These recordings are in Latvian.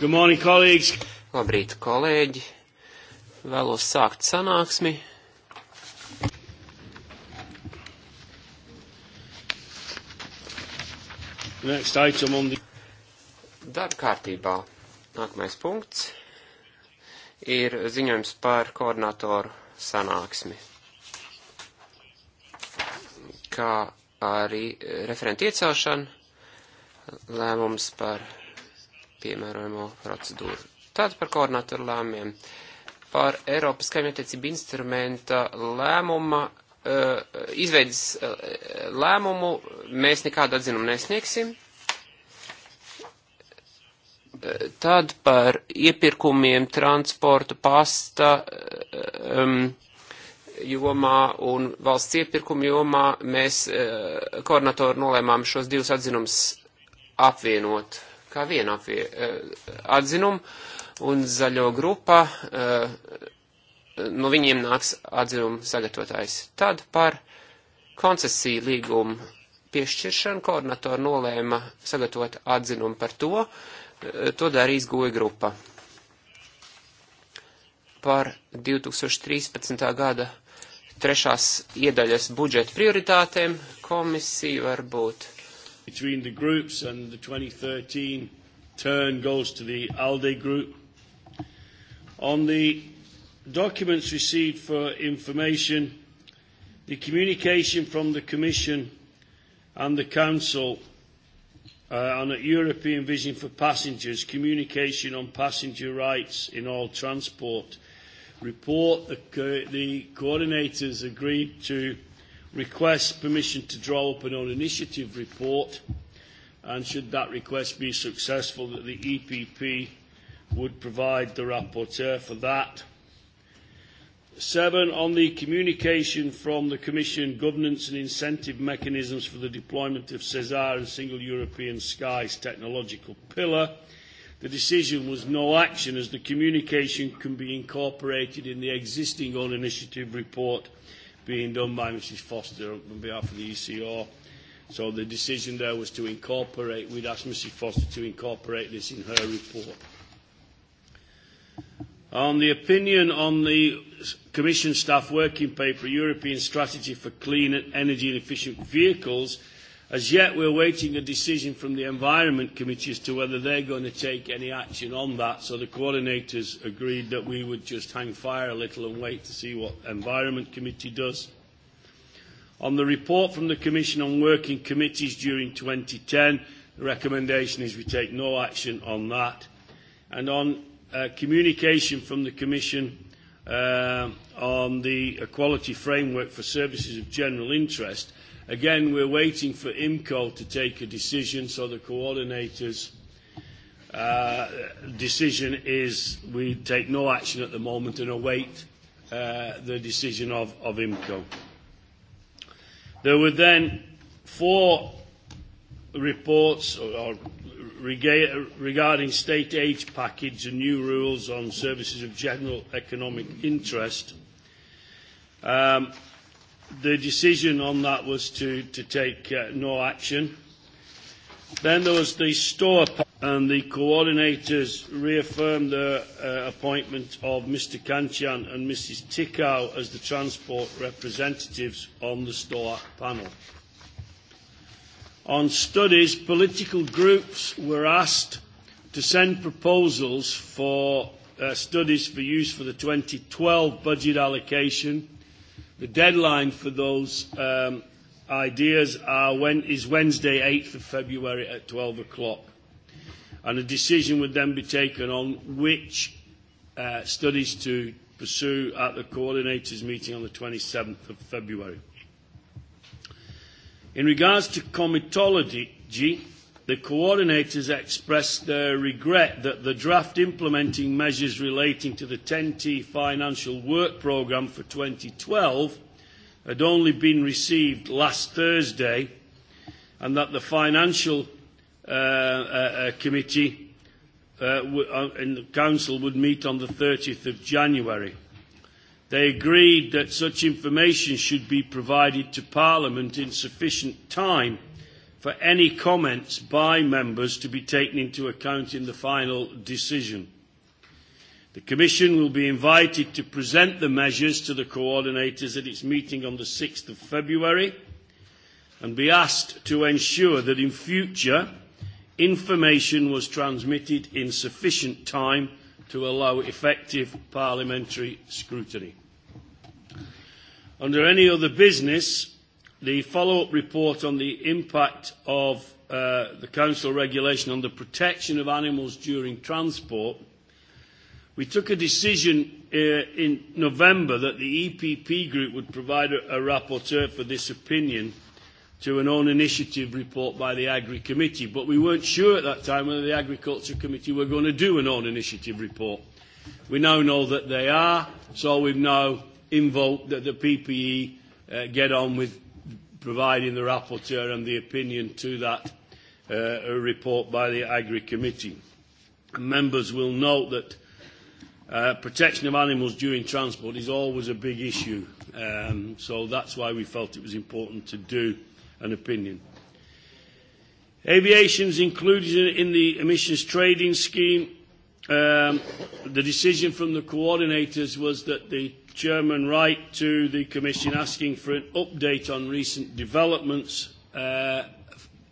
Good morning, colleagues. Labrīt, kolēģi. Vēlos sākt sanāksmi. Next item on the... Darba kārtībā nākamais punkts ir ziņojums par koordinatoru sanāksmi. Kā arī referenti iecelšana, lēmums par piemērojamo procedūru. Tātad par koordinatoru lēmiem. Par Eiropas kaimiņattiecību instrumenta lēmuma, eh, izveidas eh, lēmumu mēs nekādu atzinumu nesniegsim. Eh, tad par iepirkumiem, transportu, pasta jomā un valsts iepirkumu jomā mēs koordinatoru nolēmām šos divus atzinumus apvienot kā vienu apie eh, atzinumu, un zaļo grupa, eh, no viņiem nāks atzinuma sagatavotājs. Tad par koncesiju līgumu piešķiršanu koordinatori nolēma sagatavot atzinumu par to, eh, to darīs goja grupa. Par 2013. gada trešās iedaļas budžeta prioritātēm komisija varbūt between the groups, and the 2013 turn goes to the ALDE group. On the documents received for information, the communication from the Commission and the Council uh, on a European Vision for Passengers, communication on passenger rights in all transport report, the, co- the coordinators agreed to requests permission to draw up an own initiative report, and should that request be successful, that the EPP would provide the rapporteur for that. Seven, on the communication from the Commission, governance and incentive mechanisms for the deployment of CESAR and Single European Skies technological pillar. The decision was no action as the communication can be incorporated in the existing own initiative report being done by Mrs Foster on behalf of the ECR. So the decision there was to incorporate, we'd asked Mrs Foster to incorporate this in her report. On the opinion on the Commission staff working paper, European Strategy for Clean Energy and Efficient Vehicles, As yet, we're waiting a decision from the Environment Committee as to whether they're going to take any action on that. So the coordinators agreed that we would just hang fire a little and wait to see what Environment Committee does. On the report from the Commission on Working Committees during 2010, the recommendation is we take no action on that. And on uh, communication from the Commission uh, on the Equality Framework for Services of General Interest, Again, we're waiting for IMCO to take a decision, so the coordinators' uh, decision is we take no action at the moment and await uh, the decision of, of IMCO. There were then four reports or, or rega- regarding state aid package and new rules on services of general economic interest. Um, the decision on that was to, to take uh, no action. Then there was the store, and the coordinators reaffirmed the uh, appointment of Mr. Kanchan and Mrs. Tikau as the transport representatives on the store panel. On studies, political groups were asked to send proposals for uh, studies for use for the 2012 budget allocation The deadline for those um, ideas are when, is Wednesday, 8th of February at 12 o'clock. And a decision would then be taken on which uh, studies to pursue at the coordinators' meeting on the 27th of February. In regards to comitology, the coordinators expressed their regret that the draft implementing measures relating to the 10T financial work programme for 2012 had only been received last Thursday and that the financial uh, uh, uh committee uh, w- uh, and the council would meet on the 30th of January. They agreed that such information should be provided to Parliament in sufficient time – for any comments by members to be taken into account in the final decision. The Commission will be invited to present the measures to the coordinators at its meeting on the 6th of February and be asked to ensure that in future information was transmitted in sufficient time to allow effective parliamentary scrutiny. Under any other business, the follow-up report on the impact of uh, the Council regulation on the protection of animals during transport, we took a decision uh, in November that the EPP group would provide a, a rapporteur for this opinion to an own initiative report by the Agri Committee, but we weren't sure at that time whether the Agriculture Committee were going to do an own initiative report. We now know that they are, so we've now invoked that the PPE uh, get on with providing the rapporteur and the opinion to that uh, report by the Agri Committee. And members will note that uh, protection of animals during transport is always a big issue, um, so that's why we felt it was important to do an opinion. Aviation is included in the emissions trading scheme. Um, the decision from the coordinators was that the Chairman Wright to the Commission asking for an update on recent developments uh,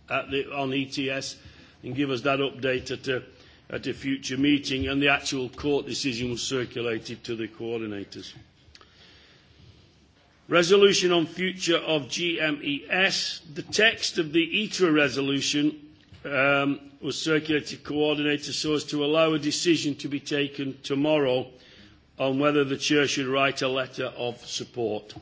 at the, on ETS and give us that update at a, at a future meeting and the actual court decision was circulated to the coordinators. Resolution on future of GMES. The text of the ITRA e resolution um, was circulated to coordinators so as to allow a decision to be taken tomorrow on whether the church should write a letter of support.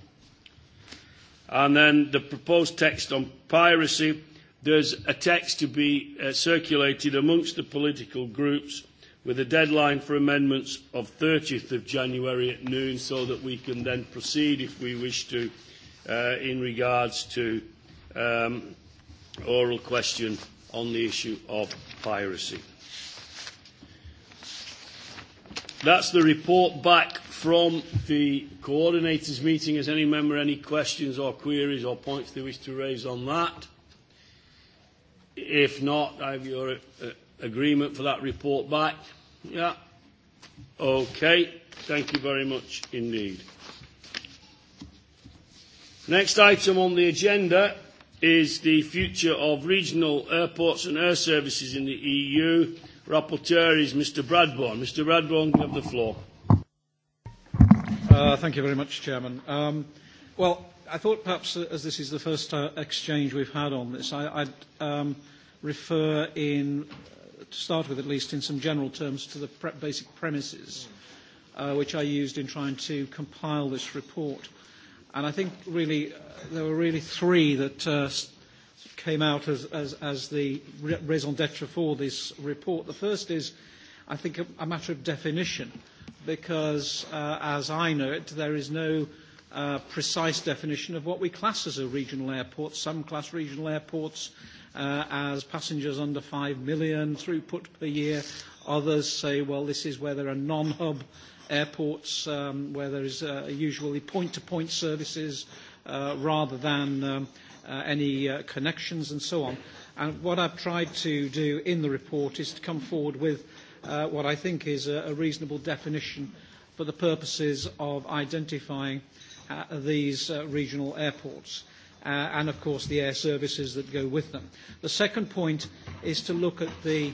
And then the proposed text on piracy, there's a text to be uh, circulated amongst the political groups with a deadline for amendments of 30th of January at noon so that we can then proceed if we wish to uh, in regards to um, oral question on the issue of piracy. That's the report back from the coordinators meeting. Has any member any questions or queries or points they wish to raise on that? If not, I have your uh, agreement for that report back. Yeah. Okay. Thank you very much indeed. Next item on the agenda is the future of regional airports and air services in the EU Rapporteur is Mr. Bradbourne. Mr. Bradbourne, you have the floor. Uh, thank you very much, Chairman. Um, well, I thought perhaps uh, as this is the first uh, exchange we've had on this, I, I'd um, refer in, uh, to start with at least, in some general terms to the pre- basic premises uh, which I used in trying to compile this report. And I think really uh, there were really three that uh, came out as, as, as the raison d'etre for this report. The first is, I think, a, a matter of definition, because uh, as I know it, there is no uh, precise definition of what we class as a regional airport. Some class regional airports uh, as passengers under 5 million throughput per year. Others say, well, this is where there are non-hub airports, um, where there is uh, usually point-to-point -point services uh, rather than um, uh, any uh, connections and so on. And what I've tried to do in the report is to come forward with uh, what I think is a, a reasonable definition for the purposes of identifying uh, these uh, regional airports uh, and, of course, the air services that go with them. The second point is to look at the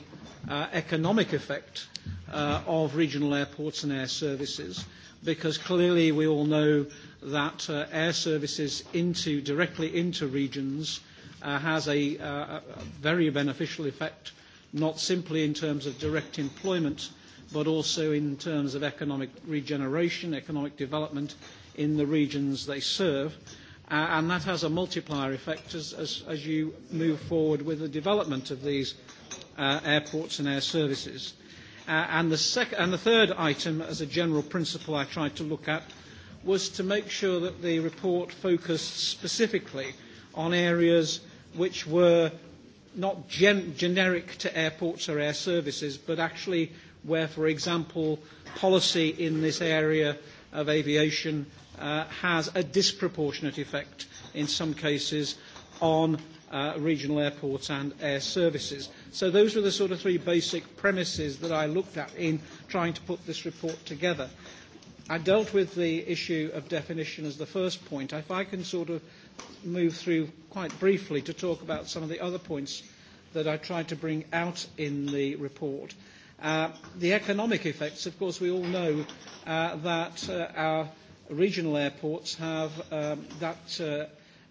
uh, economic effect uh, of regional airports and air services because clearly we all know that uh, air services into, directly into regions uh, has a, uh, a very beneficial effect, not simply in terms of direct employment, but also in terms of economic regeneration, economic development in the regions they serve. Uh, and that has a multiplier effect as, as, as you move forward with the development of these uh, airports and air services. Uh, and, the sec- and the third item, as a general principle I tried to look at, was to make sure that the report focused specifically on areas which were not gen- generic to airports or air services, but actually where, for example, policy in this area of aviation uh, has a disproportionate effect in some cases on uh, regional airports and air services. So those were the sort of three basic premises that I looked at in trying to put this report together. I dealt with the issue of definition as the first point. If I can sort of move through quite briefly to talk about some of the other points that I tried to bring out in the report. Uh, the economic effects, of course, we all know uh, that uh, our regional airports have um, that uh,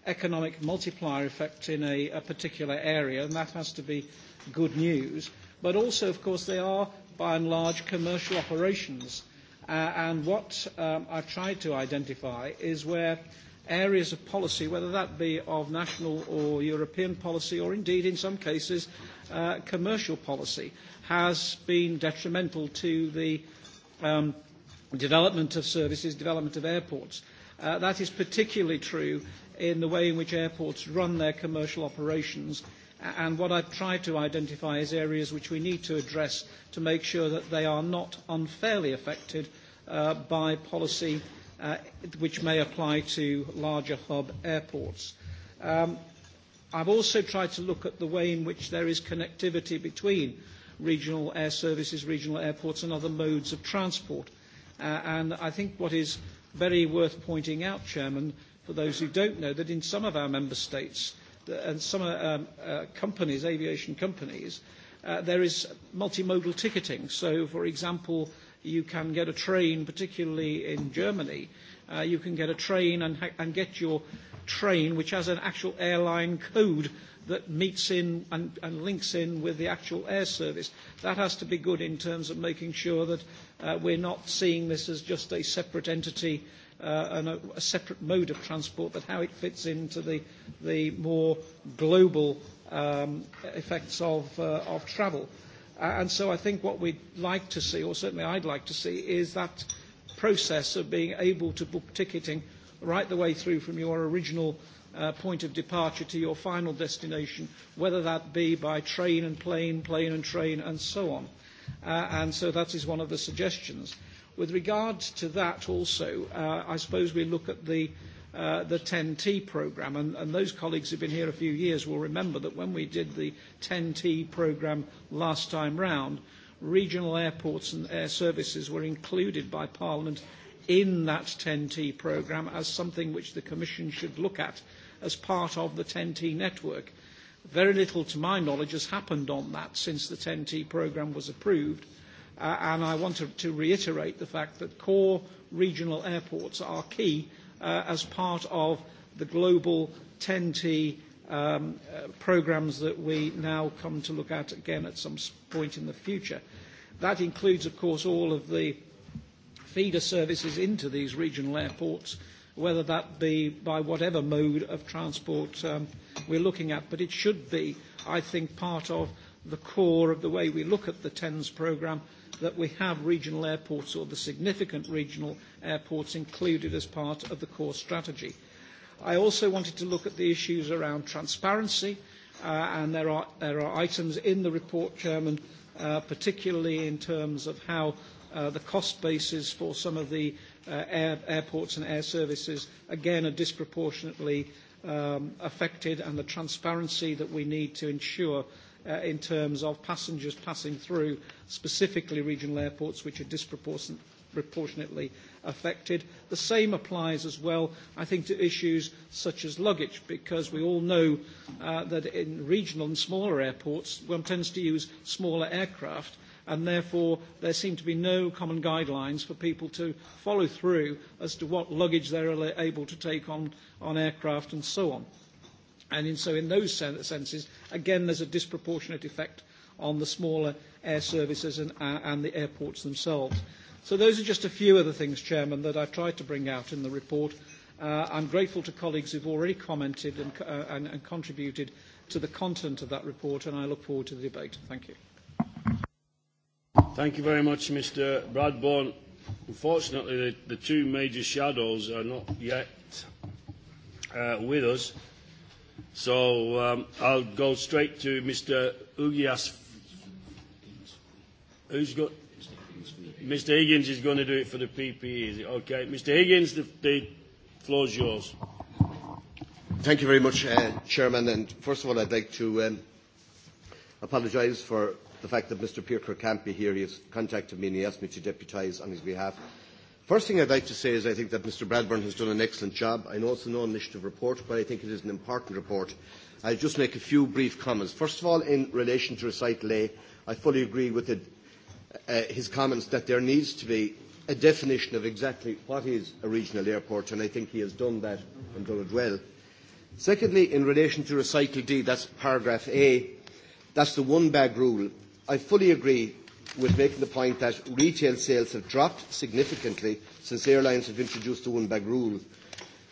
economic multiplier effect in a, a particular area, and that has to be good news. But also, of course, they are, by and large, commercial operations. Uh, and what um, I've tried to identify is where areas of policy, whether that be of national or European policy, or indeed in some cases uh, commercial policy, has been detrimental to the um, development of services, development of airports. Uh, that is particularly true in the way in which airports run their commercial operations And what I've tried to identify is areas which we need to address to make sure that they are not unfairly affected uh, by policy uh, which may apply to larger hub airports. Um, I've also tried to look at the way in which there is connectivity between regional air services, regional airports and other modes of transport. Uh, and I think what is very worth pointing out, Chairman, for those who don't know, that in some of our member states, and some uh, um, uh, companies, aviation companies, uh, there is multimodal ticketing. So, for example, you can get a train, particularly in Germany, uh, you can get a train and, ha- and get your train, which has an actual airline code that meets in and, and links in with the actual air service. That has to be good in terms of making sure that uh, we're not seeing this as just a separate entity uh, uh, and a, a separate mode of transport, but how it fits into the, the more global um, effects of, uh, of travel. Uh, and so I think what we'd like to see, or certainly I'd like to see, is that process of being able to book ticketing right the way through from your original uh, point of departure to your final destination, whether that be by train and plane, plane and train, and so on. Uh, and so that is one of the suggestions. Uh, With regard to that also, uh, I suppose we look at the, uh, the 10T programme, and, and those colleagues who've been here a few years will remember that when we did the 10T programme last time round, regional airports and air services were included by Parliament in that 10T programme as something which the Commission should look at as part of the 10T network. Very little, to my knowledge, has happened on that since the 10T programme was approved, uh, Uh, and I want to, to reiterate the fact that core regional airports are key uh, as part of the global 10T um, uh, programs that we now come to look at again at some point in the future. That includes, of course, all of the feeder services into these regional airports, whether that be by whatever mode of transport um, we're looking at. But it should be, I think, part of the core of the way we look at the TENS programme that we have regional airports or the significant regional airports included as part of the core strategy. I also wanted to look at the issues around transparency, uh, and there are, there are items in the report, Chairman, uh, particularly in terms of how uh, the cost basis for some of the uh, air, airports and air services, again, are disproportionately um, affected, and the transparency that we need to ensure uh, uh, in terms of passengers passing through specifically regional airports which are disproportionately affected. The same applies as well, I think, to issues such as luggage, because we all know uh, that in regional and smaller airports, one tends to use smaller aircraft, and therefore there seem to be no common guidelines for people to follow through as to what luggage they're able to take on, on aircraft and so on. And in, so in those sen- senses, Again, there's a disproportionate effect on the smaller air services and, uh, and the airports themselves. So those are just a few of the things, Chairman, that I've tried to bring out in the report. Uh, I'm grateful to colleagues who've already commented and, uh, and, and contributed to the content of that report, and I look forward to the debate. Thank you. Thank you very much, Mr Bradbourne. Unfortunately, the, the two major shadows are not yet uh, with us. So um, I'll go straight to Mr. Ugias. Who's got? Mr. Higgins is going to do it for the PPE, is it? Okay. Mr. Higgins, the, the floor is yours. Thank you very much, uh, Chairman. And first of all, I'd like to um, apologise for the fact that Mr. Pirker can't be here. He has contacted me and he asked me to deputise on his behalf. First thing I'd like to say is I think that Mr Bradburn has done an excellent job. I know it's a non-initiative report, but I think it is an important report. I'll just make a few brief comments. First of all, in relation to recital A, I fully agree with it, uh, his comments that there needs to be a definition of exactly what is a regional airport, and I think he has done that and done it well. Secondly, in relation to recital D, that's paragraph A, that's the one-bag rule. I fully agree with making the point that retail sales have dropped significantly since airlines have introduced the one-bag rule.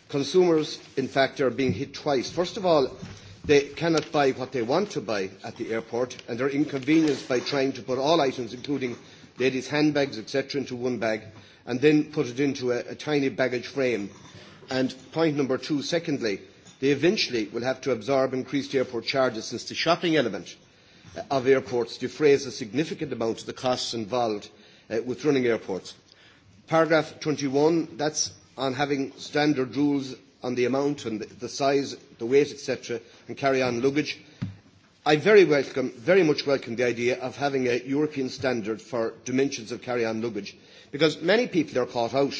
Consumers, in fact, are being hit twice. First of all, they cannot buy what they want to buy at the airport and they're inconvenienced by trying to put all items, including ladies' handbags, etc., into one bag and then put it into a, a tiny baggage frame. And point number two, secondly, they eventually will have to absorb increased airport charges since the shopping element Uh, of airports defrays a significant amount of the costs involved uh, with running airports. Paragraph 21, that's on having standard rules on the amount and the size, the weight, etc., and carry-on luggage. I very, welcome, very much welcome the idea of having a European standard for dimensions of carry-on luggage, because many people are caught out.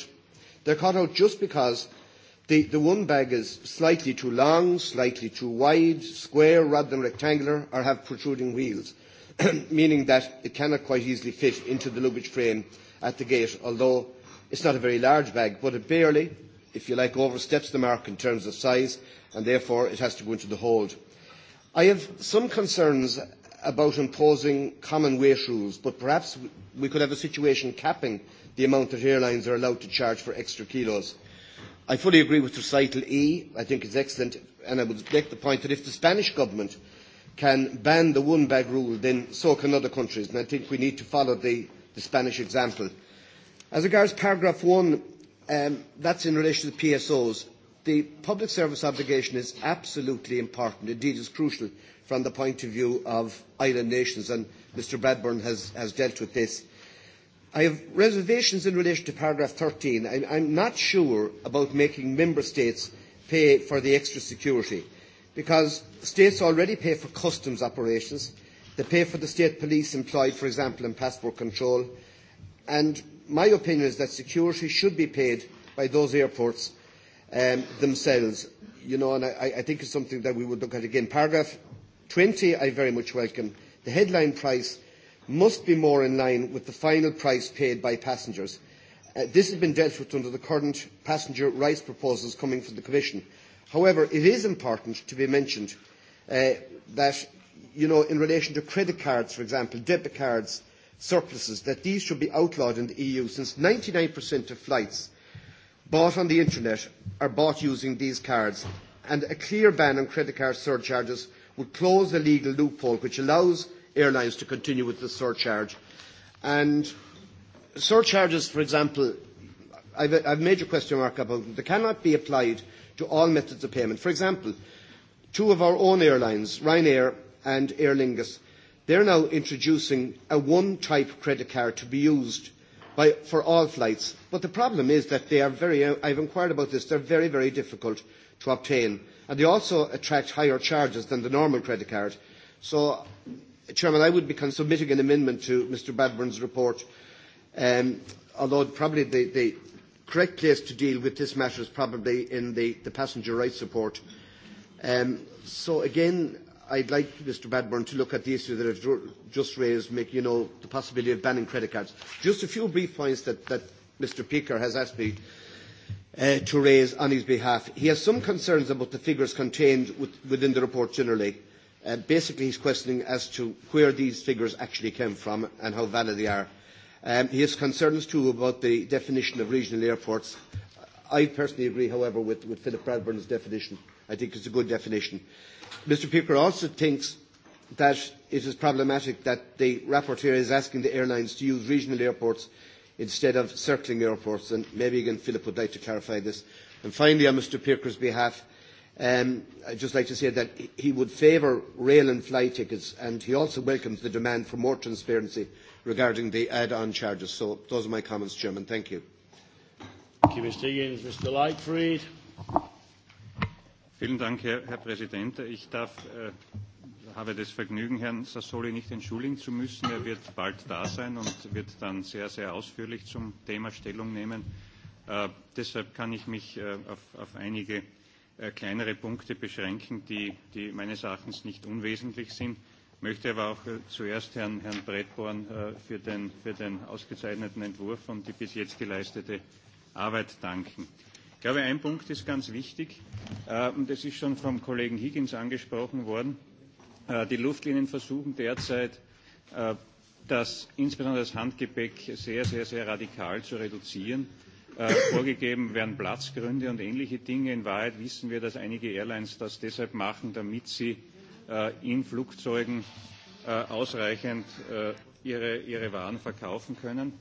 They're caught out just because The, the one bag is slightly too long, slightly too wide, square rather than rectangular, or have protruding wheels, meaning that it cannot quite easily fit into the luggage frame at the gate, although it's not a very large bag, but it barely, if you like, oversteps the mark in terms of size, and therefore it has to go into the hold. I have some concerns about imposing common weight rules, but perhaps we could have a situation capping the amount that airlines are allowed to charge for extra kilos. Uh, I fully agree with recital E. I think it's excellent, and I would make the point that if the Spanish government can ban the one bag rule, then so can other countries, and I think we need to follow the, the Spanish example. As regards paragraph one, um, that's in relation to PSOs. The public service obligation is absolutely important, indeed is crucial from the point of view of island nations, and Mr Bradburn has, has dealt with this. I have reservations in relation to paragraph 13. I'm, I'm not sure about making member states pay for the extra security because states already pay for customs operations. They pay for the state police employed, for example, in passport control. And my opinion is that security should be paid by those airports um, themselves. You know, and I, I think it's something that we would look at again. Paragraph 20, I very much welcome. The headline price must be more in line with the final price paid by passengers. Uh, this has been dealt with under the current passenger rights proposals coming from the Commission. However, it is important to be mentioned uh, that, you know, in relation to credit cards, for example, debit cards, surpluses, that these should be outlawed in the EU since 99% of flights bought on the internet are bought using these cards and a clear ban on credit card surcharges would close the legal loophole which allows airlines to continue with the surcharge. And surcharges, for example, I've a, I've a major question mark about them. They cannot be applied to all methods of payment. For example, two of our own airlines, Ryanair and Aer Lingus, they're now introducing a one-type credit card to be used by, for all flights. But the problem is that they are very, I've inquired about this, they're very, very difficult to obtain. And they also attract higher charges than the normal credit card. So Chairman, I would be submitting an amendment to Mr Bradburn's report, um, although probably the, the correct place to deal with this matter is probably in the, the passenger rights report. Um, so again, I'd like Mr Bradburn to look at the issue that I've just raised, make, you know, the possibility of banning credit cards. Just a few brief points that, that Mr Peaker has asked me uh, to raise on his behalf. He has some concerns about the figures contained with, within the report generally. Uh, Uh, basically, he's questioning as to where these figures actually came from and how valid they are. Um, he has concerns too about the definition of regional airports. I personally agree, however, with, with Philip Bradburn's definition. I think it's a good definition. Mr. Picker also thinks that it is problematic that the rapporteur is asking the airlines to use regional airports instead of circling airports, and maybe again Philip would like to clarify this. And finally, on Mr. Pirker's behalf, Um, I'd just like to say that he would favour rail and fly tickets, and he also welcomes the demand for more transparency regarding the add-on charges. So those are my comments, Chairman. Thank you. Thank you, Mr. Higgins. Mr. Lightfried. Vielen Dank, Herr, Herr Präsident. Ich darf, äh, habe das Vergnügen, Herrn Sassoli nicht entschuldigen zu müssen. Er wird bald da sein und wird dann sehr, sehr ausführlich zum Thema Stellung nehmen. Äh, deshalb kann ich mich äh, auf, auf einige äh, äh, kleinere Punkte beschränken, die, die meines Erachtens nicht unwesentlich sind. Ich möchte aber auch äh, zuerst Herrn, Herrn Bredborn äh, für, den, für den ausgezeichneten Entwurf und die bis jetzt geleistete Arbeit danken. Ich glaube, ein Punkt ist ganz wichtig, äh, und das ist schon vom Kollegen Higgins angesprochen worden. Äh, die Luftlinien versuchen derzeit, äh, das, insbesondere das Handgepäck sehr, sehr, sehr radikal zu reduzieren äh, vorgegeben werden Platzgründe und ähnliche Dinge. In Wahrheit wissen wir, dass einige Airlines das deshalb machen, damit sie äh, in Flugzeugen äh, ausreichend äh, ihre, ihre Waren verkaufen können.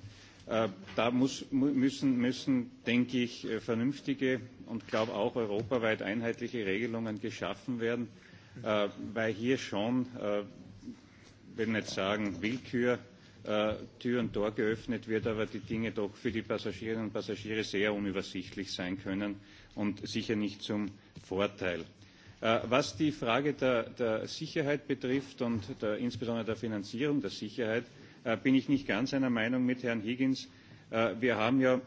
Äh, da muss, müssen, müssen, denke ich, äh, vernünftige und glaube auch europaweit einheitliche Regelungen geschaffen werden, äh, weil hier schon, äh, will nicht sagen Willkür, äh, Tür und Tor geöffnet wird, aber die Dinge doch für die Passagierinnen und Passagiere sehr unübersichtlich sein können und sicher nicht zum Vorteil. Äh, was die Frage der, der Sicherheit betrifft und der, insbesondere der Finanzierung der Sicherheit, äh, bin ich nicht ganz einer Meinung mit Herrn Higgins. Äh, wir haben ja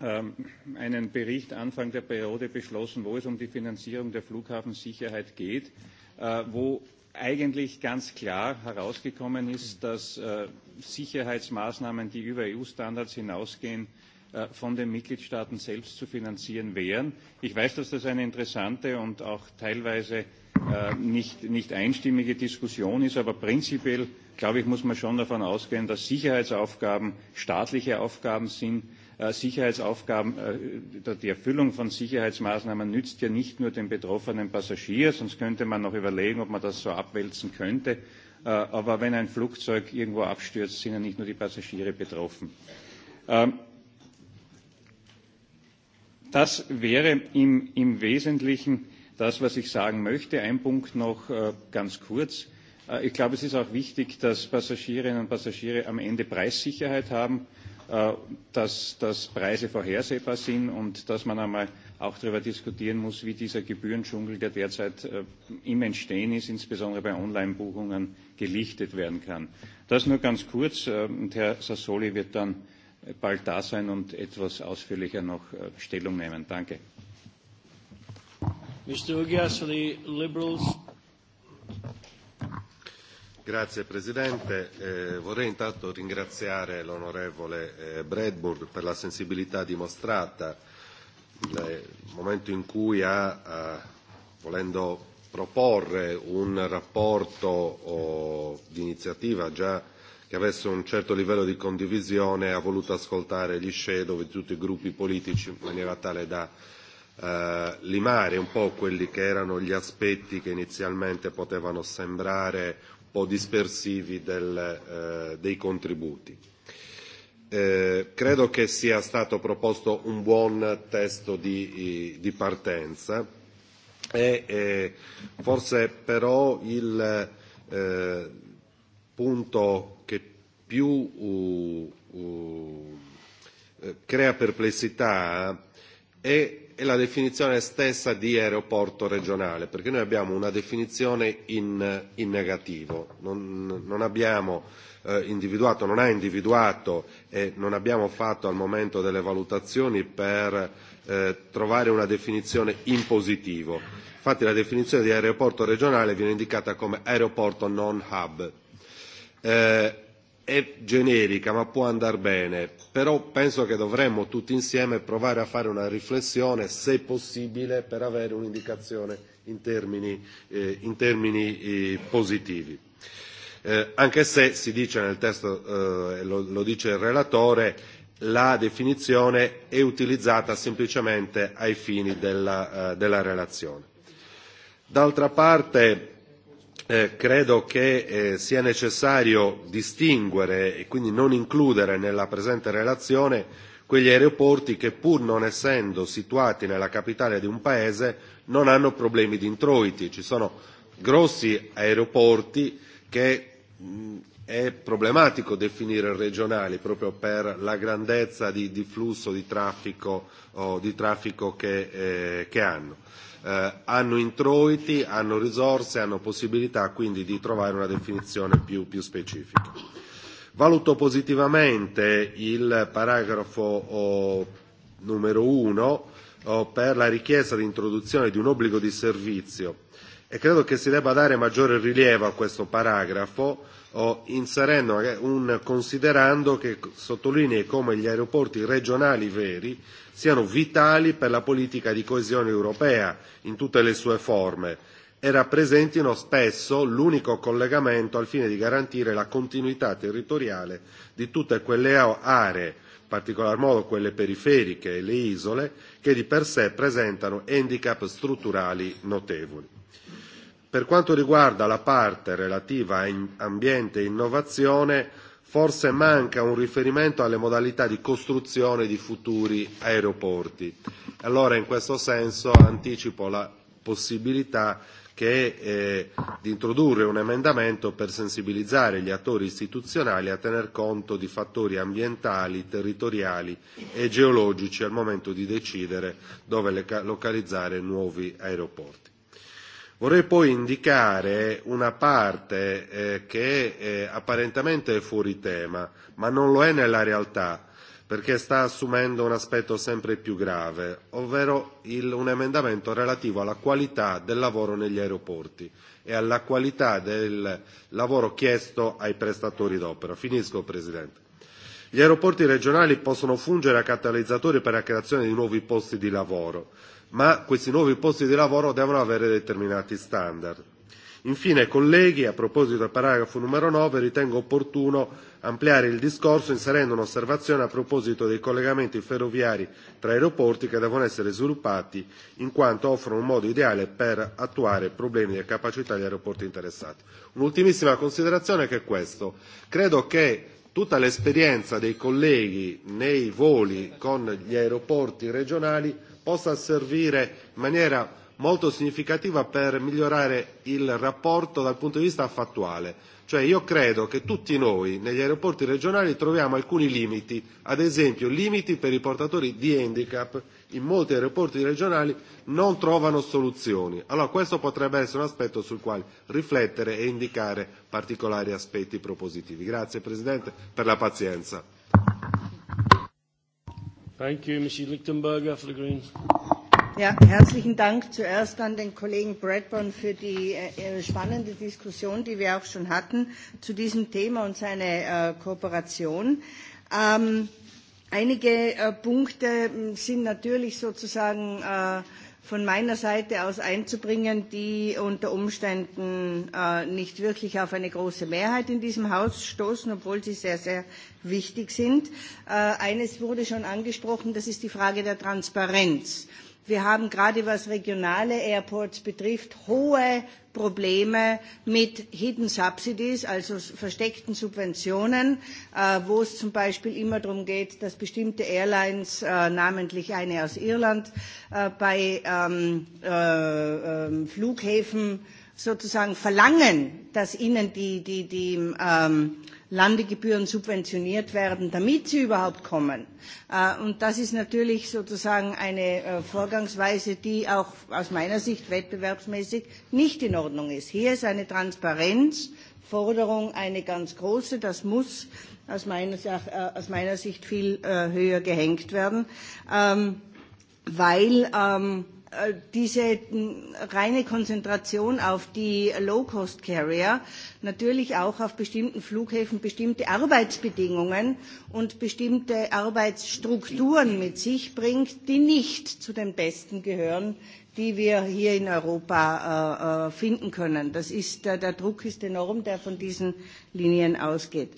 ähm, einen Bericht Anfang der Periode beschlossen, wo es um die Finanzierung der Flughafensicherheit geht, äh, wo eigentlich ganz klar herausgekommen ist, dass äh, Sicherheitsmaßnahmen, die über EU-Standards hinausgehen, äh, von den Mitgliedstaaten selbst zu finanzieren wären. Ich weiß, dass das eine interessante und auch teilweise äh, nicht, nicht einstimmige Diskussion ist, aber prinzipiell, glaube ich, muss man schon davon ausgehen, dass Sicherheitsaufgaben staatliche Aufgaben sind Äh, Sicherheitsaufgaben, äh, die Erfüllung von Sicherheitsmaßnahmen nützt ja nicht nur dem betroffenen Passagier, sonst könnte man noch überlegen, ob man das so abwälzen könnte. Äh, aber wenn ein Flugzeug irgendwo abstürzt, sind ja nicht nur die Passagiere betroffen. Ähm, das wäre im, im Wesentlichen das, was ich sagen möchte. Ein Punkt noch äh, ganz kurz. Äh, ich glaube, es ist auch wichtig, dass Passagierinnen und Passagiere am Ende Preissicherheit haben. Äh, dass, dass Preise vorhersehbar sind und dass man einmal auch darüber diskutieren muss, wie dieser Gebührendschungel, der derzeit äh, im Entstehen ist, insbesondere bei Online-Buchungen, gelichtet werden kann. Das nur ganz kurz äh, und Herr Sassoli wird dann bald da sein und etwas ausführlicher noch äh, Stellung nehmen. Danke. Mr. Ugias for the Liberals. Grazie Presidente, eh, vorrei intanto ringraziare l'onorevole eh, Bradburn per la sensibilità dimostrata nel momento in cui ha, ha volendo proporre un rapporto o, oh, di iniziativa già che avesse un certo livello di condivisione, ha voluto ascoltare gli shadow di tutti i gruppi politici in maniera tale da eh, limare un po' quelli che erano gli aspetti che inizialmente potevano sembrare po' dispersivi del, eh, dei contributi. Eh, credo che sia stato proposto un buon testo di, di partenza e eh, forse però il eh, punto che più uh, uh, crea perplessità è è la definizione stessa di aeroporto regionale, perché noi abbiamo una definizione in, in negativo, non, non abbiamo eh, individuato, non ha individuato e non abbiamo fatto al momento delle valutazioni per eh, trovare una definizione in positivo. Infatti la definizione di aeroporto regionale viene indicata come aeroporto non hub. Eh, è generica ma può andar bene, però penso che dovremmo tutti insieme provare a fare una riflessione, se possibile, per avere un'indicazione in termini, eh, in termini eh, positivi. Eh, anche se si dice nel testo, eh, e lo, lo dice il relatore, la definizione è utilizzata semplicemente ai fini della, eh, della relazione. D'altra parte eh, credo che eh, sia necessario distinguere e quindi non includere nella presente relazione quegli aeroporti che pur non essendo situati nella capitale di un paese non hanno problemi di introiti. Ci sono grossi aeroporti che mh, mm, è problematico definire regionali proprio per la grandezza di, di flusso di traffico, o di traffico che, eh, che hanno eh, hanno introiti, hanno risorse, hanno possibilità quindi di trovare una definizione più, più specifica. Valuto positivamente il paragrafo oh, numero 1 oh, per la richiesta di introduzione di un obbligo di servizio e credo che si debba dare maggiore rilievo a questo paragrafo o oh, inserendo un considerando che sottolinei come gli aeroporti regionali veri siano vitali per la politica di coesione europea in tutte le sue forme e rappresentino spesso l'unico collegamento al fine di garantire la continuità territoriale di tutte quelle aree, in particolar modo quelle periferiche e le isole, che di per sé presentano handicap strutturali notevoli. Per quanto riguarda la parte relativa a ambiente e innovazione, forse manca un riferimento alle modalità di costruzione di futuri aeroporti. E allora in questo senso anticipo la possibilità che eh, di introdurre un emendamento per sensibilizzare gli attori istituzionali a tener conto di fattori ambientali, territoriali e geologici al momento di decidere dove localizzare nuovi aeroporti. Vorrei poi indicare una parte eh, che eh, apparentemente è fuori tema, ma non lo è nella realtà, perché sta assumendo un aspetto sempre più grave, ovvero il, un emendamento relativo alla qualità del lavoro negli aeroporti e alla qualità del lavoro chiesto ai prestatori d'opera. Finisco, Presidente. Gli aeroporti regionali possono fungere a catalizzatori per la creazione di nuovi posti di lavoro ma questi nuovi posti di lavoro devono avere determinati standard. Infine, colleghi, a proposito del paragrafo numero 9, ritengo opportuno ampliare il discorso inserendo un'osservazione a proposito dei collegamenti ferroviari tra aeroporti che devono essere sviluppati in quanto offrono un modo ideale per attuare problemi di capacità degli aeroporti interessati. Un'ultimissima considerazione che è questo. Credo che tutta l'esperienza dei colleghi nei voli con gli aeroporti regionali possa servire in maniera molto significativa per migliorare il rapporto dal punto di vista fattuale. Cioè io credo che tutti noi negli aeroporti regionali troviamo alcuni limiti, ad esempio limiti per i portatori di handicap in molti aeroporti regionali non trovano soluzioni. Allora questo potrebbe essere un aspetto sul quale riflettere e indicare particolari aspetti propositivi. Grazie Presidente per la pazienza. Thank you, Mrs. Lichtenberger for the Greens. Ja, herzlichen Dank zuerst an den Kollegen Bradburn für die äh, spannende Diskussion, die wir auch schon hatten zu diesem Thema und seine äh, Kooperation. Ähm, einige äh, Punkte hm, sind natürlich sozusagen äh, von meiner Seite aus einzubringen, die unter Umständen äh, nicht wirklich auf eine große Mehrheit in diesem Haus stoßen, obwohl sie sehr, sehr wichtig sind. Äh, eines wurde schon angesprochen, das ist die Frage der Transparenz. Äh, Wir haben gerade was regionale Airports betrifft hohe Probleme mit Hidden Subsidies, also versteckten Subventionen, äh, wo es zum Beispiel immer darum geht, dass bestimmte Airlines, äh, namentlich eine aus Irland, äh, bei ähm, äh, äh, Flughäfen sozusagen verlangen, dass ihnen die, die, die ähm, Landegebühren subventioniert werden, damit sie überhaupt kommen. Äh, und das ist natürlich sozusagen eine äh, Vorgangsweise, die auch aus meiner Sicht wettbewerbsmäßig nicht in Ordnung ist. Hier ist eine Transparenz, Forderung eine ganz große. Das muss aus meiner, äh, aus meiner Sicht viel äh, höher gehängt werden, ähm, weil ähm, Äh, diese reine Konzentration auf die Low-Cost-Carrier natürlich auch auf bestimmten Flughäfen bestimmte Arbeitsbedingungen und bestimmte Arbeitsstrukturen mit sich bringt, die nicht zu den besten gehören, die wir hier in Europa äh, äh, finden können. Das ist, äh, der Druck ist enorm, der von diesen Linien ausgeht.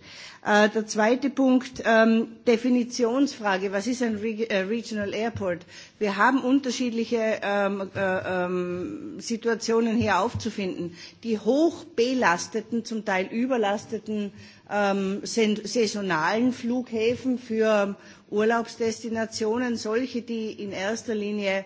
Äh, der zweite Punkt, ähm, Definitionsfrage. Was ist ein Re äh, Regional Airport? Wir haben unterschiedliche ähm, äh, ähm, Situationen hier aufzufinden. Die hoch belasteten, zum Teil überlasteten ähm, saisonalen Flughäfen für Urlaubsdestinationen, solche, die in erster Linie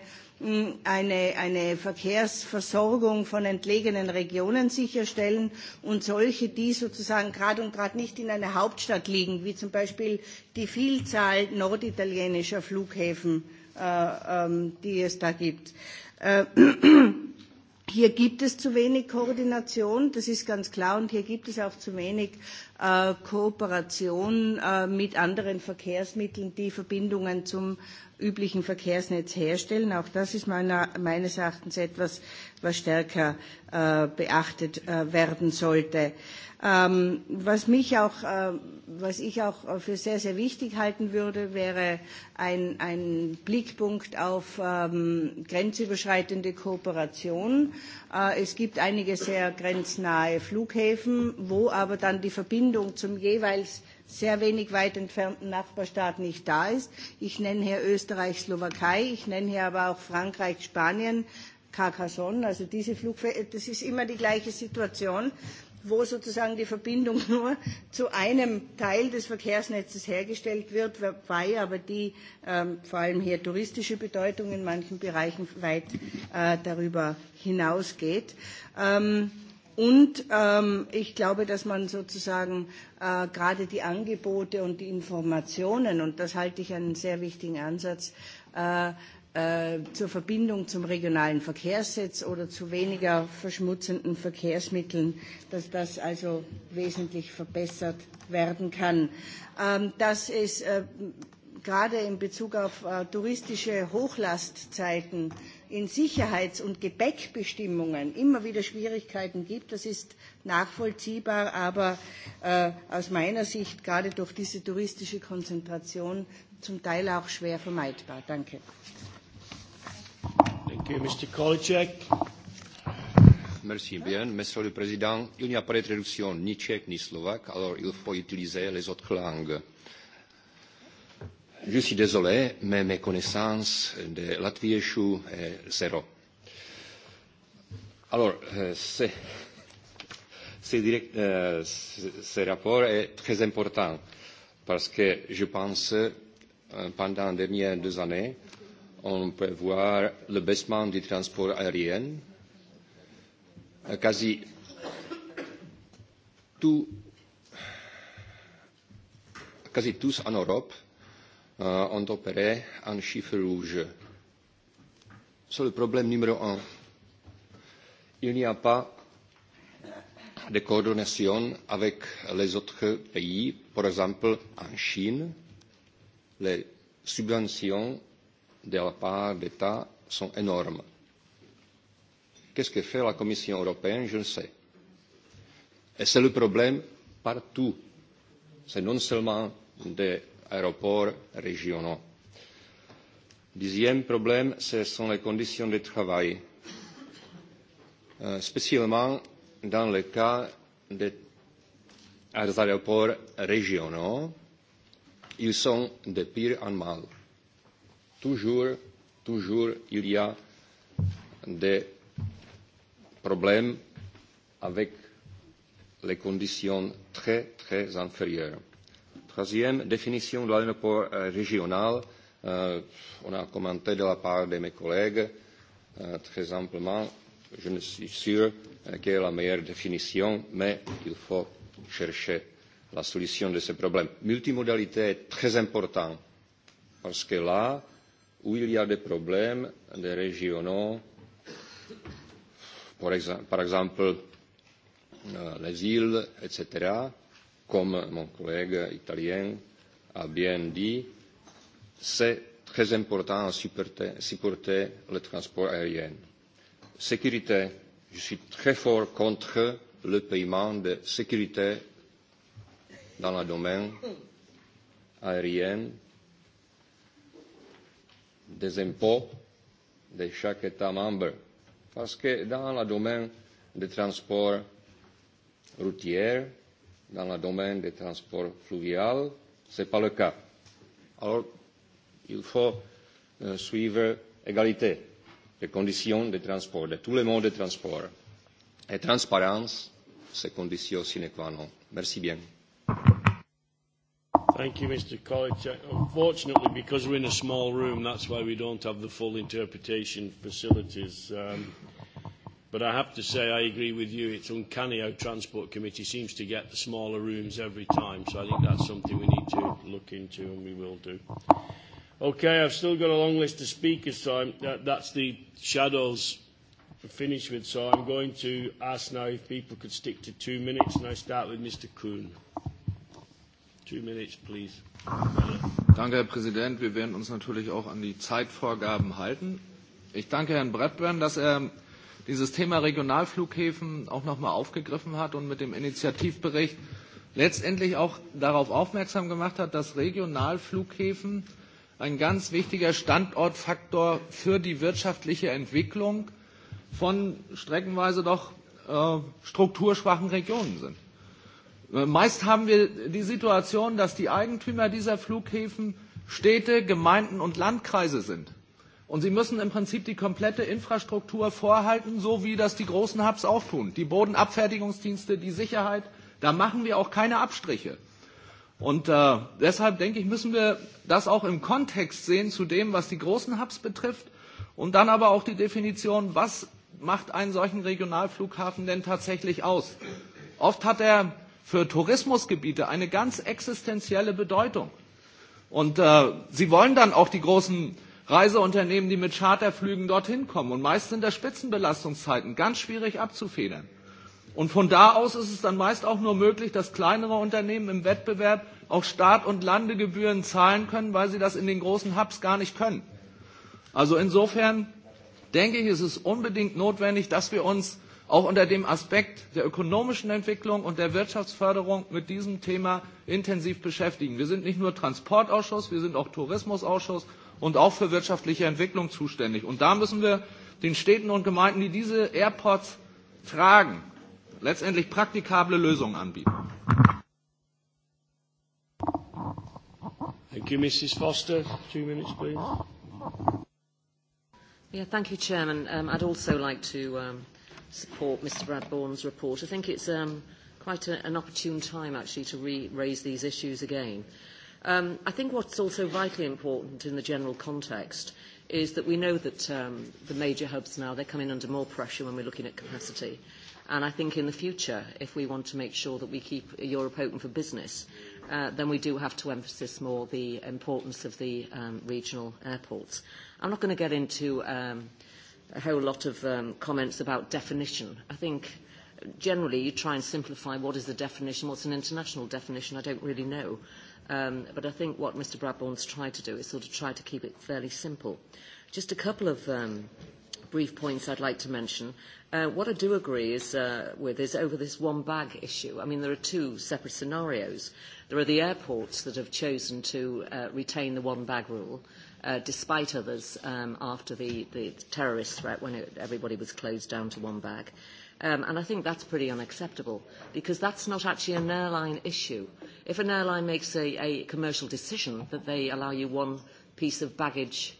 eine, eine Verkehrsversorgung von entlegenen Regionen sicherstellen und solche, die sozusagen gerade und gerade nicht in einer Hauptstadt liegen, wie zum Beispiel die Vielzahl norditalienischer Flughäfen, äh, ähm, die es da gibt. Äh, Hier gibt es zu wenig Koordination, das ist ganz klar, und hier gibt es auch zu wenig äh, Kooperation äh, mit anderen Verkehrsmitteln, die Verbindungen zum üblichen Verkehrsnetz herstellen. Auch das ist meiner, meines Erachtens etwas, was stärker äh, beachtet äh, werden sollte. Ähm, was, mich auch, äh, was ich auch für sehr, sehr wichtig halten würde, wäre ein, ein Blickpunkt auf ähm, grenzüberschreitende Kooperation. Äh, es gibt einige sehr grenznahe Flughäfen, wo aber dann die Verbindung zum jeweils sehr wenig weit entfernten Nachbarstaat nicht da ist. Ich nenne hier Österreich, Slowakei, ich nenne hier aber auch Frankreich, Spanien, Carcassonne. Also diese Flugfläche, das ist immer die gleiche Situation wo sozusagen die Verbindung nur zu einem Teil des Verkehrsnetzes hergestellt wird, wobei aber die ähm, vor allem hier touristische Bedeutung in manchen Bereichen weit äh, darüber hinausgeht. Ähm, Und ähm, ich glaube, dass man sozusagen äh, gerade die Angebote und die Informationen, und das halte ich einen sehr wichtigen Ansatz, äh, äh, zur Verbindung zum regionalen Verkehrssitz oder zu weniger verschmutzenden Verkehrsmitteln, dass das also wesentlich verbessert werden kann. Ähm, das ist äh, gerade in Bezug auf äh, touristische Hochlastzeiten äh, in Sicherheits- und Gepäckbestimmungen immer wieder Schwierigkeiten gibt. Das ist nachvollziehbar, aber äh, aus meiner Sicht gerade durch diese touristische Konzentration zum Teil auch schwer vermeidbar. Danke. Thank you, Mr. Kolicek. Merci bien, Monsieur le Président. Il n'y a pas de traduction ni tchèque ni slovaque, alors il faut utiliser les autres langues je suis désolé, mais mes connaissances de latviéchou est eh, zéro. Alors, euh, c'est c'est direct, euh, ce rapport est très important parce que je pense euh, pendant les dernières deux années, on peut voir le baissement du transport aérien. Eh, quasi tout, quasi tous en Europe euh, on opérait en chiffre rouge. C'est le problème numéro un. Il n'y a pas de coordination avec les autres pays. Par exemple, en Chine, les subventions de la part d'État sont énormes. Qu'est-ce que fait la Commission européenne Je ne sais. Et c'est le problème partout. C'est non seulement des aéroports, régionaux. Dixième problème, ce sont les conditions de travail, euh, spécialement dans le cas des aéroports régionaux. Ils sont de pire en mal. Toujours, toujours, il y a des problèmes avec les conditions très, très inférieures. Za zjem, definitie un dall'aeroport eh, régional, euh, on a commenté de la part de mes collègues, euh, très simplement, je ne suis sûr euh, quelle est la meilleure définition, mais il faut chercher la solution de ce problème. Multimodalité est très important, parce que là où il y a des problèmes, des régionaux, par exemple, par exemple euh, les îles, etc., comme mon collègue italien a bien dit, c'est très important à supporter, supporter le transport aérien. Sécurité, je suis très fort contre le paiement de sécurité dans le domaine aérien des impôts de chaque État membre. Parce que dans le domaine des transports routiers, dans le domaine des transports fluviaux. Ce n'est pas le cas. Alors, il faut euh, suivre égalité des conditions de transport, de tous les modes de transport. Et transparence, c'est condition sine qua non. Merci bien. Thank you, Mr. Kolicek. Unfortunately, because we're in a small room, that's why we don't have the full interpretation facilities. Um, But I have to say, I agree with you. It's uncanny how Transport Committee seems to get the smaller rooms every time. So I think that's something we need to look into, and we will do. Okay, I've still got a long list of speakers, so I'm, that, that's the shadows finished with. So I'm going to ask now if people could stick to two minutes, and I start with Mr. Kuhn. Two minutes, please. Danke, Herr Präsident. Wir werden uns natürlich auch an die Zeitvorgaben halten. Ich danke Herrn Bradburn, dass er dieses Thema Regionalflughäfen auch nochmal aufgegriffen hat und mit dem Initiativbericht letztendlich auch darauf aufmerksam gemacht hat, dass Regionalflughäfen ein ganz wichtiger Standortfaktor für die wirtschaftliche Entwicklung von streckenweise doch äh, strukturschwachen Regionen sind. Äh, meist haben wir die Situation, dass die Eigentümer dieser Flughäfen Städte, Gemeinden und Landkreise sind. Und sie müssen im Prinzip die komplette Infrastruktur vorhalten, so wie das die großen Hubs auch tun. Die Bodenabfertigungsdienste, die Sicherheit, da machen wir auch keine Abstriche. Und äh, deshalb denke ich, müssen wir das auch im Kontext sehen zu dem, was die großen Hubs betrifft und dann aber auch die Definition, was macht einen solchen Regionalflughafen denn tatsächlich aus? Oft hat er für Tourismusgebiete eine ganz existenzielle Bedeutung. Und äh, sie wollen dann auch die großen Reiseunternehmen, die mit Charterflügen dorthin kommen. Und meist sind das Spitzenbelastungszeiten ganz schwierig abzufedern. Und von da aus ist es dann meist auch nur möglich, dass kleinere Unternehmen im Wettbewerb auch Start- und Landegebühren zahlen können, weil sie das in den großen Hubs gar nicht können. Also insofern denke ich, ist es unbedingt notwendig, dass wir uns auch unter dem Aspekt der ökonomischen Entwicklung und der Wirtschaftsförderung mit diesem Thema intensiv beschäftigen. Wir sind nicht nur Transportausschuss, wir sind auch Tourismusausschuss und auch für wirtschaftliche Entwicklung zuständig. Und da müssen wir den Städten und Gemeinden, die diese Airports tragen, letztendlich praktikable Lösungen anbieten. Thank you, Mrs. Foster. Two minutes, please. Yeah, thank you, Chairman. Um, I'd also like to um, support Mr. Bradbourne's report. I think it's um, quite a, an opportune time, actually, to re raise these issues again. Uh, Um, I think what's also vitally important in the general context is that we know that um, the major hubs now, they're coming under more pressure when we're looking at capacity. And I think in the future, if we want to make sure that we keep Europe open for business, uh, then we do have to emphasise more the importance of the um, regional airports. I'm not going to get into um, a whole lot of um, comments about definition. I think generally you try and simplify what is the definition, what's an international definition, I don't really know. Um, but I think what Mr Bradbourne's tried to do is sort of try to keep it fairly simple. Just a couple of um, brief points I'd like to mention. Uh, what I do agree is, uh, with is over this one bag issue. I mean, there are two separate scenarios. There are the airports that have chosen to uh, retain the one bag rule, uh, despite others um, after the, the terrorist threat when it, everybody was closed down to one bag. Uh, Um, and I think that's pretty unacceptable because that's not actually an airline issue. If an airline makes a, a commercial decision that they allow you one piece of baggage,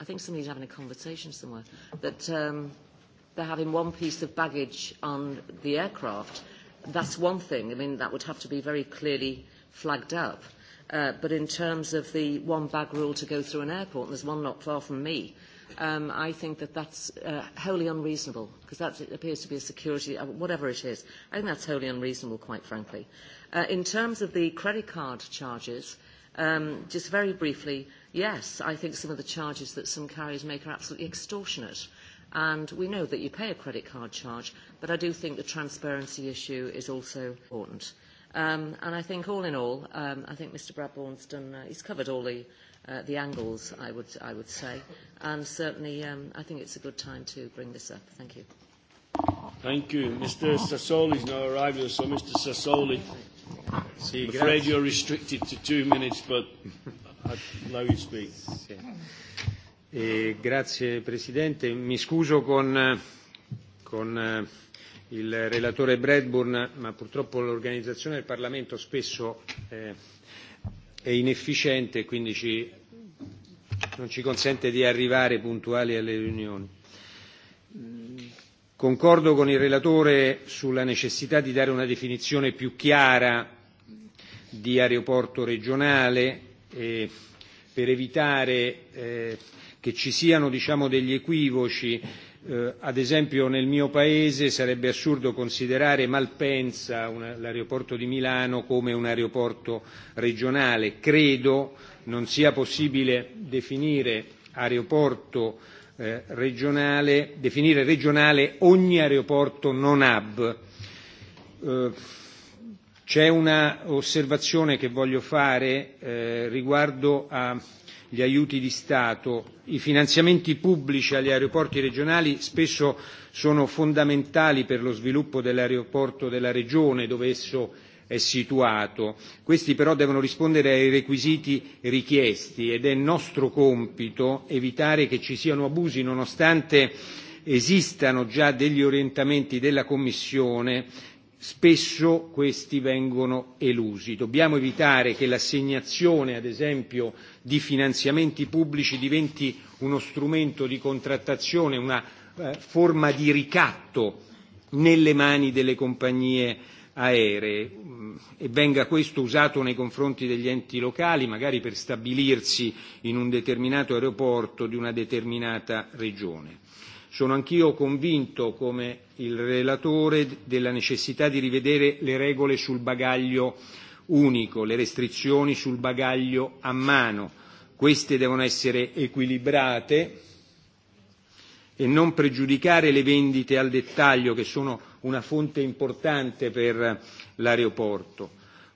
I think somebody's having a conversation somewhere, that um, they're having one piece of baggage on the aircraft, that's one thing. I mean, that would have to be very clearly flagged up. Uh, but in terms of the one bag rule to go through an airport, and there's one not far from me, uh, um, I think that that's uh, wholly unreasonable, because that appears to be a security, uh, whatever it is. I think that's wholly unreasonable, quite frankly. Uh, in terms of the credit card charges, um, just very briefly, yes, I think some of the charges that some carriers make are absolutely extortionate. And we know that you pay a credit card charge, but I do think the transparency issue is also important. Um, and I think all in all, um, I think Mr Bradbourne's done, uh, he's covered all the uh, the angles, I would, I would say. And certainly, um, I think it's a good time to bring this up. Thank you. Thank you. Mr. Sassoli's now arriving, so Mr. Sassoli, sì, I'm grazie. afraid you're restricted to two minutes, but I'll allow you to speak. Sì. Eh, grazie Presidente. Mi scuso con, con eh, il relatore Bradburn, ma purtroppo l'organizzazione del Parlamento spesso eh, è inefficiente e quindi ci, non ci consente di arrivare puntuali alle riunioni. Mm, concordo con il relatore sulla necessità di dare una definizione più chiara di aeroporto regionale eh, per evitare eh, che ci siano diciamo, degli equivoci Eh, ad esempio nel mio paese sarebbe assurdo considerare Malpensa, un, l'aeroporto di Milano, come un aeroporto regionale. Credo non sia possibile definire aeroporto eh, regionale, definire regionale ogni aeroporto non hub. Eh, c'è una osservazione che voglio fare eh, riguardo a gli aiuti di Stato. I finanziamenti pubblici agli aeroporti regionali spesso sono fondamentali per lo sviluppo dell'aeroporto della regione dove esso è situato. Questi però devono rispondere ai requisiti richiesti ed è nostro compito evitare che ci siano abusi nonostante esistano già degli orientamenti della Commissione spesso questi vengono elusi. Dobbiamo evitare che l'assegnazione, ad esempio, di finanziamenti pubblici diventi uno strumento di contrattazione, una eh, forma di ricatto nelle mani delle compagnie aeree mm, e venga questo usato nei confronti degli enti locali, magari per stabilirsi in un determinato aeroporto di una determinata regione. Sono anch'io convinto, come il relatore, della necessità di rivedere le regole sul bagaglio unico, le restrizioni sul bagaglio a mano. Queste devono essere equilibrate e non pregiudicare le vendite al dettaglio, che sono una fonte importante per l'aeroporto.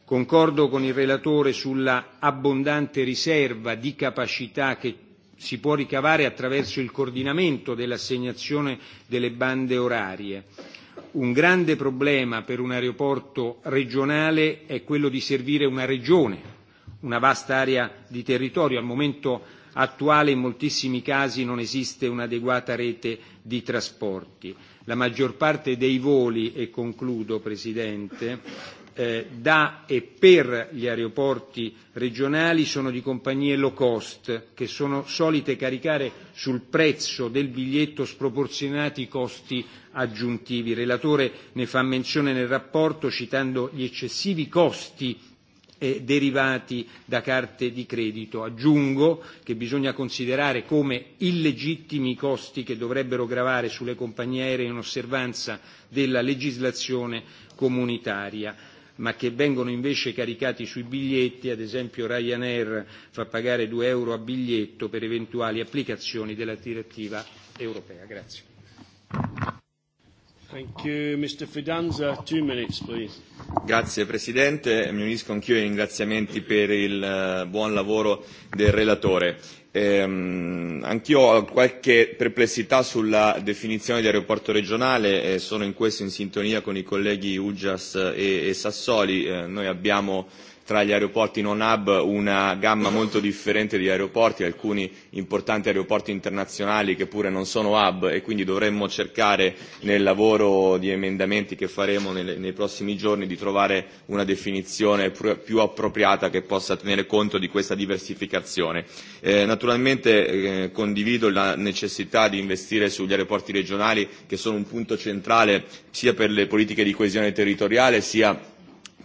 Concordo con il relatore sulla abbondante riserva di capacità che si può ricavare attraverso il coordinamento dell'assegnazione delle bande orarie. Un grande problema per un aeroporto regionale è quello di servire una regione, una vasta area di territorio. Al momento attuale in moltissimi casi non esiste un'adeguata rete di trasporti. La maggior parte dei voli, e concludo Presidente, eh, da e per gli aeroporti regionali sono di compagnie low cost che sono solite caricare sul prezzo del biglietto sproporzionati i costi aggiuntivi. Il relatore ne fa menzione nel rapporto citando gli eccessivi costi eh, derivati da carte di credito. Aggiungo che bisogna considerare come illegittimi i costi che dovrebbero gravare sulle compagnie aeree in osservanza della legislazione comunitaria ma che vengono invece caricati sui biglietti, ad esempio Ryanair fa pagare 2 euro a biglietto per eventuali applicazioni della direttiva europea. Grazie. Thank you, Mr. Fidanza. Two minutes, please. Grazie Presidente, mi unisco anch'io ai ringraziamenti per il eh, buon lavoro del relatore Ehm, anch'io ho qualche perplessità sulla definizione di aeroporto regionale e eh, sono in questo in sintonia con i colleghi Uggias e, e Sassoli. Eh, noi abbiamo tra gli aeroporti non hub una gamma molto differente di aeroporti, alcuni importanti aeroporti internazionali che pure non sono hub e quindi dovremmo cercare nel lavoro di emendamenti che faremo nel, nei prossimi giorni di trovare una definizione pr- più appropriata che possa tenere conto di questa diversificazione. Eh, naturalmente eh, condivido la necessità di investire sugli aeroporti regionali che sono un punto centrale sia per le politiche di coesione territoriale sia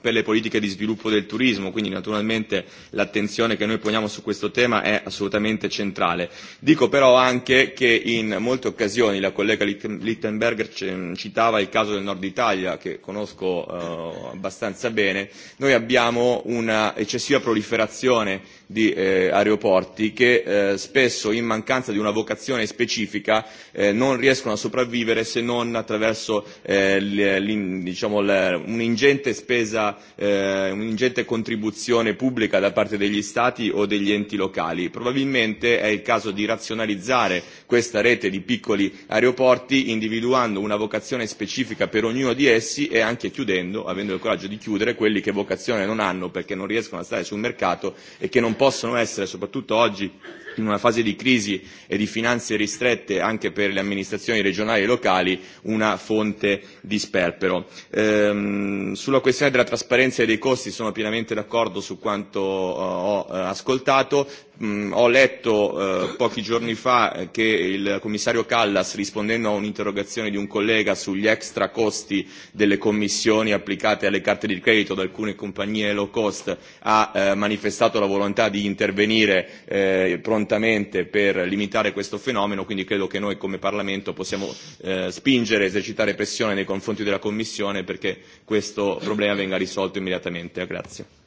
per le politiche di sviluppo del turismo, quindi naturalmente l'attenzione che noi poniamo su questo tema è assolutamente centrale. Dico però anche che in molte occasioni la collega Littenberger citava il caso del nord Italia, che conosco eh, abbastanza bene, noi abbiamo una eccessiva proliferazione di eh, aeroporti che eh, spesso in mancanza di una vocazione specifica eh, non riescono a sopravvivere se non attraverso eh, l'in, diciamo, la, un'ingente spesa, eh, un'ingente contribuzione pubblica da parte degli Stati o degli enti locali. Probabilmente è il caso di razionalizzare questa rete di piccoli aeroporti individuando una vocazione specifica per ognuno di essi e anche chiudendo, avendo il coraggio di chiudere, quelli che vocazione non hanno perché non riescono a stare sul mercato e che non possono essere, soprattutto oggi in una fase di crisi e di finanze ristrette anche per le amministrazioni regionali e locali, una fonte di sperpero. Ehm, sulla questione della trasparenza e dei costi sono pienamente d'accordo su quanto eh, ho eh, ascoltato, mh, ho letto eh, pochi giorni fa che il commissario Callas, rispondendo a un'interrogazione di un collega sugli extra costi delle commissioni applicate alle carte di credito da alcune compagnie low cost, ha eh, manifestato la volontà di intervenire eh, prontamente per limitare questo fenomeno, quindi credo che noi come Parlamento possiamo eh, spingere, esercitare pressione nei confronti della Commissione perché questo problema venga risolto immediatamente. Grazie.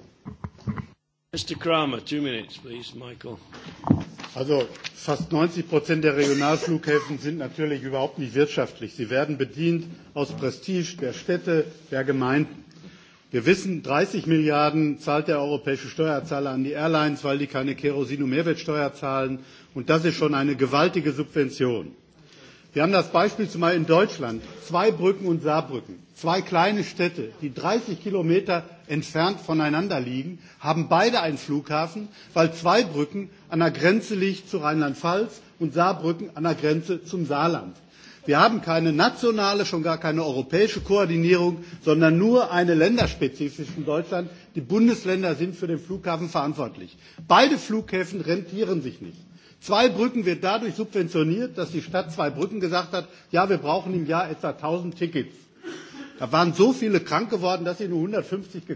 Mr. Kramer, two minutes, please, Michael. Also fast 90 Prozent der Regionalflughäfen sind natürlich überhaupt nicht wirtschaftlich. Sie werden bedient aus Prestige der Städte, der Gemeinden. Wir wissen, 30 Milliarden zahlt der europäische Steuerzahler an die Airlines, weil die keine Kerosin- und Mehrwertsteuer zahlen. Und das ist schon eine gewaltige Subvention. Wir haben das Beispiel zumal in Deutschland. Zwei Brücken und Saarbrücken. Zwei kleine Städte, die 30 Kilometer entfernt voneinander liegen, haben beide einen Flughafen, weil Zweibrücken an der Grenze liegt zu Rheinland-Pfalz und Saarbrücken an der Grenze zum Saarland. Wir haben keine nationale, schon gar keine europäische Koordinierung, sondern nur eine länderspezifische in Deutschland. Die Bundesländer sind für den Flughafen verantwortlich. Beide Flughäfen rentieren sich nicht. Zweibrücken wird dadurch subventioniert, dass die Stadt Zweibrücken gesagt hat, ja, wir brauchen im Jahr etwa 1000 Tickets. Da waren so viele krank geworden, dass sie nur 150 äh,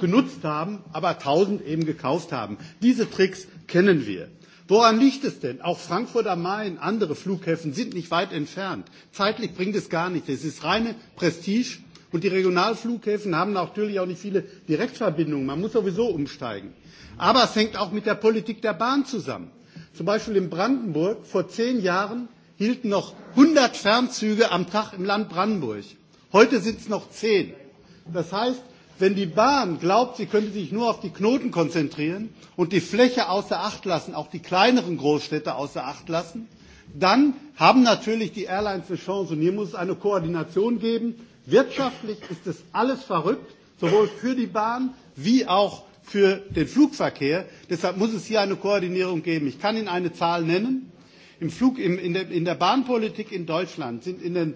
genutzt haben, aber 1000 eben gekauft haben. Diese Tricks kennen wir. Woran liegt es denn? Auch Frankfurt am Main, andere Flughäfen sind nicht weit entfernt. Zeitlich bringt es gar nichts. Es ist reine Prestige. Und die Regionalflughäfen haben natürlich auch nicht viele Direktverbindungen. Man muss sowieso umsteigen. Aber es hängt auch mit der Politik der Bahn zusammen. Zum Beispiel in Brandenburg vor zehn Jahren hielten noch 100 Fernzüge am Tag im Land Brandenburg. Heute sind es noch zehn. Das heißt, wenn die Bahn glaubt, sie könnte sich nur auf die Knoten konzentrieren und die Fläche außer Acht lassen, auch die kleineren Großstädte außer Acht lassen, dann haben natürlich die Airlines eine Chance. Und hier muss es eine Koordination geben. Wirtschaftlich ist das alles verrückt, sowohl für die Bahn wie auch für den Flugverkehr. Deshalb muss es hier eine Koordinierung geben. Ich kann Ihnen eine Zahl nennen im Flug, im, in, der, in der Bahnpolitik in Deutschland sind in der,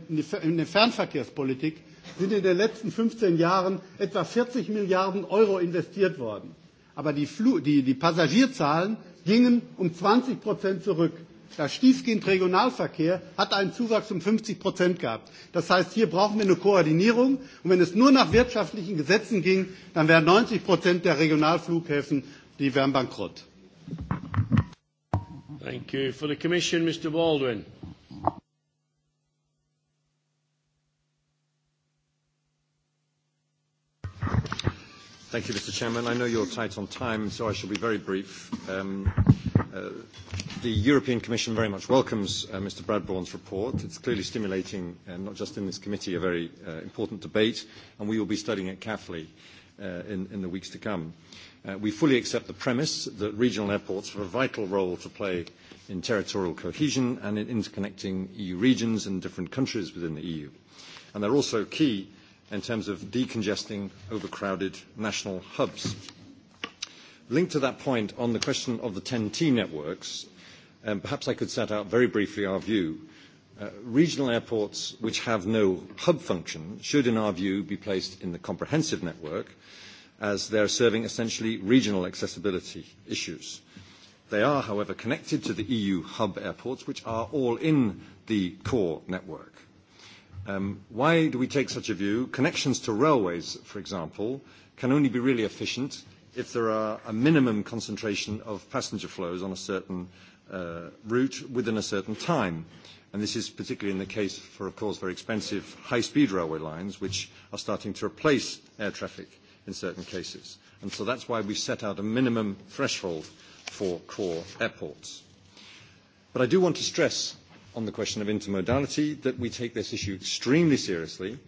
in der Fernverkehrspolitik sind in den letzten 15 Jahren etwa 40 Milliarden Euro investiert worden. Aber die, Flu die, die Passagierzahlen gingen um 20 Prozent zurück. Das Stiefkind Regionalverkehr hat einen Zuwachs um 50 Prozent gehabt. Das heißt, hier brauchen wir eine Koordinierung. Und wenn es nur nach wirtschaftlichen Gesetzen ging, dann wären 90 Prozent der Regionalflughäfen, die wären bankrott. Applaus Thank you. For the Commission, Mr Baldwin. Thank you, Mr Chairman. I know you're tight on time, so I shall be very brief. Um, uh, the European Commission very much welcomes uh, Mr Bradbourne's report. It's clearly stimulating, uh, not just in this committee, a very uh, important debate, and we will be studying it carefully uh, in, in the weeks to come. Uh, Uh, we fully accept the premise that regional airports have a vital role to play in territorial cohesion and in interconnecting EU regions and different countries within the EU. And they're also key in terms of decongesting overcrowded national hubs. Linked to that point on the question of the 10T networks, um, perhaps I could set out very briefly our view. Uh, regional airports which have no hub function should, in our view, be placed in the comprehensive network, uh, as they are serving essentially regional accessibility issues. They are, however, connected to the EU hub airports, which are all in the core network. Um, why do we take such a view? Connections to railways, for example, can only be really efficient if there are a minimum concentration of passenger flows on a certain uh, route within a certain time. And this is particularly in the case for, of course, very expensive high-speed railway lines, which are starting to replace air traffic in certain cases. And so that's why we set out a minimum threshold for core airports. But I do want to stress on the question of intermodality that we take this issue extremely seriously,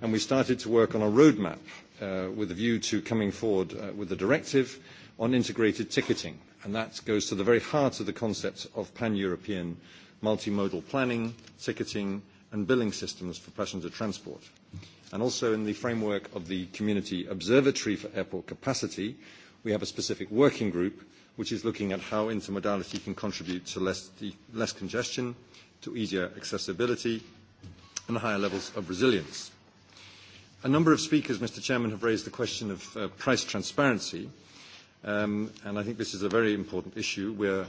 and we started to work on a roadmap uh, with a view to coming forward uh, with a directive on integrated ticketing. And that goes to the very heart of the concept of pan-European multimodal planning, ticketing, and billing systems for passenger transport. Mm-hmm. And also in the framework of the Community Observatory for Airport Capacity, we have a specific working group which is looking at how intermodality can contribute to less, less congestion, to easier accessibility, and higher levels of resilience. A number of speakers, Mr. Chairman, have raised the question of uh, price transparency, um, and I think this is a very important issue. We're,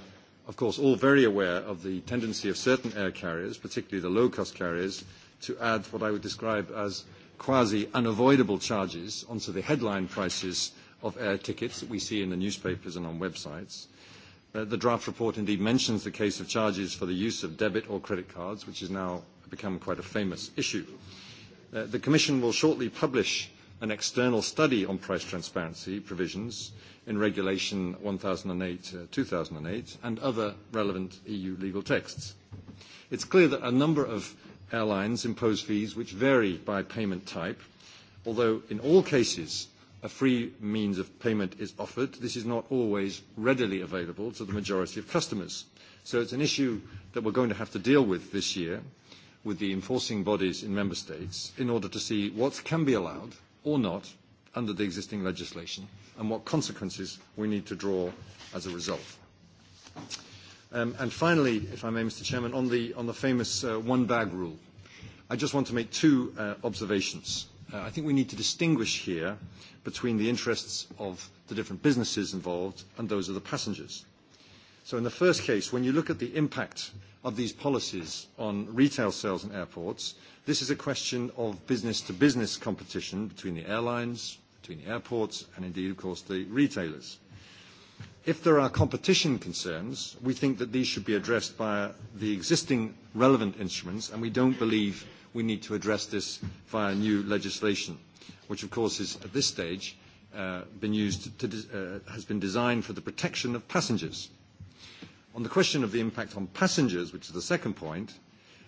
of course, all very aware of the tendency of certain air carriers, particularly the low-cost carriers, to add what I would describe as quasi-unavoidable charges onto the headline prices of air tickets that we see in the newspapers and on websites. Uh, the draft report indeed mentions the case of charges for the use of debit or credit cards, which has now become quite a famous issue. Uh, the Commission will shortly publish an external study on price transparency provisions in Regulation 1008-2008 uh, and other relevant EU legal texts. It's clear that a number of airlines impose fees which vary by payment type, although in all cases a free means of payment is offered. This is not always readily available to the majority of customers. So it's an issue that we're going to have to deal with this year with the enforcing bodies in member states in order to see what can be allowed or not under the existing legislation and what consequences we need to draw as a result. Um, and finally, if I may, Mr. Chairman, on the, on the famous uh, one-bag rule, I just want to make two uh, observations. Uh, I think we need to distinguish here between the interests of the different businesses involved and those of the passengers. So in the first case, when you look at the impact of these policies on retail sales in airports, this is a question of business-to-business -business competition between the airlines, between the airports, and indeed, of course, the retailers. If there are competition concerns, we think that these should be addressed by the existing relevant instruments, and we don't believe we need to address this via new legislation, which of course is, at this stage, uh, been used to, uh, has been designed for the protection of passengers. On the question of the impact on passengers, which is the second point,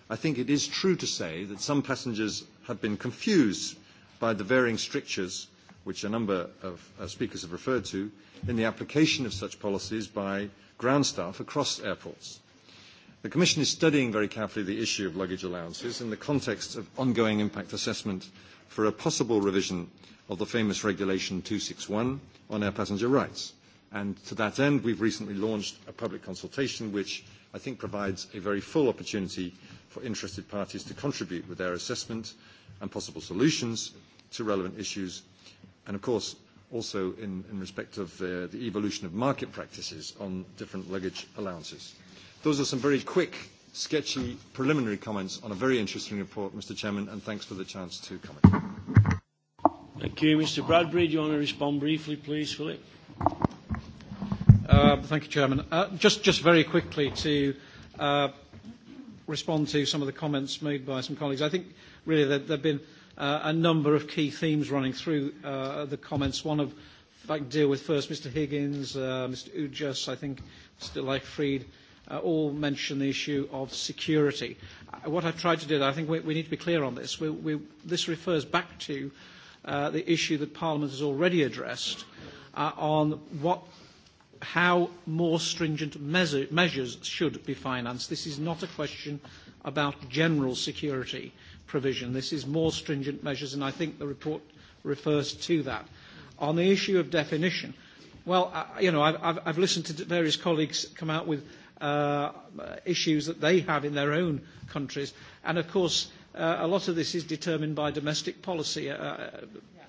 I think it is true to say that some passengers have been confused by the varying strictures which a number of uh, speakers have referred to, in the application of such policies by ground staff across airports. The Commission is studying very carefully the issue of luggage allowances in the context of ongoing impact assessment for a possible revision of the famous Regulation 261 on air passenger rights. And to that end, we've recently launched a public consultation which I think provides a very full opportunity for interested parties to contribute with their assessment and possible solutions to relevant issues And of course, also in, in respect of the, uh, the evolution of market practices on different luggage allowances. Those are some very quick, sketchy, preliminary comments on a very interesting report, Mr. Chairman, and thanks for the chance to comment. Thank you. Mr. Bradbury, do you want to respond briefly, please, Philip? Uh, thank you, Chairman. Uh, just, just very quickly to uh, respond to some of the comments made by some colleagues. I think really there have been uh, uh, a number of key themes running through uh, the comments. One of, if I can deal with first, Mr. Higgins, uh, Mr. Ujas, I think Mr. Leichfried, uh, all mentioned the issue of security. Uh, what I've tried to do, I think we, we need to be clear on this. We, we, this refers back to uh, the issue that Parliament has already addressed uh, on what how more stringent measure, measures should be financed. This is not a question about general security. Uh, provision. This is more stringent measures, and I think the report refers to that. On the issue of definition, well, I, you know, I've, I've listened to various colleagues come out with uh, issues that they have in their own countries, and of course, uh, a lot of this is determined by domestic policy. Uh, uh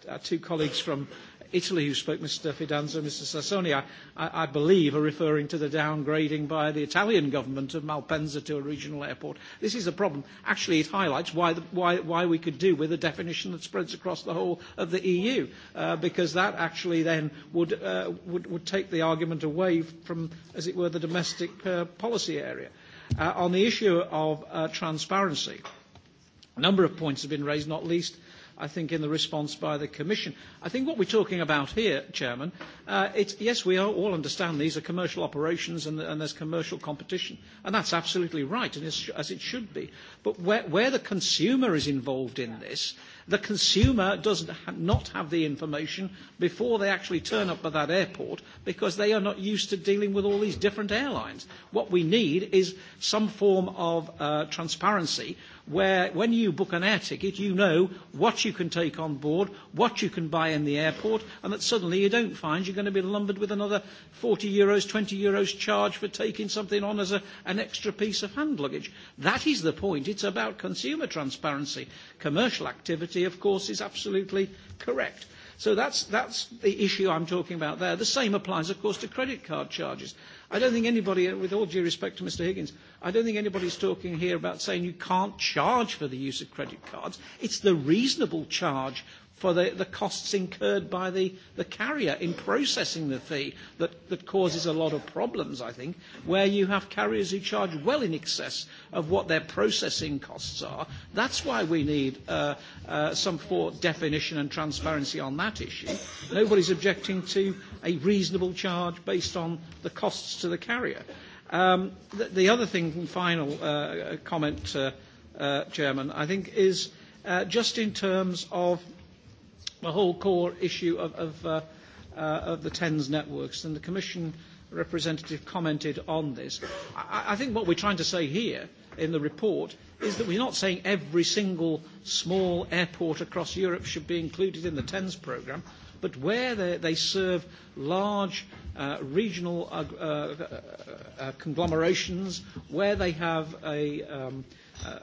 our two colleagues from Italy who spoke, Mr. Fidanza and Mr. Sassoni, I, I, I believe, are referring to the downgrading by the Italian government of Malpensa to a regional airport. This is a problem. Actually, it highlights why, the, why, why we could do with a definition that spreads across the whole of the EU, uh, because that actually then would, uh, would, would take the argument away from, as it were, the domestic uh, policy area. Uh, on the issue of uh, transparency, a number of points have been raised, not least I think, in the response by the Commission. I think what we're talking about here, Chairman, uh, it's, yes, we all understand these are commercial operations and, and there's commercial competition, and that's absolutely right, and as it should be. But where, where the consumer is involved in this, The consumer does not have the information before they actually turn up at that airport because they are not used to dealing with all these different airlines. What we need is some form of uh, transparency where when you book an air ticket, you know what you can take on board, what you can buy in the airport, and that suddenly you don't find you're going to be lumbered with another 40 euros, 20 euros charge for taking something on as a, an extra piece of hand luggage. That is the point. It's about consumer transparency. Commercial activity Committee, of course, is absolutely correct. So that's, that's the issue I'm talking about there. The same applies, of course, to credit card charges. I don't think anybody, uh, with all due respect to Mr. Higgins, I don't think anybody's talking here about saying you can't charge for the use of credit cards. It's the reasonable charge for the, the costs incurred by the, the carrier in processing the fee that, that causes a lot of problems, I think, where you have carriers who charge well in excess of what their processing costs are. That's why we need uh, uh, some for definition and transparency on that issue. Nobody's objecting to a reasonable charge based on the costs to the carrier. Um, the, the other thing, final uh, comment, uh, uh, Chairman, I think is uh, just in terms of – the whole core issue of, of, uh, uh, of the TENS networks, and the Commission representative commented on this. I, I think what we're trying to say here in the report is that we're not saying every single small airport across Europe should be included in the TENS programme, but where they, they serve large uh, regional uh, uh, uh, uh, conglomerations, where they have a um, uh,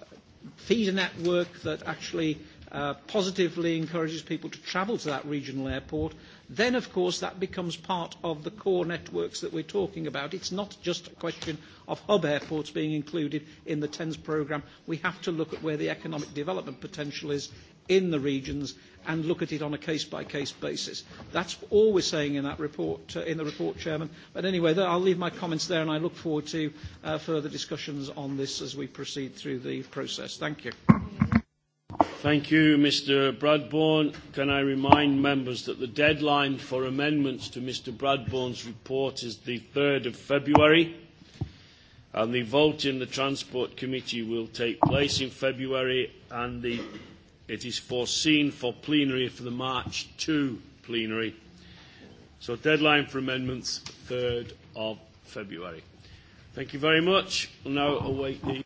feeder network that actually uh, positively encourages people to travel to that regional airport, then of course that becomes part of the core networks that we're talking about. It's not just a question of hub airports being included in the TENS programme. We have to look at where the economic development potential is in the regions and look at it on a case-by-case -case basis. That's all we're saying in that report, uh, in the report, Chairman. But anyway, th I'll leave my comments there and I look forward to uh, further discussions on this as we proceed through the process. Thank you. Thank you, Mr Bradbourne. Can I remind members that the deadline for amendments to Mr Bradbourne's report is the 3rd of February, and the vote in the Transport Committee will take place in February, and the, it is foreseen for plenary for the March 2 plenary. So deadline for amendments, 3rd of February. Thank you very much. We'll now await the...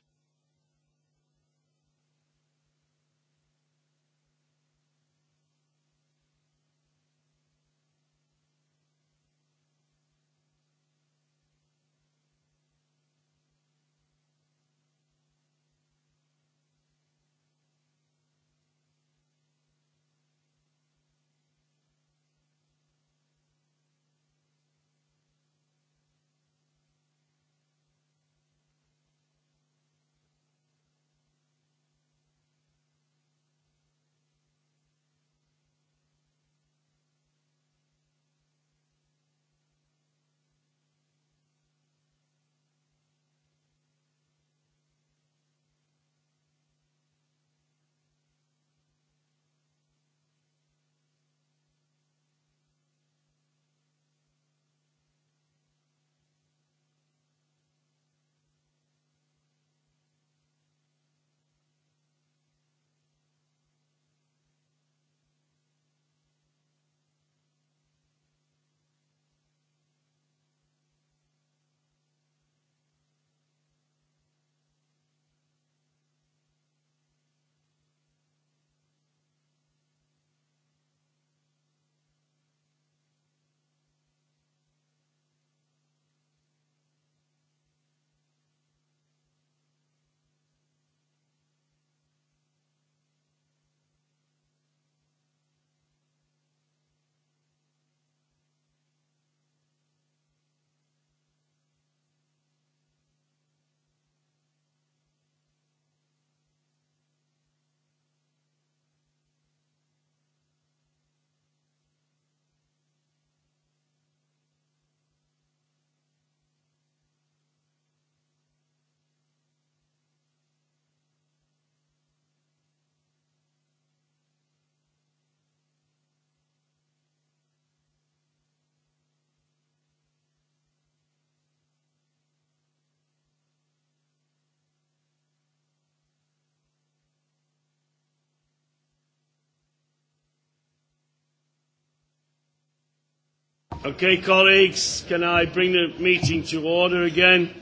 Okay, colleagues, can I bring the meeting to order again?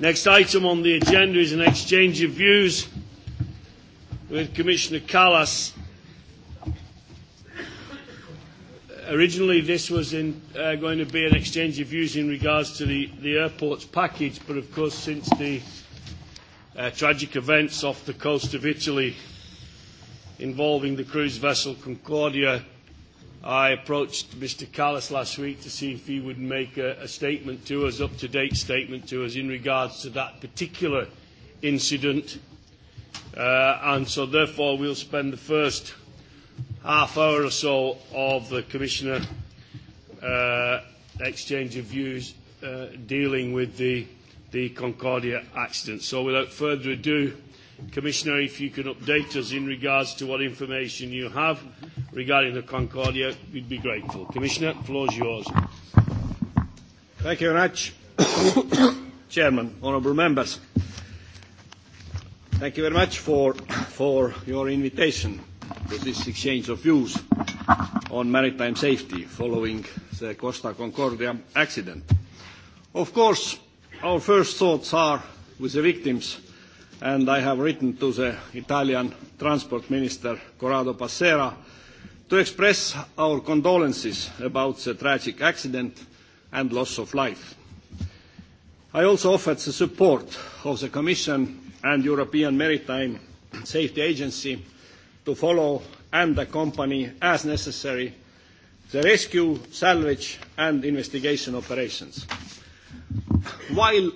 Next item on the agenda is an exchange of views with Commissioner Callas. Originally, this was in, uh, going to be an exchange of views in regards to the, the airports package, but of course, since the uh, tragic events off the coast of Italy involving the cruise vessel Concordia, I approached Mr. Callas last week to see if he would make a, a statement to us, up-to-date statement to us in regards to that particular incident. Uh, and so therefore we'll spend the first half hour or so of the Commissioner uh, exchange of views uh, dealing with the, the Concordia accident. So without further ado, Commissioner, if you can update us in regards to what information you have regarding the Concordia, we'd be grateful. Commissioner, the floor is yours. Thank you very much, Chairman, Honourable Members. Thank you very much for, for your invitation to this exchange of views on maritime safety following the Costa Concordia accident. Of course, our first thoughts are with the victims and I have written to the Italian Transport Minister Corrado Passera to express our condolences about the tragic accident and loss of life. I also offered the support of the Commission and European Maritime Safety Agency to follow and accompany, as necessary, the rescue, salvage and investigation operations. While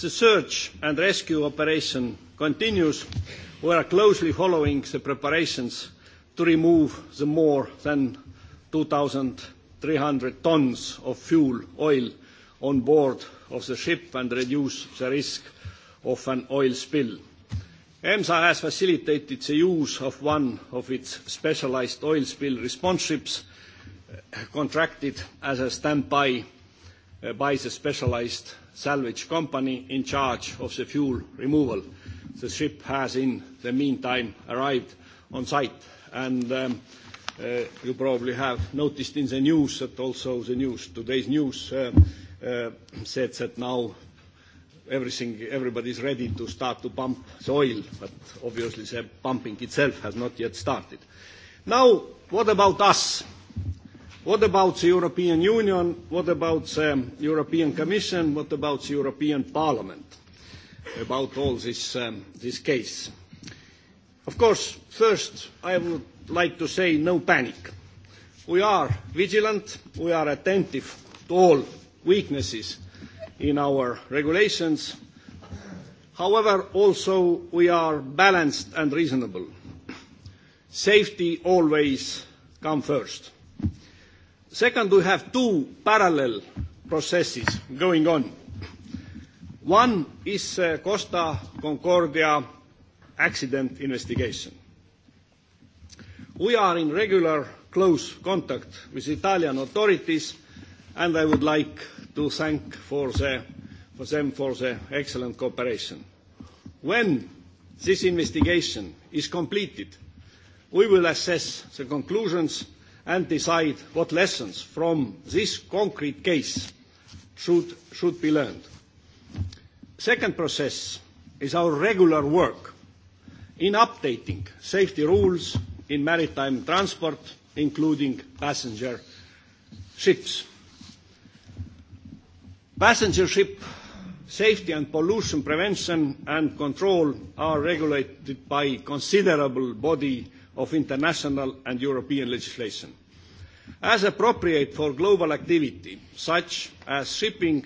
the search and rescue operation continues, we are closely following the preparations to remove the more than 2,300 tons of fuel oil on board of the ship and reduce the risk of an oil spill. EMSA has facilitated the use of one of its specialized oil spill response ships uh, contracted as a standby uh, by the specialized salvage company in charge of the fuel removal the ship has in the meantime arrived on site. And um, uh, you probably have noticed in the news that also the news, today's news, uh, uh, said that now everything, everybody's ready to start to pump the oil, but obviously the pumping itself has not yet started. Now, what about us? What about the European Union? What about the European Commission? What about the European Parliament? about all this, um, this case. Of course, first, I would like to say no panic. We are vigilant, we are attentive to all weaknesses in our regulations. However, also, we are balanced and reasonable. Safety always come first. Second, we have two parallel processes going on One is uh, Costa Concordia accident investigation. We are in regular close contact with Italian authorities, and I would like to thank for, the, for them for the excellent cooperation. When this investigation is completed, we will assess the conclusions and decide what lessons from this concrete case should, should be learned. Second process is our regular work in updating safety rules in maritime transport, including passenger ships. Passenger ship safety and pollution prevention and control are regulated by considerable body of international and European legislation. As appropriate for global activity, such as shipping,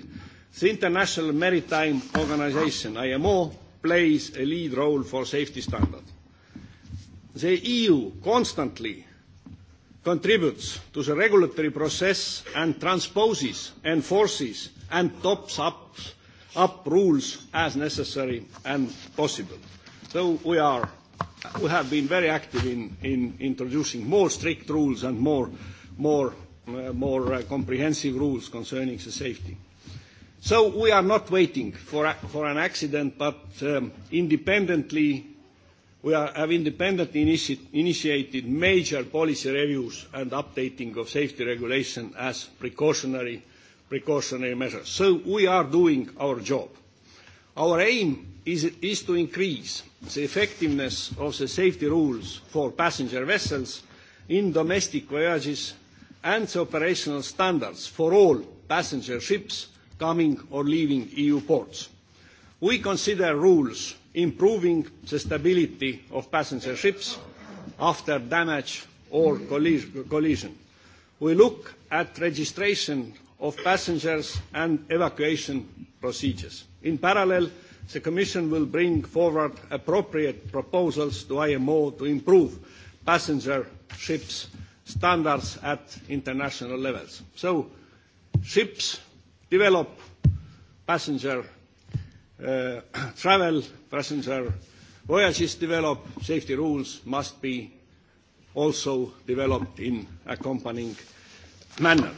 The International Maritime Organization, IMO, plays a lead role for safety standards. The EU constantly contributes to the regulatory process and transposes, enforces, and tops up, up rules as necessary and possible. So we, are, we have been very active in, in introducing more strict rules and more, more, uh, more uh, comprehensive rules concerning the safety. So we are not waiting for, for an accident, but um, independently, we are, have independently initi initiated major policy reviews and updating of safety regulation as precautionary, precautionary measures. So we are doing our job. Our aim is, is to increase the effectiveness of the safety rules for passenger vessels in domestic voyages and the operational standards for all passenger ships coming or leaving EU ports. We consider rules improving the stability of passenger ships after damage or collision. We look at registration of passengers and evacuation procedures. In parallel, the Commission will bring forward appropriate proposals to IMO to improve passenger ships standards at international levels. So ships develop passenger uh, travel, passenger voyages develop, safety rules must be also developed in accompanying manner.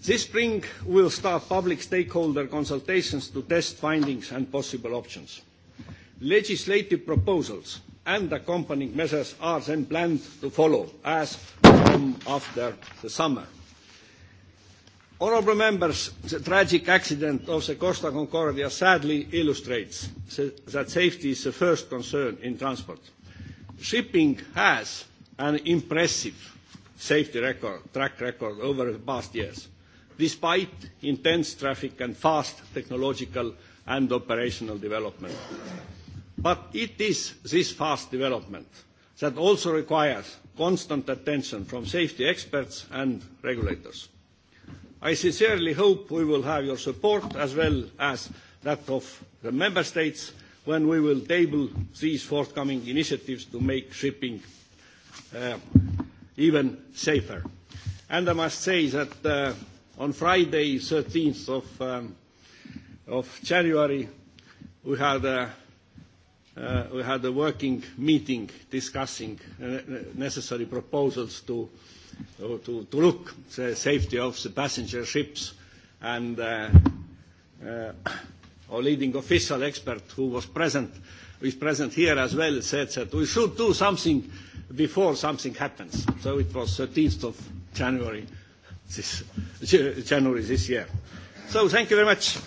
This spring, we will start public stakeholder consultations to test findings and possible options. Legislative proposals and accompanying measures are then planned to follow as from after the summer. Honourable members, the tragic accident of the Costa Concordia sadly illustrates that safety is the first concern in transport. Shipping has an impressive safety record, track record over the past years, despite intense traffic and fast technological and operational development. But it is this fast development that also requires constant attention from safety experts and regulators. I sincerely hope we will have your support as well as that of the Member States when we will table these forthcoming initiatives to make shipping uh, even safer. And I must say that uh, on Friday, 13th of, um, of January, we had a, uh, we had a working meeting discussing uh, necessary proposals to uh, to, to, to look the safety of the passenger ships. And uh, uh, our leading official expert who was present, who is present here as well, said that we should do something before something happens. So it was 13th of January this, January this year. So thank you very much.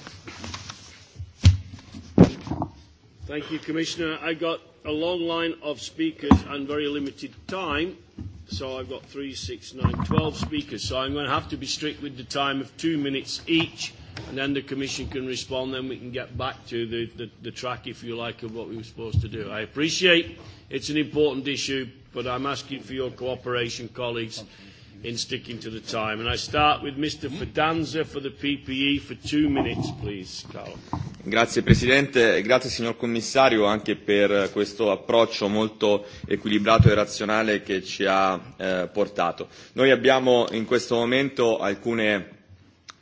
Thank you, Commissioner. I got a long line of speakers and very limited time so I've got three, six, nine, 12 speakers. So I'm going to have to be strict with the time of two minutes each, and then the Commission can respond. Then we can get back to the, the, the track, if you like, of what we were supposed to do. I appreciate it's an important issue, but I'm asking for your cooperation, colleagues. Thank you in sticking to the time. And I start with Mr. Fidanza for the PPE for two minutes, please, Carlo. Grazie Presidente, e grazie signor Commissario anche per eh, questo approccio molto equilibrato e razionale che ci ha eh, portato. Noi abbiamo in questo momento alcune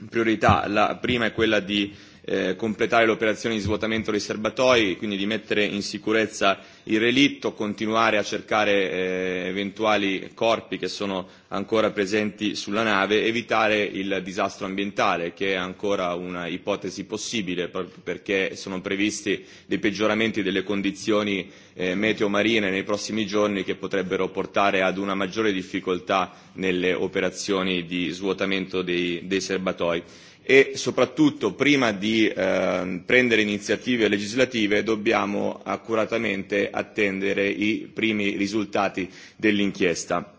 priorità. La prima è quella di eh, completare l'operazione di svuotamento dei serbatoi, quindi di mettere in sicurezza il relitto, continuare a cercare eh, eventuali corpi che sono ancora presenti sulla nave, evitare il disastro ambientale che è ancora una ipotesi possibile proprio perché sono previsti dei peggioramenti delle condizioni eh, meteo marine nei prossimi giorni che potrebbero portare ad una maggiore difficoltà nelle operazioni di svuotamento dei, dei serbatoi e soprattutto prima di eh, prendere iniziative legislative dobbiamo accuratamente attendere i primi risultati dell'inchiesta.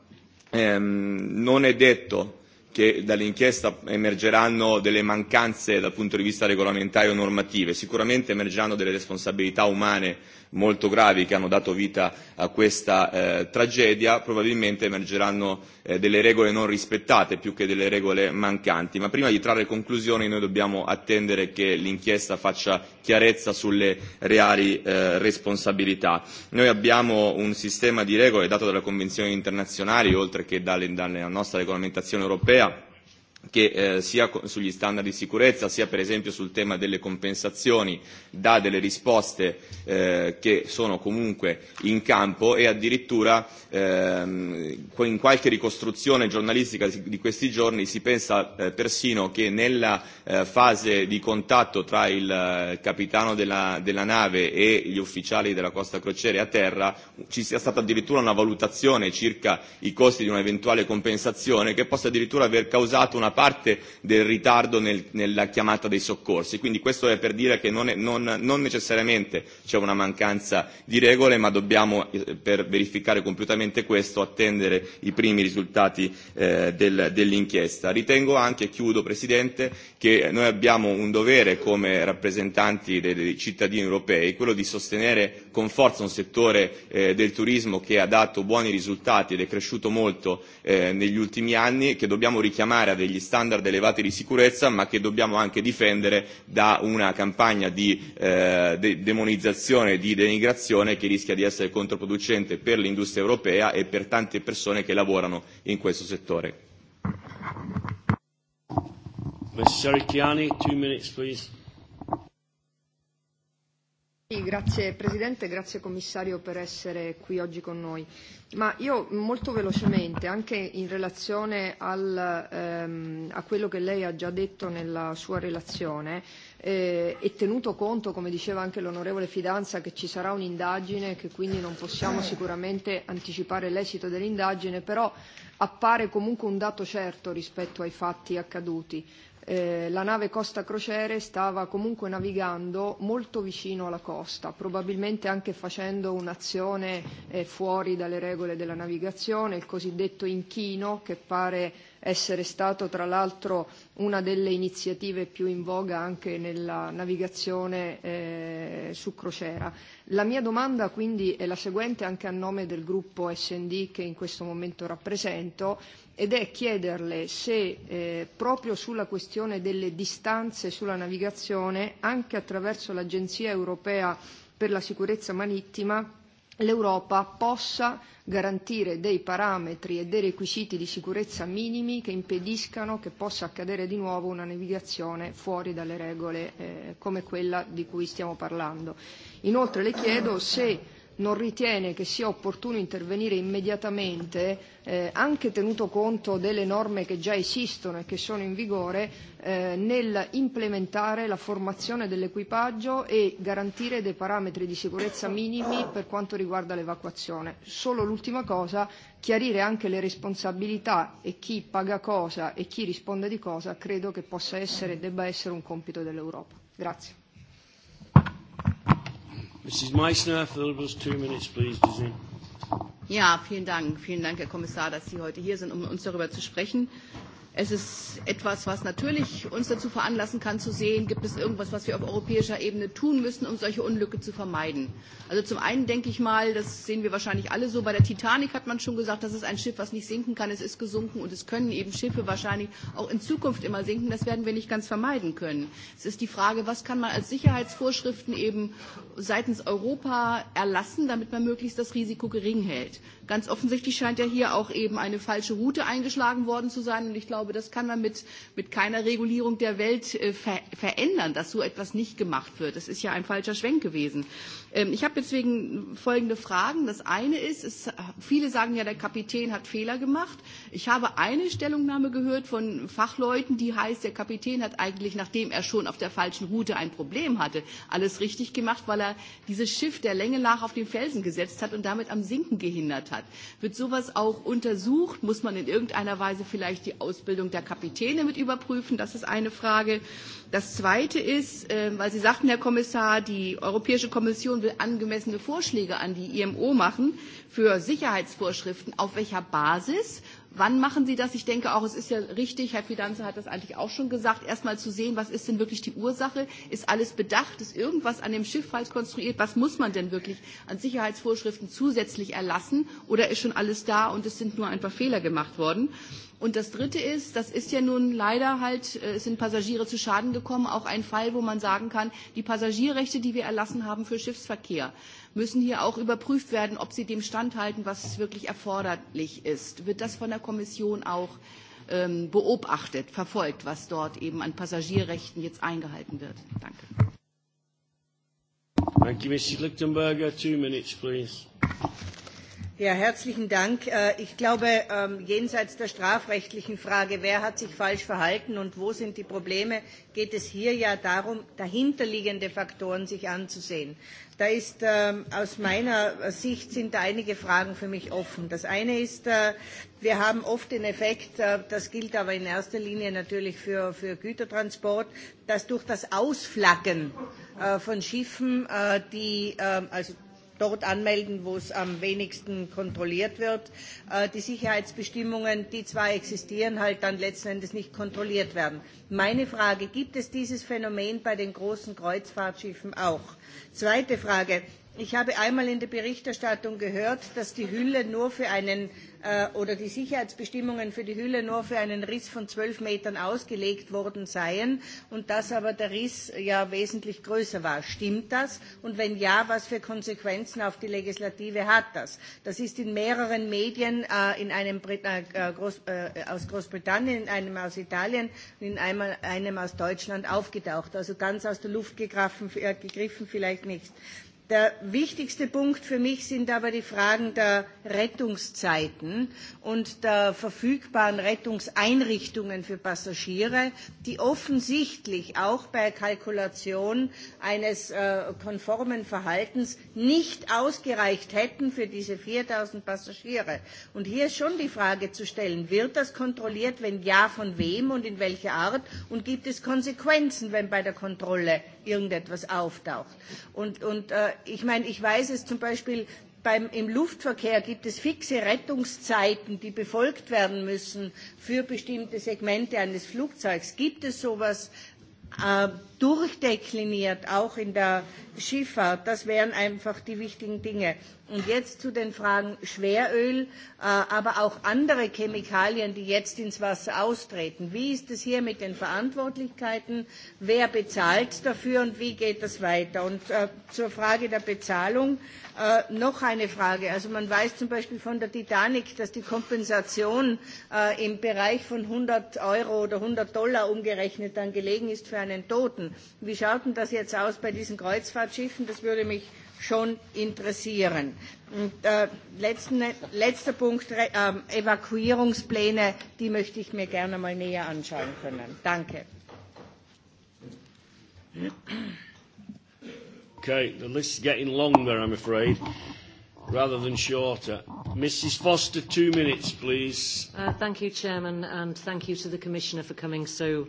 Ehm, non è detto che dall'inchiesta emergeranno delle mancanze dal punto di vista regolamentare o normative, sicuramente emergeranno delle responsabilità umane molto gravi che hanno dato vita a questa eh, tragedia, probabilmente emergeranno eh, delle regole non rispettate più che delle regole mancanti. Ma prima di trarre conclusioni noi dobbiamo attendere che l'inchiesta faccia chiarezza sulle reali eh, responsabilità. Noi abbiamo un sistema di regole dato dalle convenzioni internazionali, oltre che dalle, dalla nostra regolamentazione europea, che eh, sia sugli standard di sicurezza, sia per esempio sul tema delle compensazioni, dà delle risposte eh, che sono comunque in campo e addirittura ehm, in qualche ricostruzione giornalistica di questi giorni si pensa eh, persino che nella eh, fase di contatto tra il eh, capitano della, della nave e gli ufficiali della Costa Crociere a terra ci sia stata addirittura una valutazione circa i costi di un'eventuale compensazione che possa addirittura aver causato una parte del ritardo nel, nella chiamata dei soccorsi. Quindi questo è per dire che non, è, non, non necessariamente c'è una mancanza di regole, ma dobbiamo, eh, per verificare compiutamente questo, attendere i primi risultati eh, del, dell'inchiesta. Ritengo anche, e chiudo Presidente, che noi abbiamo un dovere come rappresentanti dei, dei cittadini europei, quello di sostenere con forza un settore eh, del turismo che ha dato buoni risultati ed è cresciuto molto eh, negli ultimi anni, che dobbiamo richiamare a degli standard elevati di sicurezza, ma che dobbiamo anche difendere da una campagna di eh, de- demonizzazione e di denigrazione che rischia di essere controproducente per l'industria europea e per tante persone che lavorano in questo settore. Mr. Chiani, two minutes, please. Sì, grazie Presidente, grazie Commissario per essere qui oggi con noi. Ma io molto velocemente, anche in relazione al, ehm, a quello che lei ha già detto nella sua relazione, eh, e tenuto conto, come diceva anche l'onorevole Fidanza, che ci sarà un'indagine, che quindi non possiamo sicuramente anticipare l'esito dell'indagine, però appare comunque un dato certo rispetto ai fatti accaduti eh, la nave Costa Crociere stava comunque navigando molto vicino alla costa, probabilmente anche facendo un'azione eh, fuori dalle regole della navigazione, il cosiddetto inchino che pare essere stato tra l'altro una delle iniziative più in voga anche nella navigazione eh, su crociera. La mia domanda quindi è la seguente anche a nome del gruppo SD che in questo momento rappresento ed è chiederle se eh, proprio sulla questione delle distanze sulla navigazione, anche attraverso l'Agenzia europea per la sicurezza marittima, l'Europa possa garantire dei parametri e dei requisiti di sicurezza minimi che impediscano che possa accadere di nuovo una navigazione fuori dalle regole eh, come quella di cui stiamo parlando. Inoltre le chiedo se non ritiene che sia opportuno intervenire immediatamente, eh, anche tenuto conto delle norme che già esistono e che sono in vigore, eh, nel implementare la formazione dell'equipaggio e garantire dei parametri di sicurezza minimi per quanto riguarda l'evacuazione. Solo l'ultima cosa, chiarire anche le responsabilità e chi paga cosa e chi risponde di cosa, credo che possa essere e debba essere un compito dell'Europa. Grazie. Mrs. Meissner, for those two minutes, please, Gesine. Ja, vielen Dank. Vielen Dank, Herr Kommissar, dass Sie heute hier sind, um uns darüber zu sprechen. Es ist etwas, was natürlich uns dazu veranlassen kann zu sehen, gibt es irgendwas, was wir auf europäischer Ebene tun müssen, um solche Unlücke zu vermeiden. Also zum einen denke ich mal, das sehen wir wahrscheinlich alle so, bei der Titanic hat man schon gesagt, das ist ein Schiff, was nicht sinken kann, es ist gesunken und es können eben Schiffe wahrscheinlich auch in Zukunft immer sinken, das werden wir nicht ganz vermeiden können. Es ist die Frage, was kann man als Sicherheitsvorschriften eben seitens Europa erlassen, damit man möglichst das Risiko gering hält. Ganz offensichtlich scheint ja hier auch eben eine falsche Route eingeschlagen worden zu sein und ich glaube, glaube, das kann man mit, mit keiner Regulierung der Welt äh, ver verändern, dass so etwas nicht gemacht wird. Das ist ja ein falscher Schwenk gewesen. Ähm, ich habe deswegen folgende Fragen. Das eine ist, es, äh, viele sagen ja, der Kapitän hat Fehler gemacht. Ich habe eine Stellungnahme gehört von Fachleuten, die heißt, der Kapitän hat eigentlich, nachdem er schon auf der falschen Route ein Problem hatte, alles richtig gemacht, weil er dieses Schiff der Länge nach auf den Felsen gesetzt hat und damit am Sinken gehindert hat. Wird sowas auch untersucht? Muss man in irgendeiner Weise vielleicht die Ausbildung der Kapitäne mit überprüfen? Das ist eine Frage. Das Zweite ist, äh, weil Sie sagten, Herr Kommissar, die Europäische Kommission will angemessene Vorschläge an die IMO machen für Sicherheitsvorschriften. Auf welcher Basis? Wann machen Sie das? Ich denke auch, es ist ja richtig, Herr Fidanza hat das eigentlich auch schon gesagt, erstmal zu sehen, was ist denn wirklich die Ursache? Ist alles bedacht? Ist irgendwas an dem Schiff falsch konstruiert? Was muss man denn wirklich an Sicherheitsvorschriften zusätzlich erlassen? Oder ist schon alles da und es sind nur ein paar Fehler gemacht worden? Und das Dritte ist, das ist ja nun leider halt, äh, es sind Passagiere zu Schaden gekommen, auch ein Fall, wo man sagen kann, die Passagierrechte, die wir erlassen haben für Schiffsverkehr, müssen hier auch überprüft werden, ob sie dem standhalten, was wirklich erforderlich ist. Wird das von der Kommission auch ähm, beobachtet, verfolgt, was dort eben an Passagierrechten jetzt eingehalten wird? Danke. Thank you, Mrs. Lichtenberger. Two minutes, please. Ja, herzlichen Dank. Äh, ich glaube, ähm, jenseits der strafrechtlichen Frage, wer hat sich falsch verhalten und wo sind die Probleme, geht es hier ja darum, dahinterliegende Faktoren sich anzusehen. Da ist ähm, aus meiner Sicht sind einige Fragen für mich offen. Das eine ist, äh, wir haben oft den Effekt, äh, das gilt aber in erster Linie natürlich für, für Gütertransport, dass durch das Ausflaggen von Schiffen, die, ähm, also dort anmelden, wo es am wenigsten kontrolliert wird. Äh, die Sicherheitsbestimmungen, die zwar existieren, halt dann letzten Endes nicht kontrolliert werden. Meine Frage, gibt es dieses Phänomen bei den großen Kreuzfahrtschiffen auch? Zweite Frage. Ich habe einmal in der Berichterstattung gehört, dass die Hülle nur für einen äh, oder die Sicherheitsbestimmungen für die Hülle nur für einen Riss von zwölf Metern ausgelegt worden seien und dass aber der Riss ja wesentlich größer war. Stimmt das? Und wenn ja, was für Konsequenzen auf die Legislative hat das? Das ist in mehreren Medien äh, in einem Brit äh, Groß, äh, aus Großbritannien, in einem aus Italien und in einem, einem aus Deutschland aufgetaucht. Also ganz aus der Luft gegriffen, äh, gegriffen vielleicht nicht. Äh, Der wichtigste Punkt für mich sind aber die Fragen der Rettungszeiten und der verfügbaren Rettungseinrichtungen für Passagiere, die offensichtlich auch bei Kalkulation eines äh, konformen Verhaltens nicht ausgereicht hätten für diese 4000 Passagiere. Und hier ist schon die Frage zu stellen, wird das kontrolliert? Wenn ja, von wem und in welcher Art? Und gibt es Konsequenzen, wenn bei der Kontrolle irgendetwas auftaucht. Und, und äh, ich meine, ich weiß es zum Beispiel, beim, im Luftverkehr gibt es fixe Rettungszeiten, die befolgt werden müssen für bestimmte Segmente eines Flugzeugs. Gibt es sowas? Äh, durchdekliniert, auch in der Schifffahrt. Das wären einfach die wichtigen Dinge. Und jetzt zu den Fragen Schweröl, äh, aber auch andere Chemikalien, die jetzt ins Wasser austreten. Wie ist es hier mit den Verantwortlichkeiten? Wer bezahlt dafür und wie geht das weiter? Und äh, zur Frage der Bezahlung äh, noch eine Frage. Also man weiß zum Beispiel von der Titanic, dass die Kompensation äh, im Bereich von 100 Euro oder 100 Dollar umgerechnet dann gelegen ist für einen Toten lassen. Wie schaut denn das jetzt aus bei diesen Kreuzfahrtschiffen? Das würde mich schon interessieren. Und, äh, letzten, letzter Punkt, äh, Evakuierungspläne, die möchte ich mir gerne mal näher anschauen können. Danke. Okay, the list's getting longer, I'm afraid, rather than shorter. Mrs Foster, two minutes, please. Uh, thank you, Chairman, and thank you to the Commissioner for coming so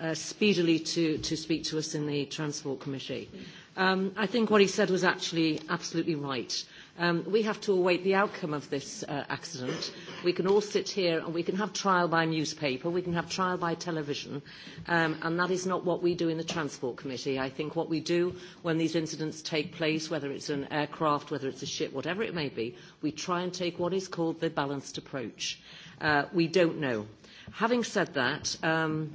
uh, speedily to, to speak to us in the Transport Committee. Um, I think what he said was actually absolutely right. Um, we have to await the outcome of this uh, accident. We can all sit here and we can have trial by newspaper, we can have trial by television, um, and that is not what we do in the Transport Committee. I think what we do when these incidents take place, whether it's an aircraft, whether it's a ship, whatever it may be, we try and take what is called the balanced approach. Uh, we don't know. Having said that, um,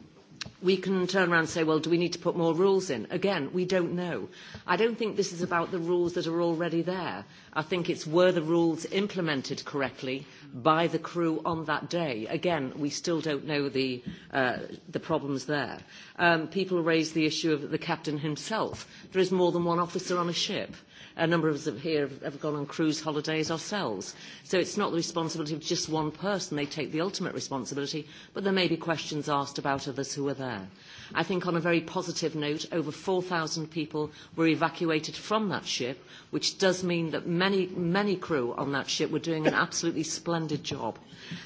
we can turn around and say, well, do we need to put more rules in? Again, we don't know. I don't think this is about the rules that are already there. I think it's were the rules implemented correctly by the crew on that day. Again, we still don't know the, uh, the problems there. Um, people raise the issue of the captain himself. There is more than one officer on a ship. Uh, a number of us here have, have gone on cruise holidays ourselves. So it's not the responsibility of just one person. They take the ultimate responsibility, but there may be questions asked about others who are there. I think on a very positive note, over 4,000 people were evacuated from that ship, which does mean that many, many crew on that ship were doing an absolutely splendid job.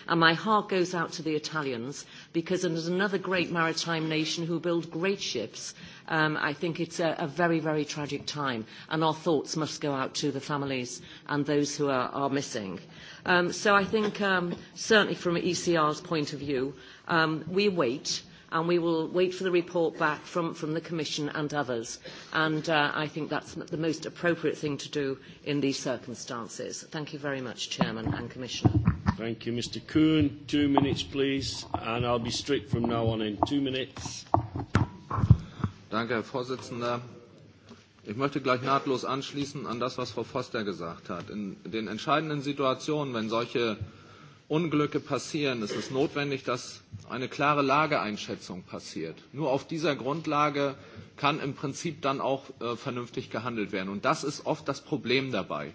And my heart goes out to the Italians, because as another great maritime nation who build great ships, um, I think it's a, a very, very tragic time, and our thoughts must go out to the families and those who are, are missing. Um, so I think, um, certainly from ECR's point of view, um, we wait and we will wait for the report back from, from the Commission and others. And uh, I think that's the most appropriate thing to do in these circumstances. Thank you very much, Chairman and Commissioner. Thank you, Mr Kuhn. Two minutes, please, and I'll be strict from now on in two minutes. Danke, Herr Vorsitzender. Ich möchte gleich nahtlos anschließen an das, was Frau Foster gesagt hat. In den entscheidenden Situationen, wenn solche äh, Unglücke passieren, ist es notwendig, dass eine klare Lageeinschätzung passiert. Nur auf dieser Grundlage kann im Prinzip dann auch äh, vernünftig gehandelt werden. Und das ist oft das Problem dabei.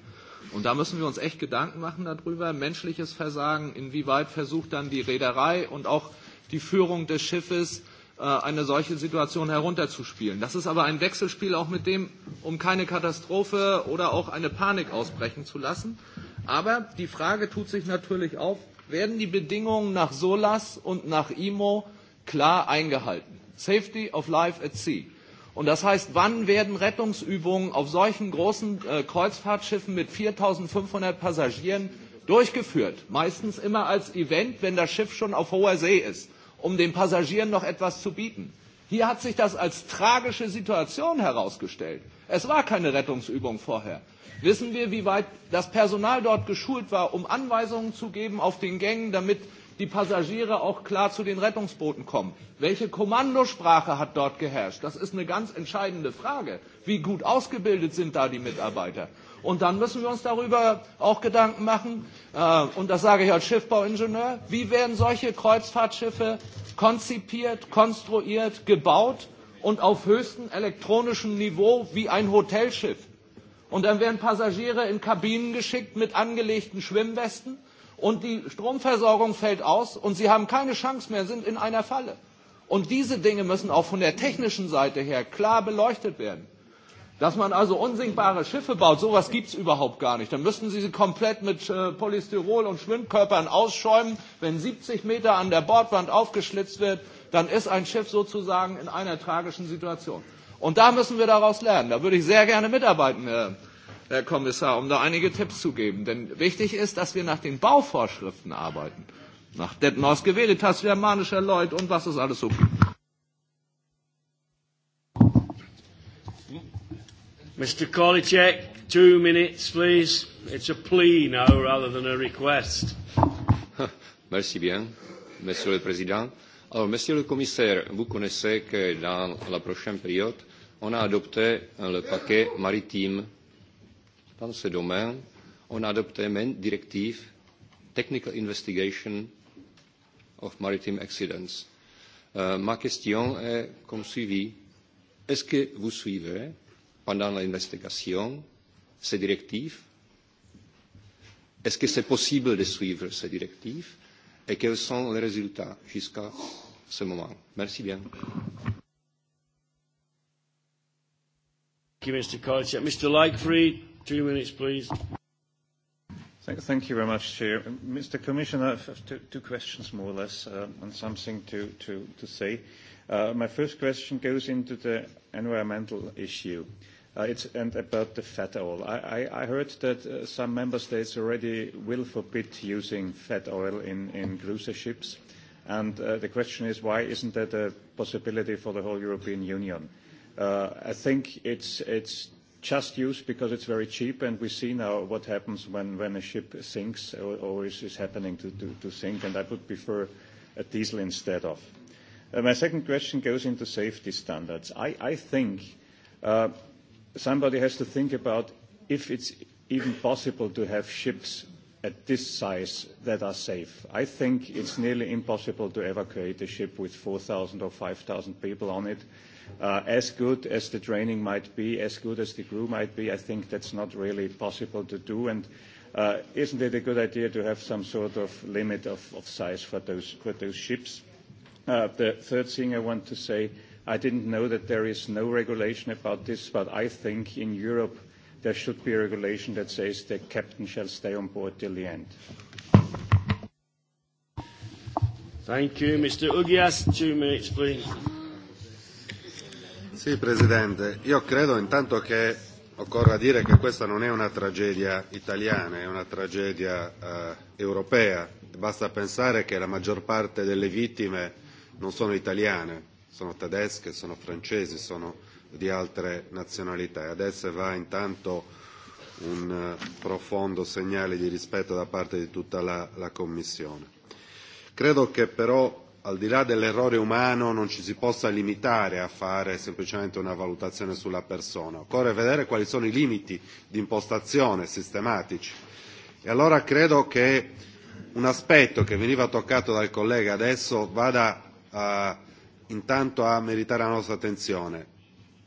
Und da müssen wir uns echt Gedanken machen darüber, menschliches Versagen, inwieweit versucht dann die Reederei und auch die Führung des Schiffes, äh, eine solche Situation herunterzuspielen. Das ist aber ein Wechselspiel auch mit dem, um keine Katastrophe oder auch eine Panik ausbrechen zu lassen. Aber die Frage tut sich natürlich auf, werden die Bedingungen nach SOLAS und nach IMO klar eingehalten? Safety of Life at Sea. Und das heißt, wann werden Rettungsübungen auf solchen großen äh, Kreuzfahrtschiffen mit 4.500 Passagieren durchgeführt? Meistens immer als Event, wenn das Schiff schon auf hoher See ist, um den Passagieren noch etwas zu bieten. Hier hat sich das als tragische Situation herausgestellt. Es war keine Rettungsübung vorher. Wissen wir, wie weit das Personal dort geschult war, um Anweisungen zu geben auf den Gängen, damit die Passagiere auch klar zu den Rettungsbooten kommen? Welche Kommandosprache hat dort geherrscht? Das ist eine ganz entscheidende Frage. Wie gut ausgebildet sind da die Mitarbeiter? Und dann müssen wir uns darüber auch Gedanken machen, äh, und das sage ich als Schiffbauingenieur, wie werden solche Kreuzfahrtschiffe konzipiert, konstruiert, gebaut, und auf höchstem elektronischem Niveau wie ein Hotelschiff. Und dann werden Passagiere in Kabinen geschickt mit angelegten Schwimmwesten und die Stromversorgung fällt aus und sie haben keine Chance mehr, sind in einer Falle. Und diese Dinge müssen auch von der technischen Seite her klar beleuchtet werden. Dass man also unsinkbare Schiffe baut, sowas gibt es überhaupt gar nicht. Dann müssten Sie sie komplett mit äh, Polystyrol und Schwimmkörpern ausschäumen, wenn 70 Meter an der Bordwand aufgeschlitzt wird dann ist ein Schiff sozusagen in einer tragischen Situation. Und da müssen wir daraus lernen. Da würde ich sehr gerne mitarbeiten, Herr, Herr Kommissar, um da einige Tipps zu geben. Denn wichtig ist, dass wir nach den Bauvorschriften arbeiten. Nach Detmors Geweditas, germanischer Leut und was es alles so gibt. Mr. Kolicek, two minutes, please. It's a plea now rather than a request. Merci bien, Monsieur le Président. Euh, Alors, Monsieur le Commissaire, vous connaissez que dans la prochaine période, on a adopté euh, le paquet maritime. Dans ce domaine, on a adopté une directive Technical Investigation of Maritime Accidents. Euh, ma question est comme suivie. Est-ce que vous suivez, pendant l'investigation, ces directives Est-ce que c'est possible de suivre ces directives Et quels sont les résultats jusqu'à ce moment. Merci bien. Thank you, Mr. Collier. Mr. Lightfried, two minutes, please. Thank, thank you very much, Chair. Uh, Mr. Commissioner, I have two, two questions more or less uh, and something to, to, to say. Uh, my first question goes into the environmental issue. Uh, it's and about the fat oil. I, I, I heard that uh, some member states already will forbid using fat oil in, in cruiser ships. And uh, the question is, why isn't that a possibility for the whole European Union? Uh, I think it's, it's just used because it's very cheap, and we see now what happens when, when a ship sinks or, or is, is happening to, to, to sink, and I would prefer a diesel instead of. Uh, my second question goes into safety standards. I, I think uh, somebody has to think about if it's even possible to have ships at this size that are safe. I think it's nearly impossible to evacuate a ship with 4,000 or 5,000 people on it. Uh, as good as the training might be, as good as the crew might be, I think that's not really possible to do. And uh, isn't it a good idea to have some sort of limit of, of size for those, for those ships? Uh, the third thing I want to say, I didn't know that there is no regulation about this, but I think in Europe – there should be a regulation that says the captain shall stay on board till the end. Thank you. Mr. Ugias, two minutes, please. Sì, Presidente, io credo intanto che occorra dire che questa non è una tragedia italiana, è una tragedia eh, europea. Basta pensare che la maggior parte delle vittime non sono italiane, sono tedesche, sono francesi, sono di altre nazionalità. E adesso va intanto un eh, profondo segnale di rispetto da parte di tutta la, la Commissione. Credo che però al di là dell'errore umano non ci si possa limitare a fare semplicemente una valutazione sulla persona, occorre vedere quali sono i limiti di impostazione sistematici. E allora credo che un aspetto che veniva toccato dal collega adesso vada a, intanto a meritare la nostra attenzione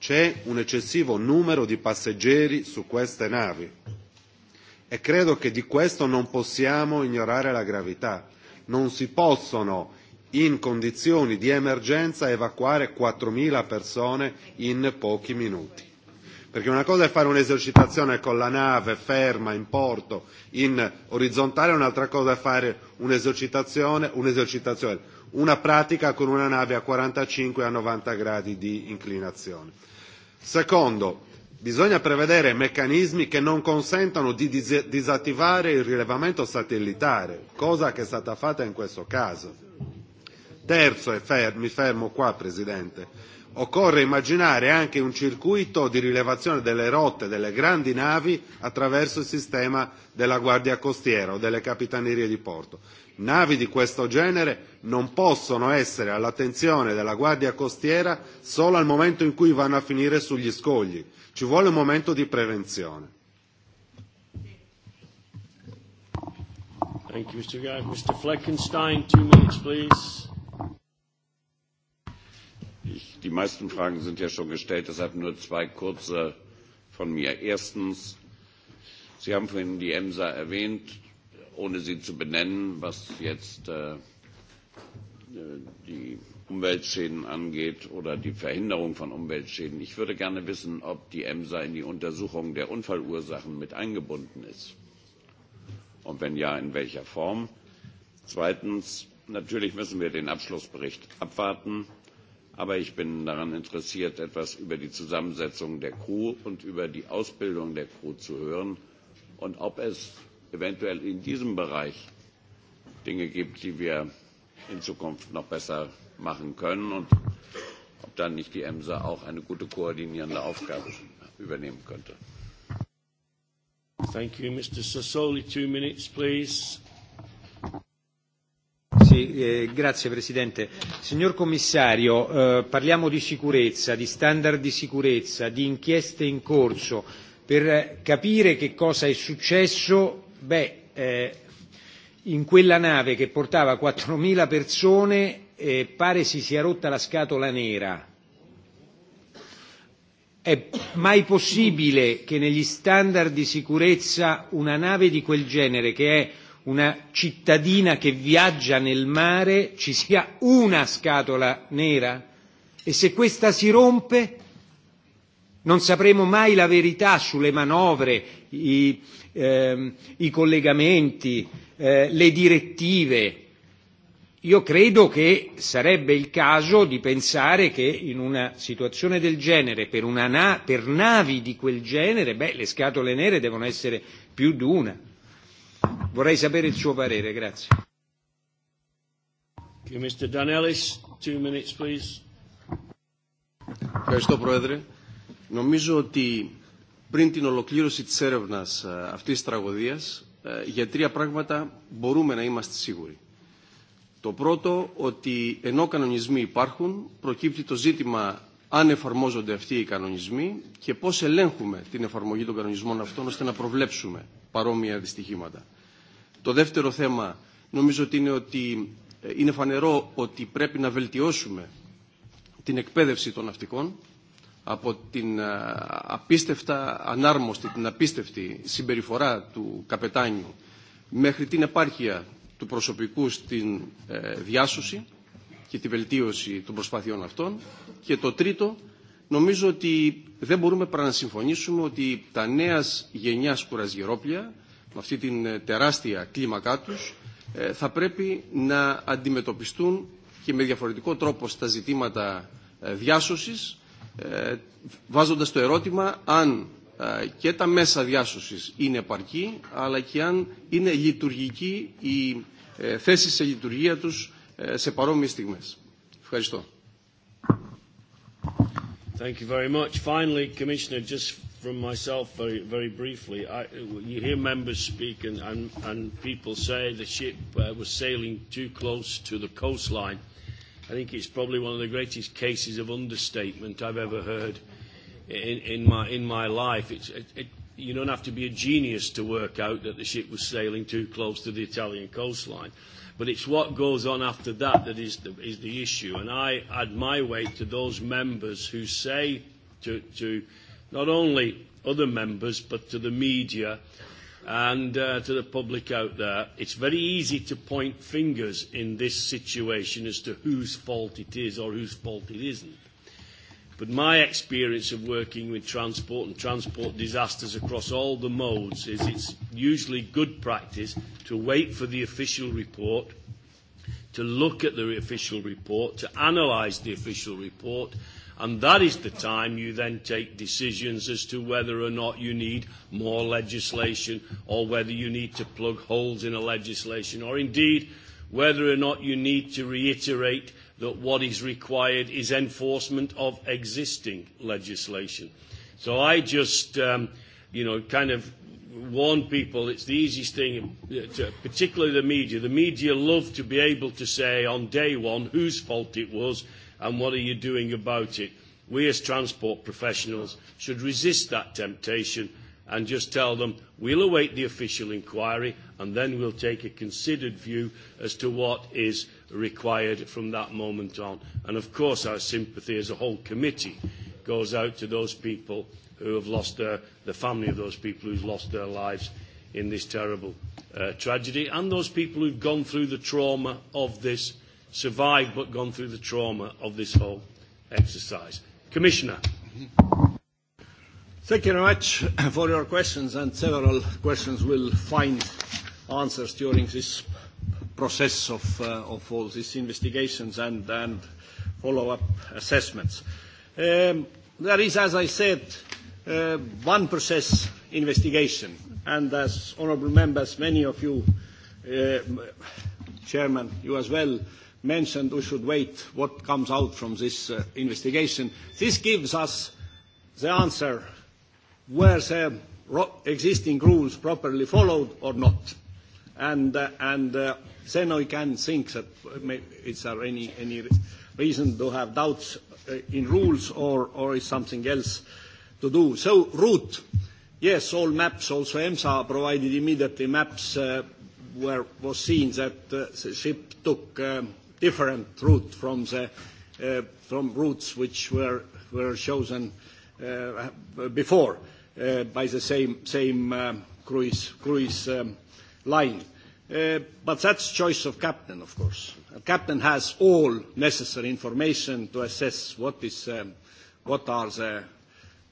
c'è un eccessivo numero di passeggeri su queste navi e credo che di questo non possiamo ignorare la gravità. Non si possono in condizioni di emergenza evacuare 4.000 persone in pochi minuti. Perché una cosa è fare un'esercitazione con la nave ferma in porto, in orizzontale, un'altra cosa è fare un'esercitazione, un'esercitazione, una pratica con una nave a 45 a 90 gradi di inclinazione Secondo, bisogna prevedere meccanismi che non consentano di dis- disattivare il rilevamento satellitare, cosa che è stata fatta in questo caso. Terzo, e fer- mi fermo qua Presidente, occorre immaginare anche un circuito di rilevazione delle rotte delle grandi navi attraverso il sistema della Guardia Costiera o delle Capitanerie di Porto navi di questo genere non possono essere all'attenzione della Guardia Costiera solo al momento in cui vanno a finire sugli scogli. Ci vuole un momento di prevenzione. Thank you, Mr. Guy. Mr. Fleckenstein, two minutes, please. Ich, die meisten Fragen sind ja schon gestellt, deshalb nur zwei kurze von mir. Erstens, Sie haben vorhin die EMSA erwähnt ohne sie zu benennen, was jetzt äh, die Umweltschäden angeht oder die Verhinderung von Umweltschäden. Ich würde gerne wissen, ob die EMSA in die Untersuchung der Unfallursachen mit eingebunden ist. Und wenn ja, in welcher Form? Zweitens, natürlich müssen wir den Abschlussbericht abwarten. Aber ich bin daran interessiert, etwas über die Zusammensetzung der Crew und über die Ausbildung der Crew zu hören und ob es eventuell in diesem Bereich Dinge gibt, die wir in Zukunft noch besser machen können und ob dann nicht die EMSA auch eine gute koordinierende Aufgabe übernehmen könnte. Thank you, Mr. Sassoli. Two minutes, please. Sì, eh, grazie Presidente. Signor Commissario, eh, parliamo di sicurezza, di standard di sicurezza, di inchieste in corso per eh, capire che cosa è successo Beh, eh, in quella nave che portava 4.000 persone eh, pare si sia rotta la scatola nera. È mai possibile che negli standard di sicurezza una nave di quel genere, che è una cittadina che viaggia nel mare, ci sia una scatola nera? E se questa si rompe non sapremo mai la verità sulle manovre, i, ehm, i collegamenti, eh, le direttive. Io credo che sarebbe il caso di pensare che in una situazione del genere, per, una na- per navi di quel genere, beh, le scatole nere devono essere più di una. Vorrei sapere il suo parere, grazie. Okay, Mr. Danelis, two minutes, please. Ευχαριστώ, Πρόεδρε. Νομίζω ότι πριν την ολοκλήρωση της έρευνας αυτής της τραγωδίας για τρία πράγματα μπορούμε να είμαστε σίγουροι. Το πρώτο, ότι ενώ κανονισμοί υπάρχουν, προκύπτει το ζήτημα αν εφαρμόζονται αυτοί οι κανονισμοί και πώς ελέγχουμε την εφαρμογή των κανονισμών αυτών ώστε να προβλέψουμε παρόμοια δυστυχήματα. Το δεύτερο θέμα νομίζω ότι είναι ότι είναι φανερό ότι πρέπει να βελτιώσουμε την εκπαίδευση των ναυτικών από την απίστευτα ανάρμοστη, την απίστευτη συμπεριφορά του καπετάνιου μέχρι την επάρκεια του προσωπικού στην ε, διάσωση και τη βελτίωση των προσπαθειών αυτών. Και το τρίτο, νομίζω ότι δεν μπορούμε παρά να συμφωνήσουμε ότι τα νέα γενιάς κουρασγερόπλια, με αυτή την τεράστια κλίμακά τους, ε, θα πρέπει να αντιμετωπιστούν και με διαφορετικό τρόπο στα ζητήματα ε, διάσωσης, ε, βάζοντας το ερώτημα αν ε, και τα μέσα διάσωσης είναι επαρκή, αλλά και αν είναι λειτουργική η ε, θέση σε λειτουργία τους ε, σε παρόμοιες στιγμές. Ευχαριστώ. Thank you very much. Finally, Commissioner, just from myself very, very briefly. I, you hear members speak and, and, and people say the ship uh, was sailing too close to the coastline. Uh, I think it's probably one of the greatest cases of understatement I've ever heard in, in, my, in my life. It's, it, it, you don't have to be a genius to work out that the ship was sailing too close to the Italian coastline. But it's what goes on after that that is the, is the issue. And I add my weight to those members who say to, to not only other members but to the media And uh, to the public out there, it's very easy to point fingers in this situation as to whose fault it is or whose fault it isn't. But my experience of working with transport and transport disasters across all the modes is it's usually good practice to wait for the official report, to look at the official report, to analyse the official report, And that is the time you then take decisions as to whether or not you need more legislation or whether you need to plug holes in a legislation or indeed whether or not you need to reiterate that what is required is enforcement of existing legislation. So I just, um, you know, kind of warn people it's the easiest thing, uh, to, particularly the media. The media love to be able to say on day one whose fault it was and what are you doing about it? We as transport professionals should resist that temptation and just tell them we'll await the official inquiry and then we'll take a considered view as to what is required from that moment on. And of course our sympathy as a whole committee goes out to those people who have lost their, the family of those people who've lost their lives in this terrible uh, tragedy and those people who've gone through the trauma of this survived but gone through the trauma of this whole exercise. Commissioner. Thank you very much for your questions, and several questions will find answers during this process of, uh, of all these investigations and, and follow-up assessments. Um, there is, as I said, uh, one process investigation, and as honourable members, many of you, uh, Chairman, you as well, uh, mentioned, we should wait what comes out from this uh, investigation. This gives us the answer were the ro- existing rules properly followed or not. And, uh, and uh, then we can think that is there any, any reason to have doubts uh, in rules or, or is something else to do. So route, yes, all maps, also EMSA provided immediately maps uh, where was seen that uh, the ship took um, different route from the uh, from routes which were were chosen uh, before uh, by the same same um, cruise cruise um, line. Uh, but that's choice of captain, of course. A captain has all necessary information to assess what is um, what are the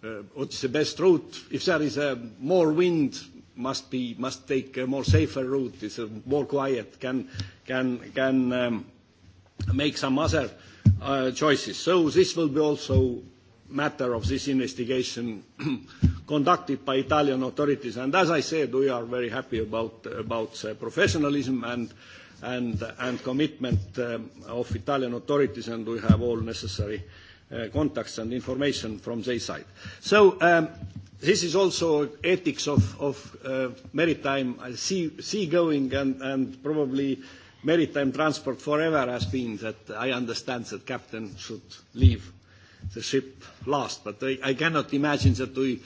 uh, what's the best route. If there is a um, more wind, must be must take a more safer route. Is a more quiet can can can. Um, make some other uh, choices. So this will be also matter of this investigation conducted by Italian authorities. And as I said, we are very happy about, about uh, professionalism and, and, and commitment um, of Italian authorities, and we have all necessary uh, contacts and information from their side. So um, this is also ethics of, of uh, maritime uh, sea, seagoing and, and probably uh, maritime transport forever has been that I understand that captain should leave the ship last, but I, I cannot imagine that we,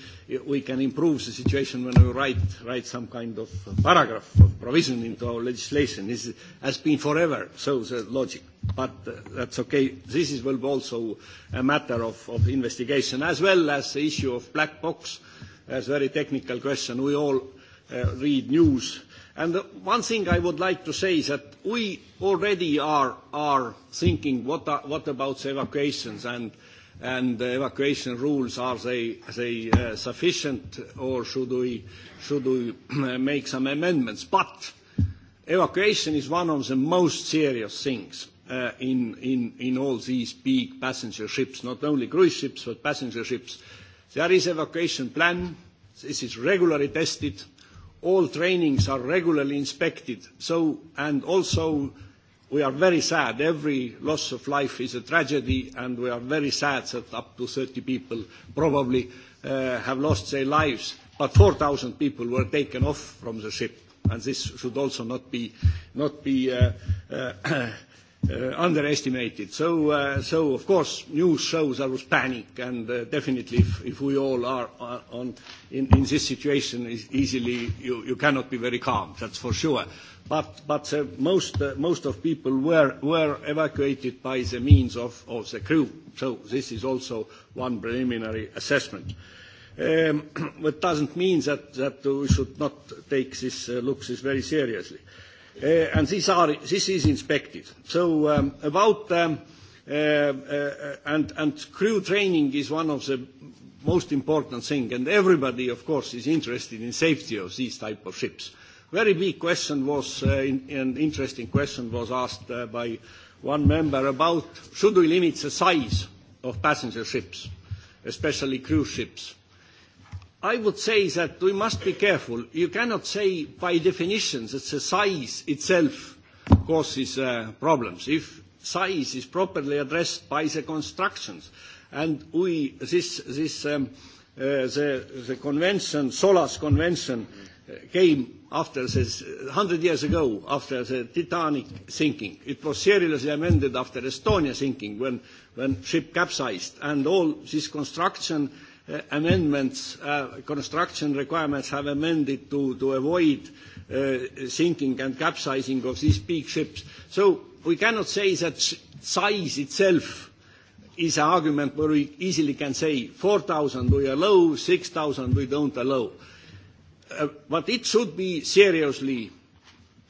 we can improve the situation when we write, write some kind of paragraph or provision into our legislation. This has been forever, so the logic. But uh, that's okay. This is well also a matter of, of investigation, as well as the issue of black box, as a very technical question. We all uh, read news And one thing I would like to say is that we already are, are thinking what, are, what about evacuations and, and the evacuation rules, are they, they uh, sufficient or should we, should we make some amendments? But evacuation is one of the most serious things uh, in, in, in all these big passenger ships, not only cruise ships, but passenger ships. There is evacuation plan. This is regularly tested all trainings are regularly inspected. So, and also we are very sad. Every loss of life is a tragedy, and we are very sad that up to 30 people probably uh, have lost their lives. But 4,000 people were taken off from the ship, and this should also not be, not be uh, uh, uh, underestimated. So, uh, so of course, news shows there was panic, and uh, definitely, if, if we all are uh, on in, in this situation, is easily you, you cannot be very calm. That's for sure. But, but uh, most uh, most of people were were evacuated by the means of, of the crew. So this is also one preliminary assessment. Um, it doesn't mean that, that we should not take this uh, look this very seriously. Uh, Uh, and these are, this is inspected. So um, about um, uh, uh, and, and crew training is one of the most important thing, and everybody, of course, is interested in safety of these type of ships. Very big question was, uh, in, an interesting question was asked uh, by one member about should we limit the size of passenger ships, especially cruise ships. I would say that we must be careful. You cannot say by definition that the size itself causes uh, problems. If size is properly addressed by the constructions, and we, this, this, um, uh, the, the convention, SOLAS convention, uh, came after this, 100 uh, years ago, after the Titanic sinking. It was seriously amended after Estonia sinking, when, when ship capsized, and all this construction uh, uh, amendments, uh, construction requirements have amended to, to avoid uh, sinking and capsizing of these big ships. So we cannot say that size itself is an argument where we easily can say 4,000 we allow, 6,000 we don't allow. Uh, but it should be seriously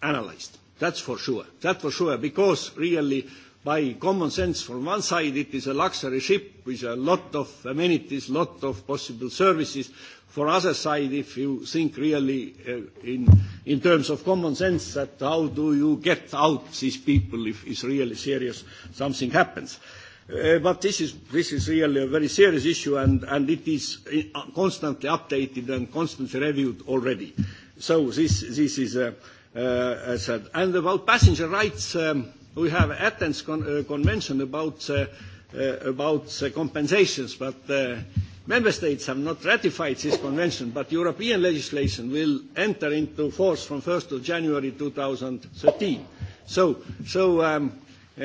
analyzed. That's for sure. That's for sure, because really by common sense. From one side, it is a luxury ship with a lot of amenities, lot of possible services. For other side, if you think really uh, in, in terms of common sense, that how do you get out these people if it's really serious, something happens. Uh, but this is, this is really a very serious issue, and, and it is uh, constantly updated and constantly reviewed already. So this, this is uh, uh, said. And about passenger rights, um, We have Athens con- uh, Convention about, uh, uh, about uh, compensations, but uh, Member States have not ratified this convention, but European legislation will enter into force from 1st of January 2013. So, so um, uh,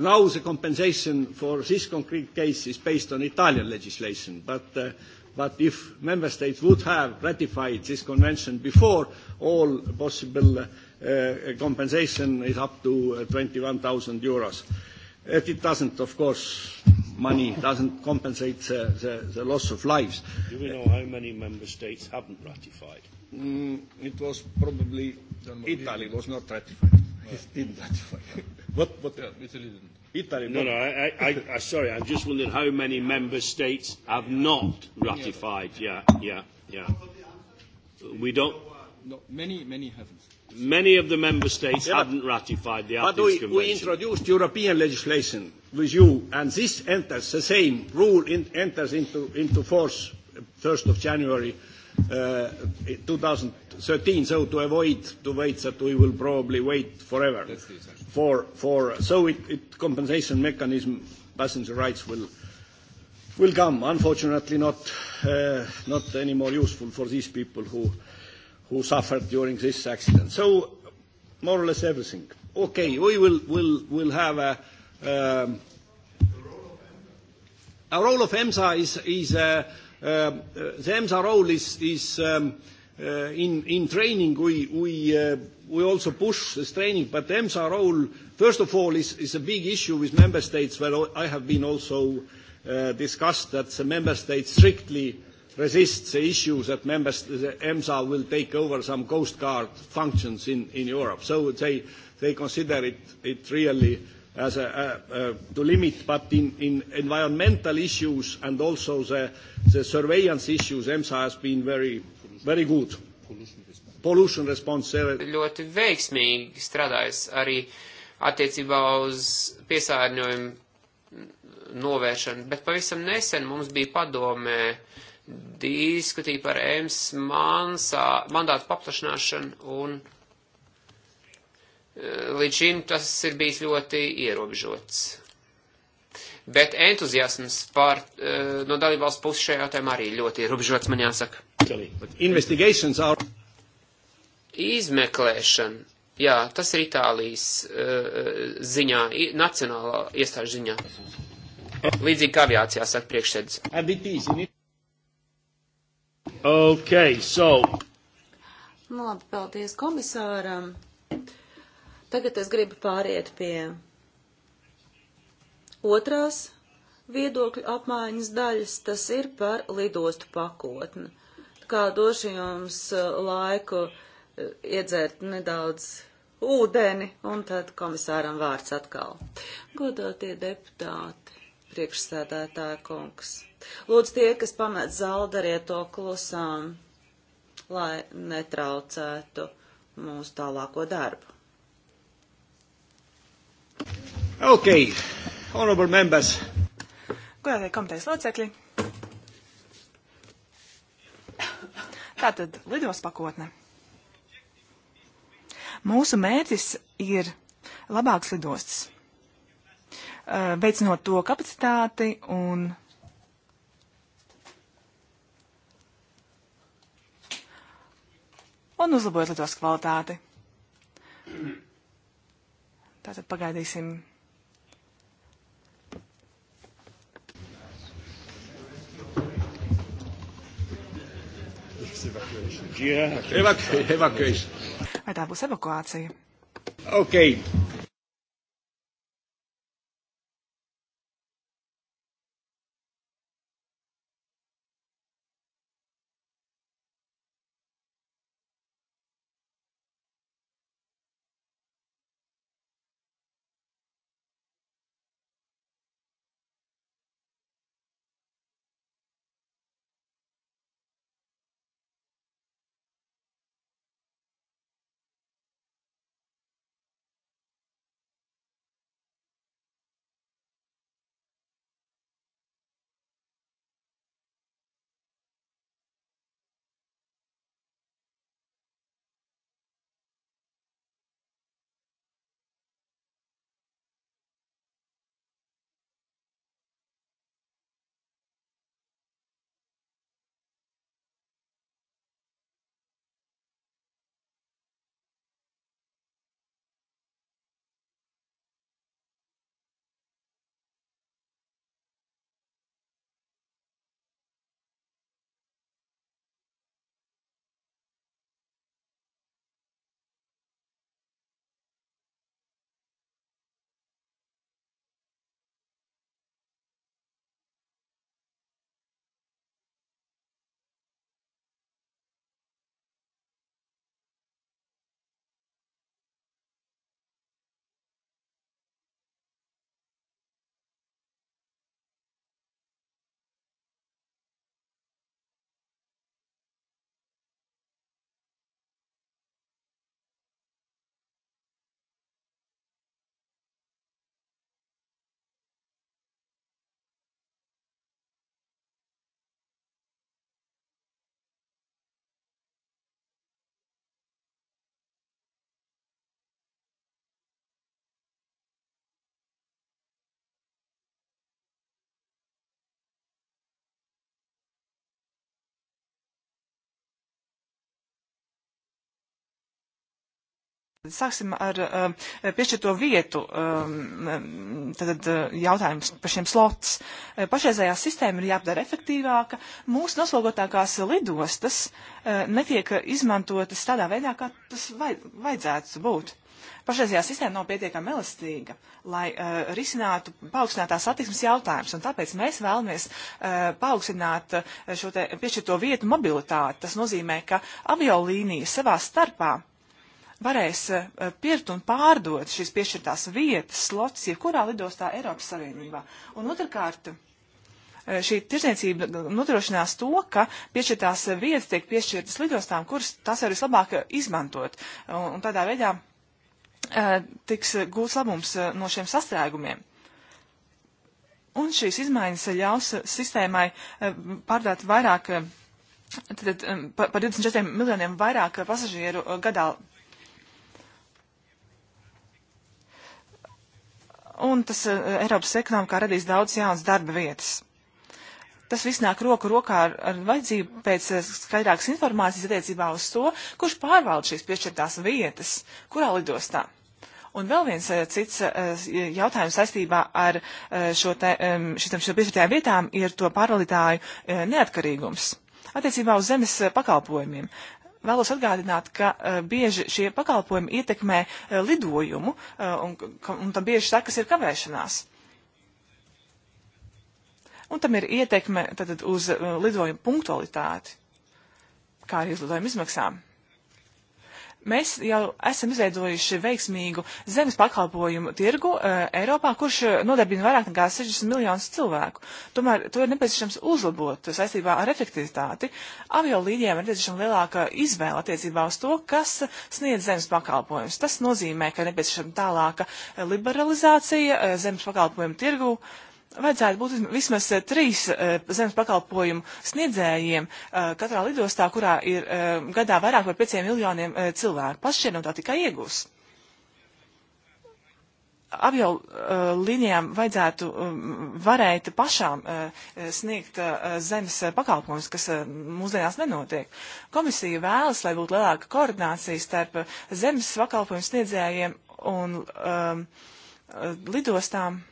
now the compensation for this concrete case is based on Italian legislation, but uh, But if member states would have ratified this convention before, all possible uh, uh, compensation is up to uh, 21,000 euros. It doesn't, of course, money doesn't compensate the, the, the loss of lives. Do we know how many member states haven't ratified? Mm, it was probably Italy was not ratified. No. It didn't ratify. what? What? Yeah, Italy didn't. Italy. No, no, I, I, I, sorry, I'm just wondering how many member states have not ratified. Yeah, yeah, yeah. We don't. No, many, many haven't. Many of the member states yeah, haven't ratified the Athens but we, Convention. We introduced European legislation with you, and this enters the same rule in, enters into, into force 1st of January 2015 uh, 2013, so to avoid to wait that we will probably wait forever. That's the assumption. For, for, so it, it compensation mechanism, passenger rights will, will come. Unfortunately, not, uh, not any more useful for these people who, who suffered during this accident. So more or less everything. Okay, we will, will, will have a, um, a role of EMSA is, is uh, um, the uh, EMSA role is, is um, uh, in, in training. We, we, uh, we also push this training, but the EMSA role, first of all, is, is a big issue with member states where I have been also uh, discussed that the member states strictly resist the issue that member the EMSA will take over some coast guard functions in, in Europe. So they, they consider it, it really uh, as a, a, a, to limit, but in, in environmental issues and also the, the surveillance issues, EMSA has been very, very good. Pollution response. Uh, Ļoti veiksmīgi strādājas arī attiecībā uz piesārņojumu novēršanu, bet pavisam nesen mums bija padomē diskutīja par EMS mansā, mandātu paplašināšanu un Līdz šim tas ir bijis ļoti ierobežots. Bet entuziasms pār, eh, no dalībvalsts puses šajā jautājumā arī ļoti ierobežots, man jāsaka. Are... Izmeklēšana. Jā, tas ir Itālijas uh, ziņā, nacionālā iestāžu ziņā. Līdzīgi kā aviācijā saka priekšsēdus. Okay, so. Nu labi, paldies komisāram. Um Tagad es gribu pāriet pie otrās viedokļu apmaiņas daļas, tas ir par lidostu pakotni. Kā došu jums eh, laiku eh, iedzert nedaudz ūdeni, un tad komisāram vārds atkal. Godotie deputāti, priekšsēdētāja kungs, lūdzu tie, kas pamet zāli, dariet to klusām, lai netraucētu mūsu tālāko darbu. Ok, honorable members. Godātie komitejas locekļi. Tātad lidos pakotne. Mūsu mērķis ir labāks lidostas, eh, veicinot to kapacitāti un un uzlabojot lidos kvalitāti. Tātad pagaidīsim. Yeah, evacuation. Vai tā būs evakuācija? Okay. Sāksim ar uh, piešķirto vietu. Um, eh, tad uh, eh, jautājums par šiem slots. Pašreizējā sistēma ir jāpadara efektīvāka. Mūsu noslogotākās lidostas uh, netiek izmantotas tādā veidā, kā tas vajad, vajadzētu būt. Pašreizējā sistēma nav pietiekami elastīga, lai uh, risinātu paaugstinātās attīstības jautājumus, un tāpēc mēs vēlamies uh, paaugstināt uh, šo te piešķirto vietu mobilitāti. Tas nozīmē, ka aviolīnijas savā starpā varēs eh, pirkt un pārdot šīs piešķirtās vietas, slots, jebkurā lidostā Eiropas Savienībā. Un otrkārt, eh, šī tirsniecība nodrošinās to, ka piešķirtās vietas tiek piešķirtas lidostām, kuras tas var vislabāk eh, izmantot. Un, un tādā veidā tiks gūts labums no šiem sastrēgumiem. Un šīs izmaiņas ļaus sistēmai pārdāt vairāk, tad, par 24 miljoniem vairāk pasažieru gadā un tas eh, Eiropas ekonomikā radīs daudz jaunas darba vietas. Tas viss nāk roku rokā ar, ar vajadzību pēc eh, skaidrākas informācijas attiecībā uz to, kurš pārvalda šīs piešķirtās vietas, kurā lidostā. Un vēl viens eh, cits jautājums saistībā ar šo, te, šitam, šo piešķirtajām vietām ir to pārvaldītāju neatkarīgums. Attiecībā uz zemes pakalpojumiem vēlos atgādināt, ka uh, bieži šie pakalpojumi ietekmē uh, lidojumu, uh, un, un tam bieži sekas ir kavēšanās. Un tam ir ietekme tad, uz uh, lidojumu punktualitāti, kā arī uz lidojumu izmaksām. Mēs jau esam izveidojuši veiksmīgu zemes pakalpojumu tirgu uh, Eiropā, kurš e, nodarbina vairāk nekā 60 miljonus cilvēku. Tomēr to ir nepieciešams uzlabot saistībā ar efektivitāti. Avio līnijām ir nepieciešama lielāka izvēle attiecībā uz to, kas sniedz zemes pakalpojumus. Tas nozīmē, ka ir nepieciešama tālāka liberalizācija uh, zemes pakalpojumu tirgu. Uh, vajadzētu būt vismaz eh, trīs eh, zemes pakalpojumu sniedzējiem eh, katrā lidostā, kurā ir gadā vairāk par pieciem miljoniem cilvēku. Pašiem no tā tikai iegūs. Avio līnijām vajadzētu mm, varēt pašām sniegt zemes pakalpojumus, kas mūsdienās nenotiek. Komisija vēlas, lai būtu lielāka koordinācija starp zemes pakalpojumu sniedzējiem un um, lidostām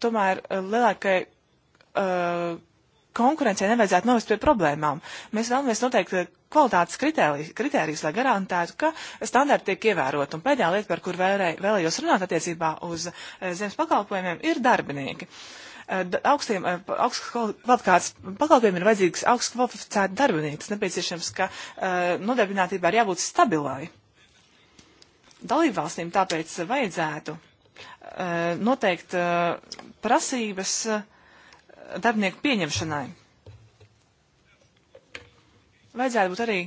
tomēr eh, lielākai uh, konkurencei nevajadzētu novest pie problēmām. Mēs vēlamies noteikt eh, kvalitātes kritērijas, lai garantētu, ka standarti tiek ievērot. Un pēdējā lieta, par kur vēlēj, vēlējos runāt attiecībā uz uh, zemes pakalpojumiem, ir darbinieki. Uh, augstiem, uh, augsts kvalifikāts pakalpojumiem ir vajadzīgs augsts kvalificēts darbinieks. Nepieciešams, ka nodarbinātībā ir jābūt stabilai. Dalībvalstīm tāpēc vajadzētu Eh, noteikt eh, prasības eh, darbinieku pieņemšanai. Vajadzētu būt arī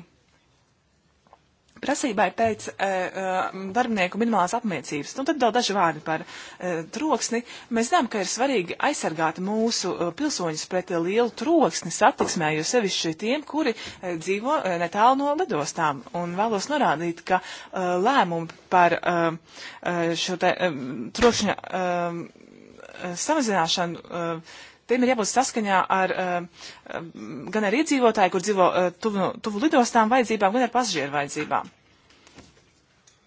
prasībai pēc eh, eh, darbinieku minimālās apmācības. Nu, tad vēl daži vārdi par eh, troksni. Mēs zinām, ka ir svarīgi aizsargāt mūsu pilsoņus pret lielu troksni satiksmē, jo sevišķi tiem, kuri dzīvo netālu no lidostām. Un vēlos norādīt, ka lēmumi par šo te trokšņa samazināšanu tiem ir jābūt saskaņā ar eh, gan ar iedzīvotāju, kur dzīvo eh, tuvu, tuvu lidostām vajadzībām, gan ar pasažieru vajadzībām.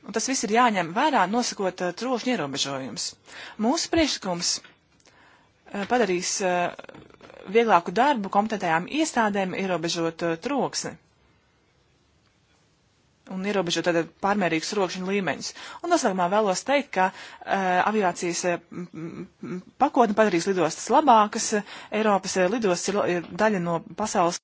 Un tas viss ir jāņem vērā, nosakot eh, trošņu ierobežojumus. Mūsu priekšlikums padarīs vieglāku darbu kompetentajām iestādēm ierobežot troksni un ierobežo tātad pārmērīgs rokšņu līmeņus. Un noslēgumā vēlos teikt, ka uh, aviācijas eh, pakotne padarīs lidostas labākas. Eiropas eh, lidostas ir, ir daļa no pasaules.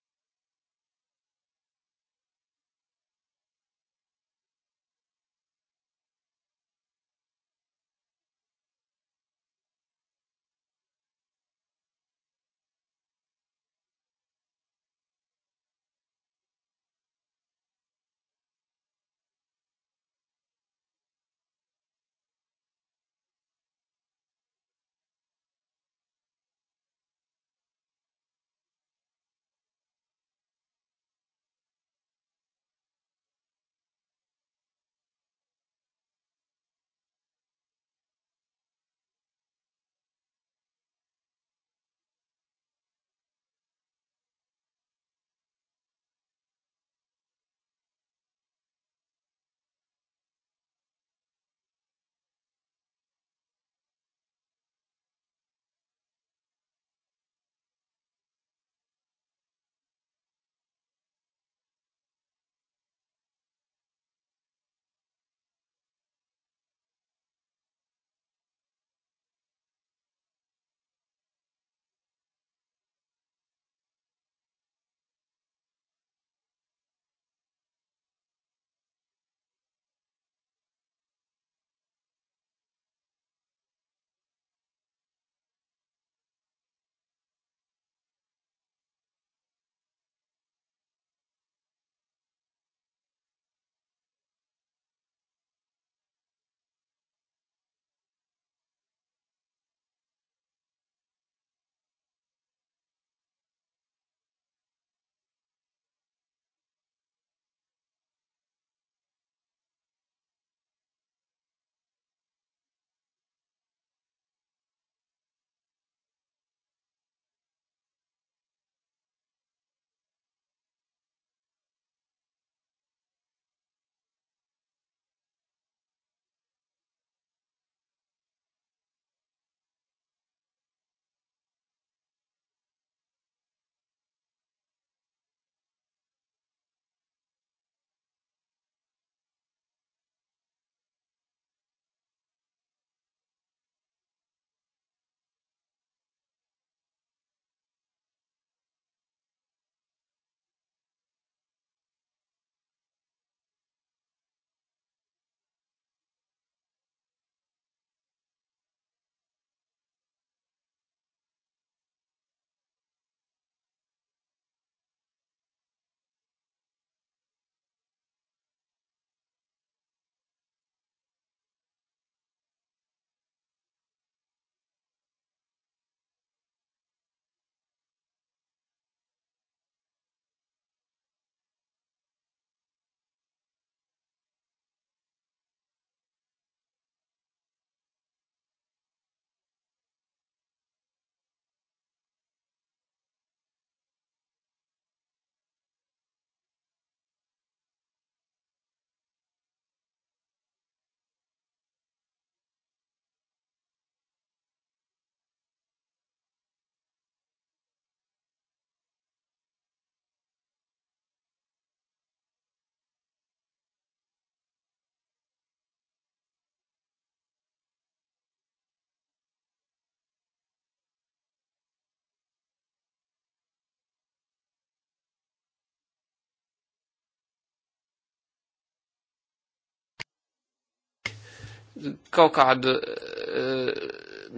kaut kādu, eh,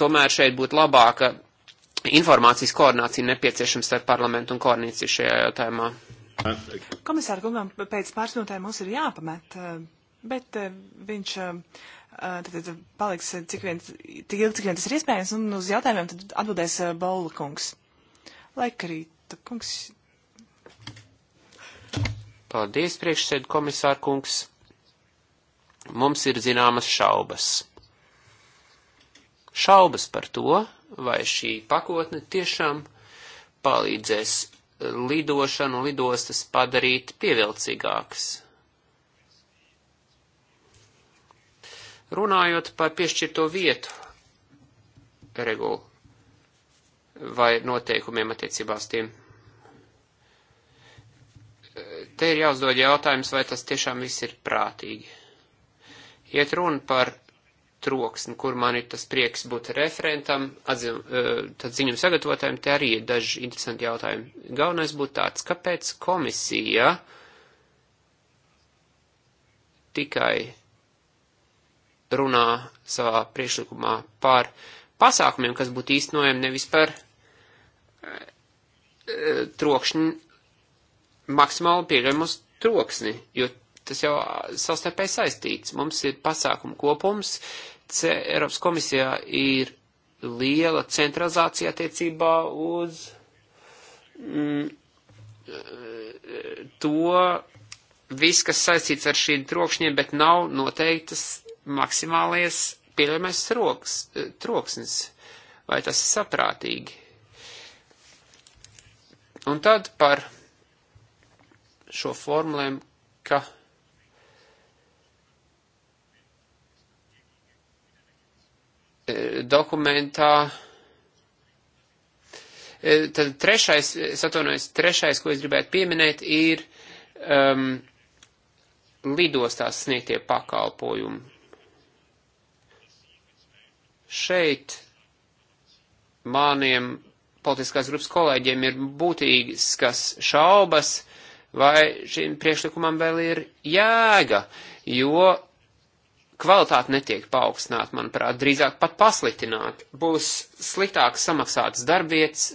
tomēr šeit būtu labāka informācijas koordinācija nepieciešams starp parlamentu un koordināciju šajā jautājumā. Komisāra kungam pēc pāris minūtēm mums ir jāpamet, eh, bet eh, viņš tad paliks cik vien, tik ilgi, cik vien tas ir iespējams, un uz jautājumiem tad atbildēs Baula kungs. Laikarīta kungs. Paldies, priekšsēdu komisāra kungs mums ir zināmas šaubas. Šaubas par to, vai šī pakotne tiešām palīdzēs lidošanu lidostas padarīt pievilcīgākas. Runājot par piešķirto vietu regulu vai noteikumiem attiecībās tiem, te ir jāuzdod jautājums, vai tas tiešām viss ir prātīgi. Iet runa par troksni, kur man ir tas prieks būt referentam, atzim, e, tad ziņam sagatavotājiem, te arī ir daži interesanti jautājumi. Galvenais būtu tāds, kāpēc komisija tikai runā savā priekšlikumā par pasākumiem, kas būtu īstenojami nevis par e, e, trokšņu maksimāli pieļaujamos troksni, jo tas jau savstarpēji saistīts. Mums ir pasākumu kopums, C Eiropas komisijā ir liela centralizācija attiecībā uz mm, to viss, kas saistīts ar šīm trokšņiem, bet nav noteiktas maksimālais pieļaujamais troks, troksnis. Vai tas ir saprātīgi? Un tad par šo formulēm, ka dokumentā. E, tad trešais, es atvainojos, trešais, ko es gribētu pieminēt, ir um, lidostās sniegtie pakalpojumi. Šeit maniem politiskās grupas kolēģiem ir būtīgas šaubas, vai šim priekšlikumam vēl ir jēga, jo kvalitāte netiek paaugstināt, manuprāt, drīzāk pat pasliktināt. Būs sliktāk samaksātas darbvietas,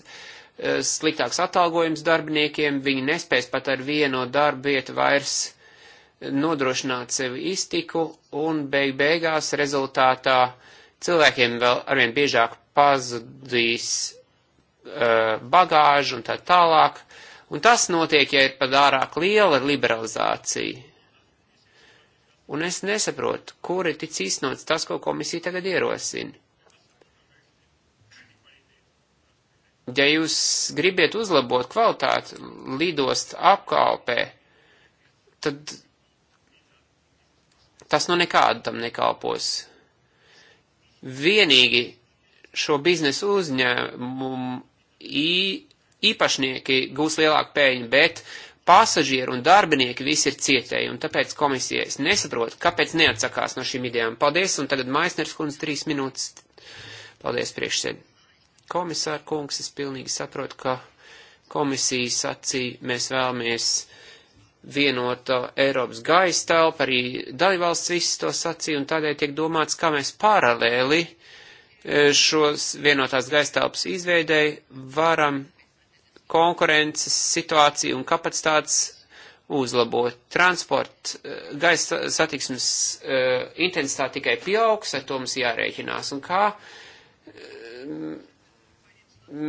eh, sliktāks atalgojums darbiniekiem, viņi nespēs pat ar vieno darbu vietu vairs eh, nodrošināt sev iztiku, un beig beigās rezultātā cilvēkiem vēl arvien biežāk pazudīs uh, bagāžu un tā tālāk, un tas notiek, ja ir padārāk liela liberalizācija Un es nesaprotu, kur ir tic īstenots tas, ko komisija tagad ierosina. Ja jūs gribiet uzlabot kvalitāti lidost apkalpē, tad tas nu nekādu tam nekalpos. Vienīgi šo biznesu uzņēmumu īpašnieki gūs lielāku pēļņu, bet uh, pasažieri un darbinieki visi ir cietēji, un tāpēc komisija es nesaprotu, kāpēc neatsakās no šīm idejām. Paldies, un tagad Maisners kundze trīs minūtes. Paldies priekšsēd. Komisāra kungs, es pilnīgi saprotu, ka komisija sacīja, mēs vēlamies vienota Eiropas gaisa telpa, arī dalībvalsts viss to sacīja, un tādēļ tiek domāts, kā mēs paralēli eh, šos vienotās gaisa telpas izveidēji varam konkurences situāciju un kapacitātes uzlabot. Transport, eh, gaisa satiksmes eh, intensitāte tikai pieaugs, ar to mums jārēķinās. Un kā eh,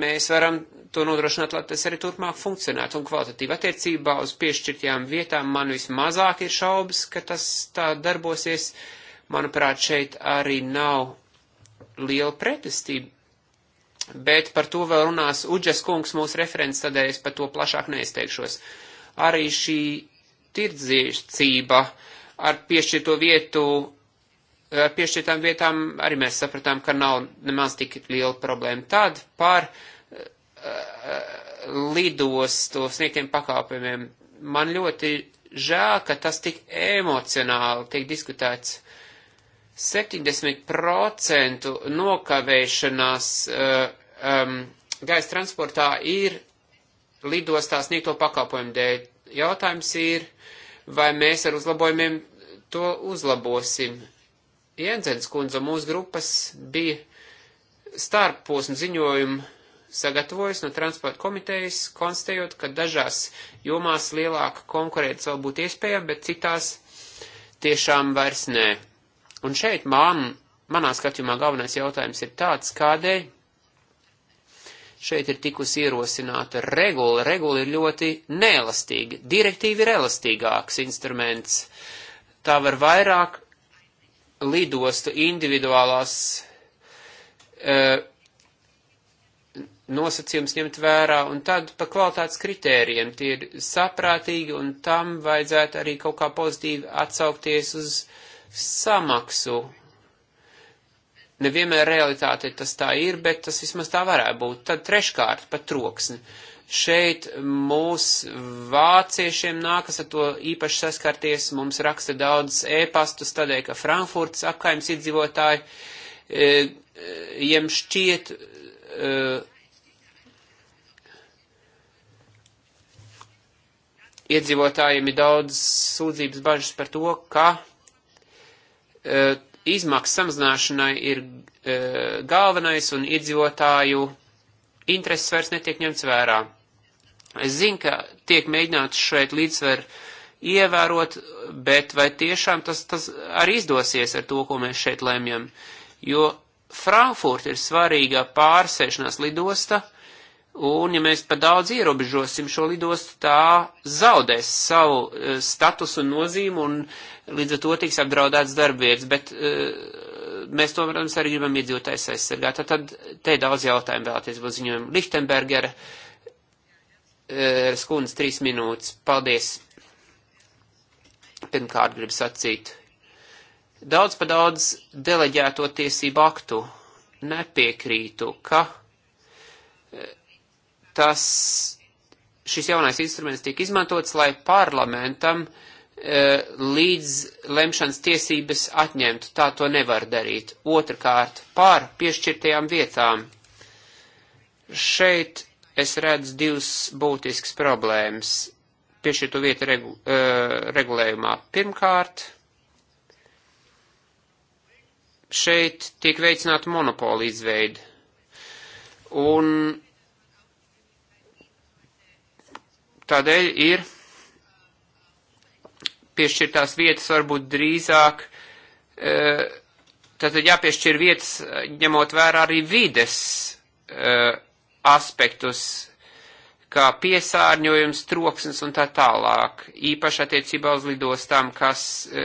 mēs varam to nodrošināt, lai tas arī turpmāk funkcionētu un kvalitatīvi attiecībā uz piešķirtajām vietām man vismazāk ir šaubas, ka tas tā darbosies. Manuprāt, šeit arī nav liela pretestība bet par to vēl runās Uģes kungs mūsu referents, tādēļ es par to plašāk neizteikšos. Arī šī tirdzniecība ar piešķirto vietu, ar piešķirtām vietām, arī mēs sapratām, ka nav nemaz tik liela problēma. Tad par uh, lidostu sniegtiem pakāpojumiem man ļoti žēl, ka tas tik emocionāli tiek diskutēts. 70% nokavēšanās uh, um, gaisa transportā ir lidostā sniegto pakalpojumu dēļ. Jautājums ir, vai mēs ar uzlabojumiem to uzlabosim. Jensens kundze mūsu grupas bija starpposmu ziņojumu sagatavojas no transporta komitejas, konstatējot, ka dažās jomās lielāka konkurence vēl būtu iespējama, bet citās tiešām vairs nē. Un šeit māma, manā skatījumā galvenais jautājums ir tāds, kādēļ šeit ir tikusi ierosināta regula. Regula ir ļoti neelastīga. Direktīva ir elastīgāks instruments. Tā var vairāk lidostu individuālās e, nosacījums ņemt vērā, un tad pa kvalitātes kritērijiem tie ir saprātīgi, un tam vajadzētu arī kaut kā pozitīvi atsaukties uz uh, samaksu. Nevienmēr realitāte tas tā ir, bet tas vismaz tā varētu būt. Tad treškārt pat troksni. Šeit mūs vāciešiem nākas ar to īpaši saskarties, mums raksta daudz ēpastus, e tādēļ, ka Frankfurts apkaims iedzīvotāji, e, e, jiem šķiet, e, iedzīvotājiem ir daudz sūdzības bažas par to, ka E, izmaksu samazināšanai ir e, galvenais un iedzīvotāju intereses vairs netiek ņemts vērā. Es zinu, ka tiek mēģināts šeit līdzsver ievērot, bet vai tiešām tas, tas arī izdosies ar to, ko mēs šeit lemjam? Jo Frankfurt ir svarīga pārsēšanās lidosta, Un, ja mēs par daudz ierobežosim šo lidostu, tā zaudēs savu uh, eh, statusu un nozīmu, un līdz ar to tiks apdraudēts darbvietas. Bet uh, mēs to, protams, arī gribam iedzīvotājs aizsargāt. Tad, tad te daudz jautājumu vēlaties būs ziņojumi. Lichtenbergera uh, eh, skundas trīs minūtes. Paldies. Pirmkārt gribu sacīt. Daudz pa daudz deleģēto tiesību aktu nepiekrītu, ka. Uh, tas, šis jaunais instruments tika izmantots, lai parlamentam e, līdz lemšanas tiesības atņemtu. Tā to nevar darīt. Otrakārt, pār piešķirtajām vietām. Šeit es redzu divas būtiskas problēmas piešķirto vietu regu, e, regulējumā. Pirmkārt, šeit tiek veicināta monopola izveida. Un Tādēļ ir piešķirtās vietas varbūt drīzāk, e, tātad jāpiešķir vietas, ņemot vērā arī vides e, aspektus, kā piesārņojums, troksnis un tā tālāk, īpaši attiecībā uz lidostām, kas e,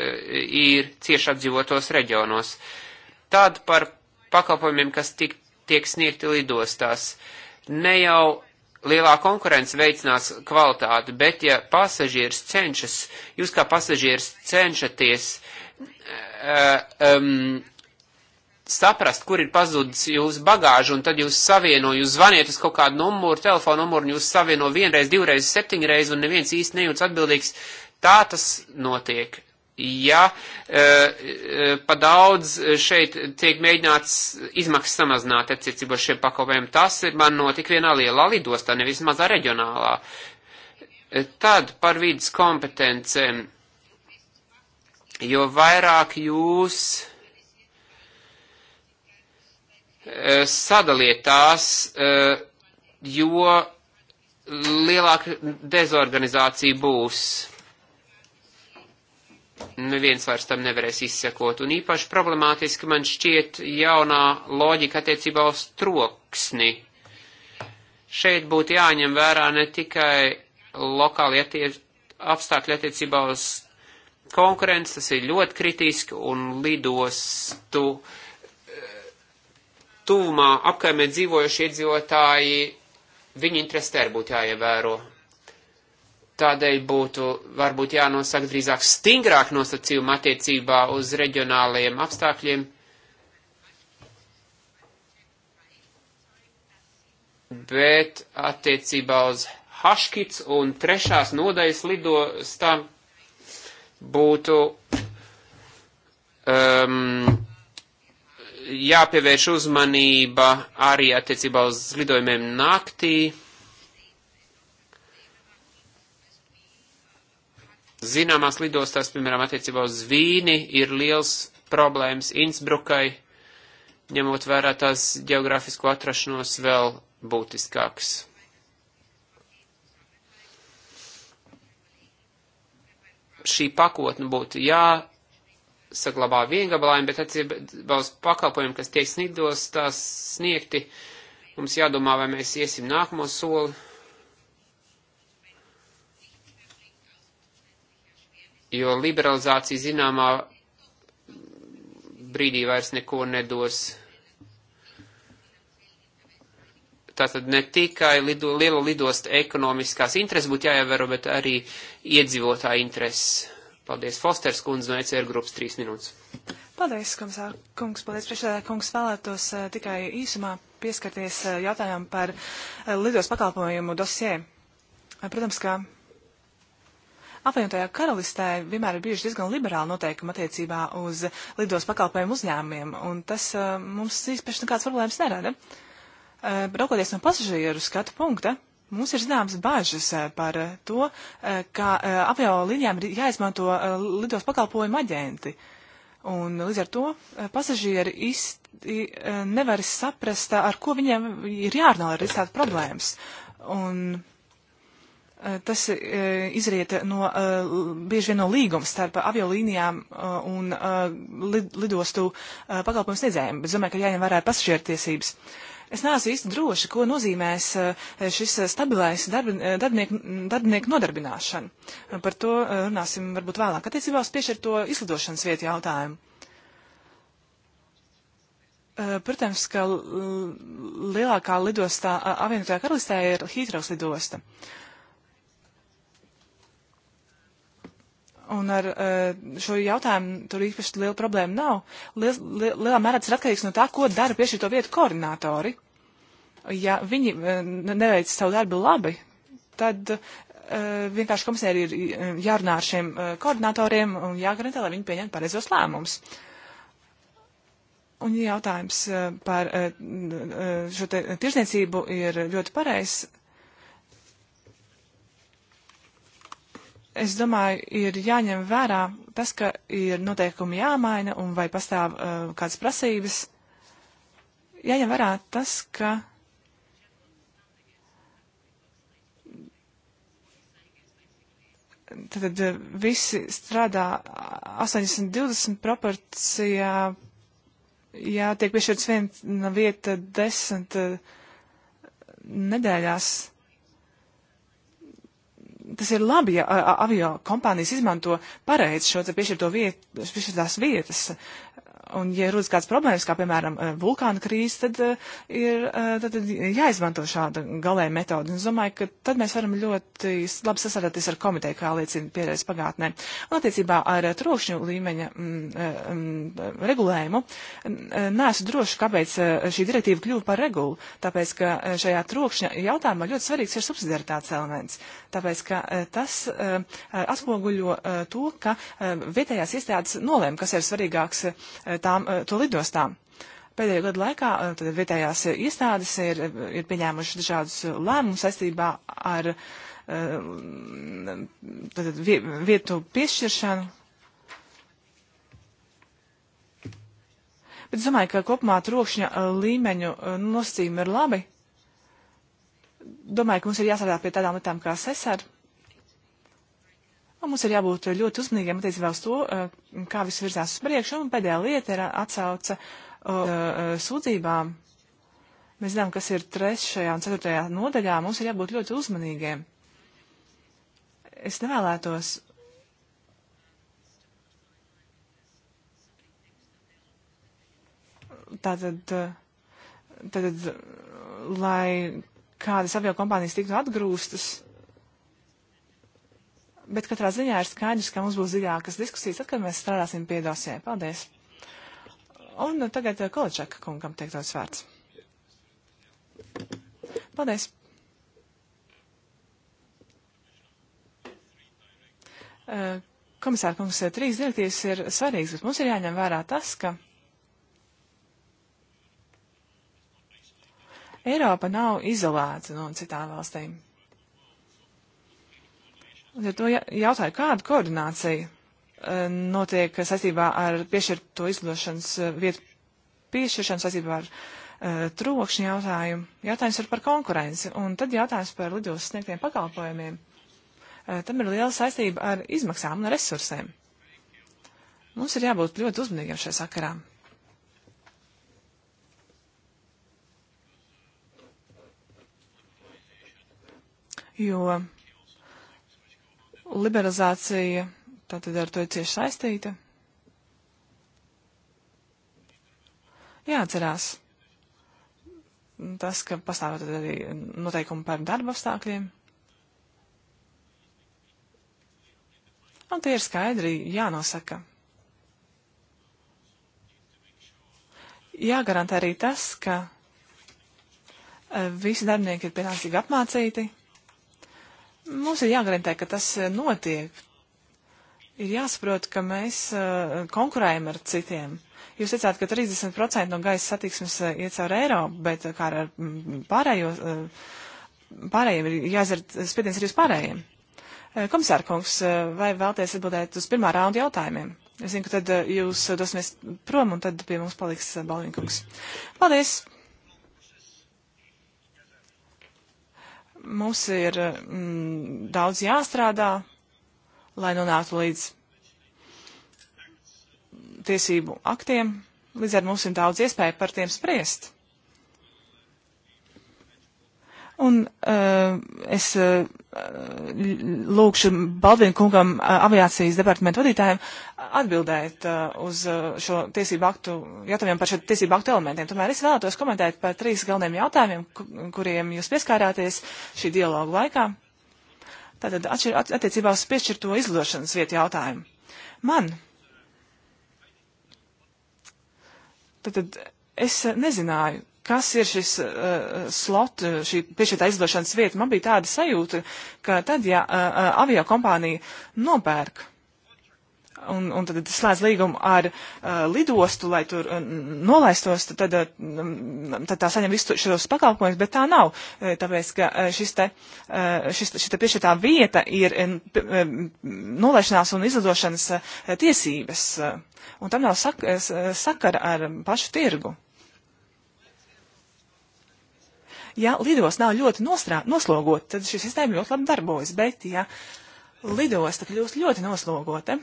ir cieši apdzīvotos reģionos. Tad par pakalpojumiem, kas tik, tiek sniegti lidostās, ne jau lielā konkurence veicinās kvalitāti, bet ja pasažieris cenšas, jūs kā pasažieris cenšaties uh, um, saprast, kur ir pazudis jūsu bagāža, un tad jūs savieno, jūs zvaniet uz kaut kādu numuru, telefonu numuru, un jūs savieno vienreiz, divreiz, septiņreiz, un neviens īsti nejūtas atbildīgs. Tā tas notiek ja e, e, pa daudz šeit tiek mēģināts izmaksas samazināt attiecībā šiem pakalpojumiem. Tas ir man notik vienā lielā lidostā, nevis mazā reģionālā. E, tad par vidas kompetencēm, jo vairāk jūs e, sadaliet tās, e, jo lielāka dezorganizācija būs neviens vairs tam nevarēs izsekot. Un īpaši problemātiski man šķiet jaunā loģika attiecībā uz troksni. Šeit būtu jāņem vērā ne tikai lokāli attie apstākļi attiecībā uz konkurence, tas ir ļoti kritiski un lidostu eh, tuvumā apkaimē dzīvojuši iedzīvotāji, viņu interesē būtu jāievēro. Tādēļ būtu varbūt jānosaka drīzāk stingrāk nosacījumi attiecībā uz reģionālajiem apstākļiem. Bet attiecībā uz Haškits un trešās nodaļas lidostām būtu um, jāpievērš uzmanība arī attiecībā uz lidojumiem naktī. Zināmās lidostās, piemēram, attiecībā uz Vīni, ir liels problēmas Innsbrukai, ņemot vērā tās geogrāfisko atrašanos vēl būtiskāks. Šī pakotne būtu jāsaglabā viengabalājumi, bet attiecībā uz pakalpojumiem, kas tiek sniegtos, tās sniegti, mums jādomā, vai mēs iesim nākamo soli jo liberalizācija zināmā brīdī vairs neko nedos. Tātad ne tikai lido, liela lidosta ekonomiskās intereses būtu jāievēro, bet arī iedzīvotāja intereses. Paldies, Fosters kundze no ECR grupas trīs minūtes. Paldies, komisār, kungs, paldies, priekšsēdē, kungs, vēlētos uh, tikai īsumā pieskarties uh, eh, jautājumu par uh, lidos pakalpojumu dosē. Uh, protams, ka Apvienotajā karalistē vienmēr ir bijuši diezgan liberāli noteikumi attiecībā uz lidos pakalpojumu uzņēmumiem, un tas uh, mums īstenībā nekādas problēmas nerada. Uh, raugoties no pasažieru skatu punkta, Mums ir zināmas bažas uh, par to, uh, ka uh, apjau līnijām ir jāizmanto lidos pakalpojumu aģenti. Un līdz ar to pasažieri īsti nevar saprast, ar ko viņiem ir jārunā, ir izstāta problēmas. Un Eh, tas eh, izriet no, eh, bieži vien no līguma starp aviolīnijām un lidostu pakalpojumu sniedzējiem, bet domāju, ka jāņem vērā pasažiertiesības. Es neesmu īsti droši, ko nozīmēs šis stabilais darbinieku, darbinieku nodarbināšana. Par to runāsim varbūt vēlāk. Attiecībā uz piešķirto izlidošanas vietu jautājumu. Protams, ka lielākā lidostā, apvienotajā karalistē ir Hītraus lidosta. Uh, Un ar eh, šo jautājumu tur īpaši liela problēma nav. Liel, liel, lielā mērā tas ir atkarīgs no tā, ko dara pie šī to vietu koordinātori. Ja viņi eh, neveic savu darbu labi, tad eh, vienkārši komisēri ir jārunā ar šiem koordinātoriem un jāgarantē, lai viņi pieņem pareizos lēmumus. Un jautājums par šo tirzniecību ir ļoti pareizs. es domāju, ir jāņem vērā tas, ka ir noteikumi jāmaina un vai pastāv uh, kādas prasības. Jāņem vērā tas, ka. Tad, tad uh, visi strādā 80-20 proporcijā, ja tiek piešķirts viena vieta desmit uh, nedēļās tas ir labi, ja avio kompānijas izmanto pareizi šo te piešķirto vietu, piešķirtās vietas, Un, ja rodas kāds problēmas, kā piemēram eh, vulkāna krīze, tad eh, ir tad, eh, tad jāizmanto šāda galēja metode. Un es domāju, ka tad mēs varam ļoti labi sasādāties ar komiteju, kā liecina pieredze pagātnē. Un attiecībā ar trokšņu līmeņa mm, mm, regulējumu neesmu droši, kāpēc šī direktīva kļuva par regulu, tāpēc, ka šajā trokšņa jautājumā ļoti svarīgs ir subsidiaritātes elements, tāpēc, ka tas atspoguļo to, ka vietējās iestādes nolēma, kas ir svarīgāks tām, eh, to lidostām. Pēdējo gadu laikā eh, tad, vietējās iestādes ir, ir pieņēmušas dažādus lēmumus saistībā ar eh, tad, vietu piešķiršanu. Bet es domāju, ka kopumā trokšņa līmeņu nosacījumi ir labi. Domāju, ka mums ir jāstrādā pie tādām lietām kā sesara. Un nu, mums ir jābūt ļoti uzmanīgiem attiecībā uz to, eh, kā viss virzās uz priekšu. Un pēdējā lieta ir eh, atsauce eh, sūdzībām. Mēs zinām, kas ir trešajā un ceturtajā nodaļā. Mums ir jābūt ļoti uzmanīgiem. Es nevēlētos tātad, tātad, lai kādas aviokompānijas tiktu atgrūstas, Bet katrā ziņā ir skaidrs, ka mums būs dziļākas diskusijas, tad, kad mēs strādāsim pie dosiem. Paldies! Un tagad eh, Koločaka kungam tiek dots vārds. Paldies! Eh, komisāra kungs, eh, trīs direktīvas ir svarīgas, bet mums ir jāņem vērā tas, ka Eiropa nav izolēta no citām valstīm. Līdz ar to jautāju, kāda koordinācija e, notiek saistībā ar piešķirto izlidošanas e, vietu piešķiršanu saistībā ar uh, e, trokšņu jautājumu. Jautājums ir par konkurenci, un tad jautājums par lidos sniegtiem pakalpojumiem. Uh, tam ir liela saistība ar izmaksām un resursēm. Mums ir jābūt ļoti uzmanīgiem šajā sakarā. Jo liberalizācija tātad ar to ir cieši saistīta. Jāatcerās tas, ka pastāv arī noteikumi par darba apstākļiem. Un tie ir skaidri jānosaka. Jāgarantē arī tas, ka eh, visi darbinieki ir pienācīgi apmācīti Mums ir jāgarantē, ka tas eh, notiek. Ir jāsaprot, ka mēs uh, konkurējam ar citiem. Jūs teicāt, ka 30% no gaisa satiksmes uh, iet caur Eiropu, bet kā ar mm, pārējo, uh, pārējiem ir jāizdara spiediens arī uz pārējiem. Komisāra kungs, vai vēlties atbildēt uz pirmā raunda jautājumiem? Es zinu, ka tad jūs dosimies prom un tad pie mums paliks Balvinkungs. Paldies! Mums ir mm, daudz jāstrādā, lai nonāktu līdz tiesību aktiem, līdz ar mums ir daudz iespēju par tiem spriest. Un uh, es uh, lūkšu Baldvinu kungam, aviācijas departamentu vadītājiem, atbildēt uz šo tiesību aktu, jautājumiem par šo tiesību aktu elementiem. Tomēr es vēlētos komentēt par trīs galveniem jautājumiem, kuriem jūs pieskārāties šī dialogu laikā. Tātad atšķir, at, attiecībā uz piešķirto izlidošanas vietu jautājumu. Man. Tātad es nezināju, kas ir šis uh, slot, uh, šī piešķirta aizdošanas vieta. Man bija tāda sajūta, ka tad, ja uh, uh avio kompānija nopērk un, un tad slēdz līgumu ar uh, lidostu, lai tur uh, nolaistos, tad, tad, uh, mm, tad tā saņem visu šos pakalpojumus, bet tā nav, uh, tāpēc, ka uh, šis te, uh, šis, šī te piešķirtā vieta ir uh, uh, nolaišanās un izlidošanas uh, tiesības, uh, un tam nav sak sakara ar pašu tirgu. Ja lidos nav ļoti nostrā, noslogot, tad šī sistēma ļoti labi darbojas, bet ja lidosta kļūst ļoti noslogota,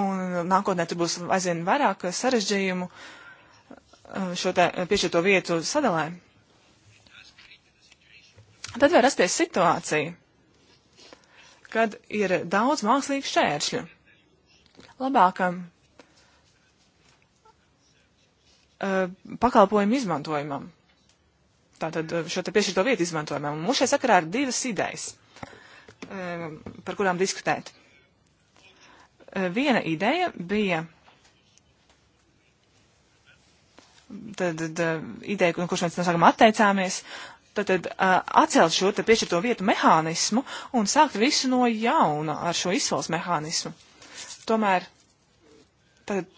un nākotnē tur būs aizvien vairāk sarežģījumu uh, šo te uh, piešķirto vietu sadalē, tad var rasties situācija, kad ir daudz mākslīgu šķēršļu. Labākam Uh, pakalpojumu izmantojumam. Tātad uh, šo te piešķirto vietu izmantojumam. Un mums šajā sakarā ir divas idejas, um, par kurām diskutēt. Uh, viena ideja bija tad, tad ideja, no kuras mēs no sākuma atteicāmies, tad, tad atcelt šo te piešķirto vietu mehānismu un sākt visu no jauna ar šo izsoles mehānismu. Tomēr tad,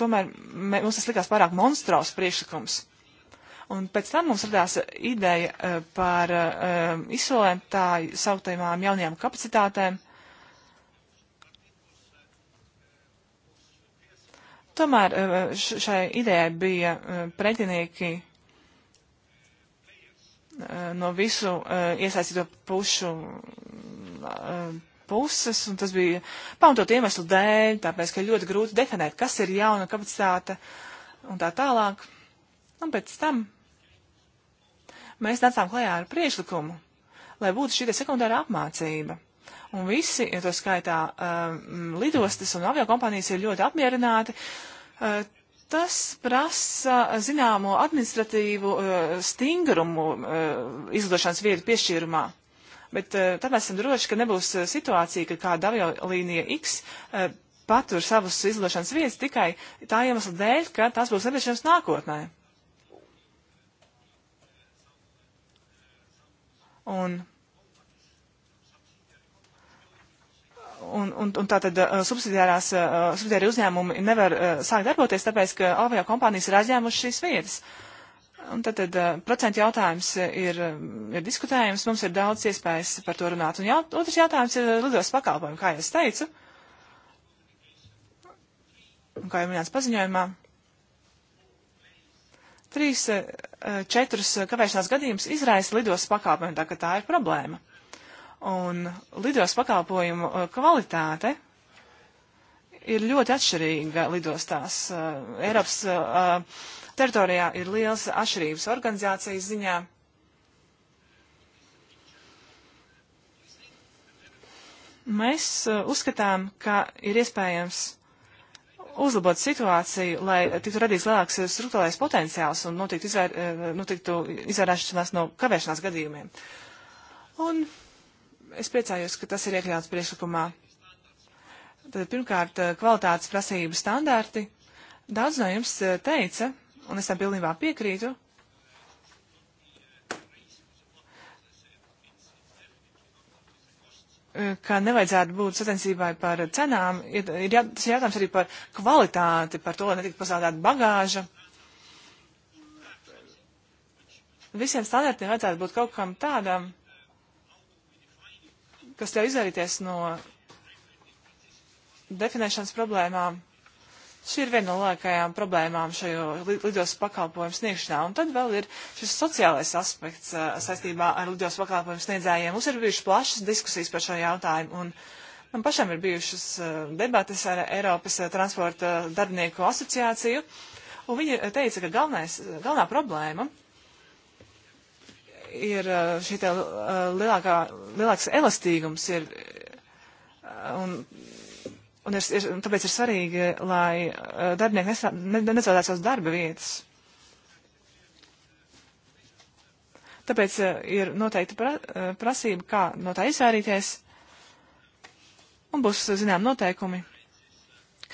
tomēr mē, mums tas likās pārāk monstraus priekšlikums. Un pēc tam mums radās ideja eh, par uh, eh, izsolēm tā sauktajām jaunajām kapacitātēm. Tomēr eh, šai idejai bija pretinieki no visu iesaistīto pušu puses, un tas bija pamatot iemeslu dēļ, tāpēc, ka ļoti grūti definēt, kas ir jauna kapacitāte un tā tālāk. Un pēc tam mēs nācām klajā ar priešlikumu, lai būtu šī sekundāra apmācība. Un visi, ja to skaitā um, lidostas un aviokompānijas, ir ļoti apmierināti. Uh, tas prasa zināmo administratīvu uh, stingrumu uh, izlidošanas vietu piešķīrumā bet eh, tad mēs esam droši, ka nebūs eh, situācija, ka kāda aviolīnija X eh, patur savus izlošanas vietas tikai tā iemesla dēļ, ka tās būs nepieciešams nākotnē. Un, un, un, un tātad subsidiārās, subsidiāri uzņēmumi nevar sākt darboties, tāpēc, ka avio kompānijas ir aizņēmušas šīs vietas. Uh, Un tad, tad eh, procentu jautājums eh, ir, eh, ir diskutējums, mums ir daudz iespējas par to runāt. Un jaut, otrs jautājums ir lidos pakalpojumi, kā jau es teicu, un kā jau minēts paziņojumā. Trīs, četrus kavēšanās gadījumus izraisa lidos pakalpojumi, tā ka tā ir problēma. Un lidos pakalpojumu kvalitāte ir ļoti atšķirīga lidostās. Eiropas teritorijā ir liels atšķirības organizācijas ziņā. Mēs uh, uzskatām, ka ir iespējams uzlabot situāciju, lai tiktu radīts lielāks uh, struktūrālais potenciāls un uh, notiktu, izvēr, notiktu izvērāšanās no kavēšanās gadījumiem. Un es priecājos, ka tas ir iekļauts priekšlikumā. Tad pirmkārt, kvalitātes prasību standārti. Daudz no jums teica, un es tam pilnībā piekrītu, ka nevajadzētu būt sacensībai par cenām, ir, ir jā, tas ir jautājums arī par kvalitāti, par to, lai netiktu pasādāta bagāža. Visiem standartiem vajadzētu būt kaut kam tādam, kas ļauj izvairīties no definēšanas problēmām. Šī ir viena no lielākajām problēmām šajā lidos pakalpojumu sniegšanā. Un tad vēl ir šis sociālais aspekts a, saistībā ar lidos pakalpojumu sniedzējiem. Mums ir bijušas plašas diskusijas par šo jautājumu. Un man pašam ir bijušas a, debates ar Eiropas a, transporta darbinieku asociāciju. Un viņi teica, ka galvenais, galvenā problēma ir šī lielākā, lielāks elastīgums ir un Un, ir, ir, un tāpēc ir svarīgi, lai eh, darbinieki nesā, ne, nezaudētu savas darba vietas. Tāpēc eh, ir noteikti pra, eh, prasība, kā no tā izvairīties, un būs, zinām, noteikumi,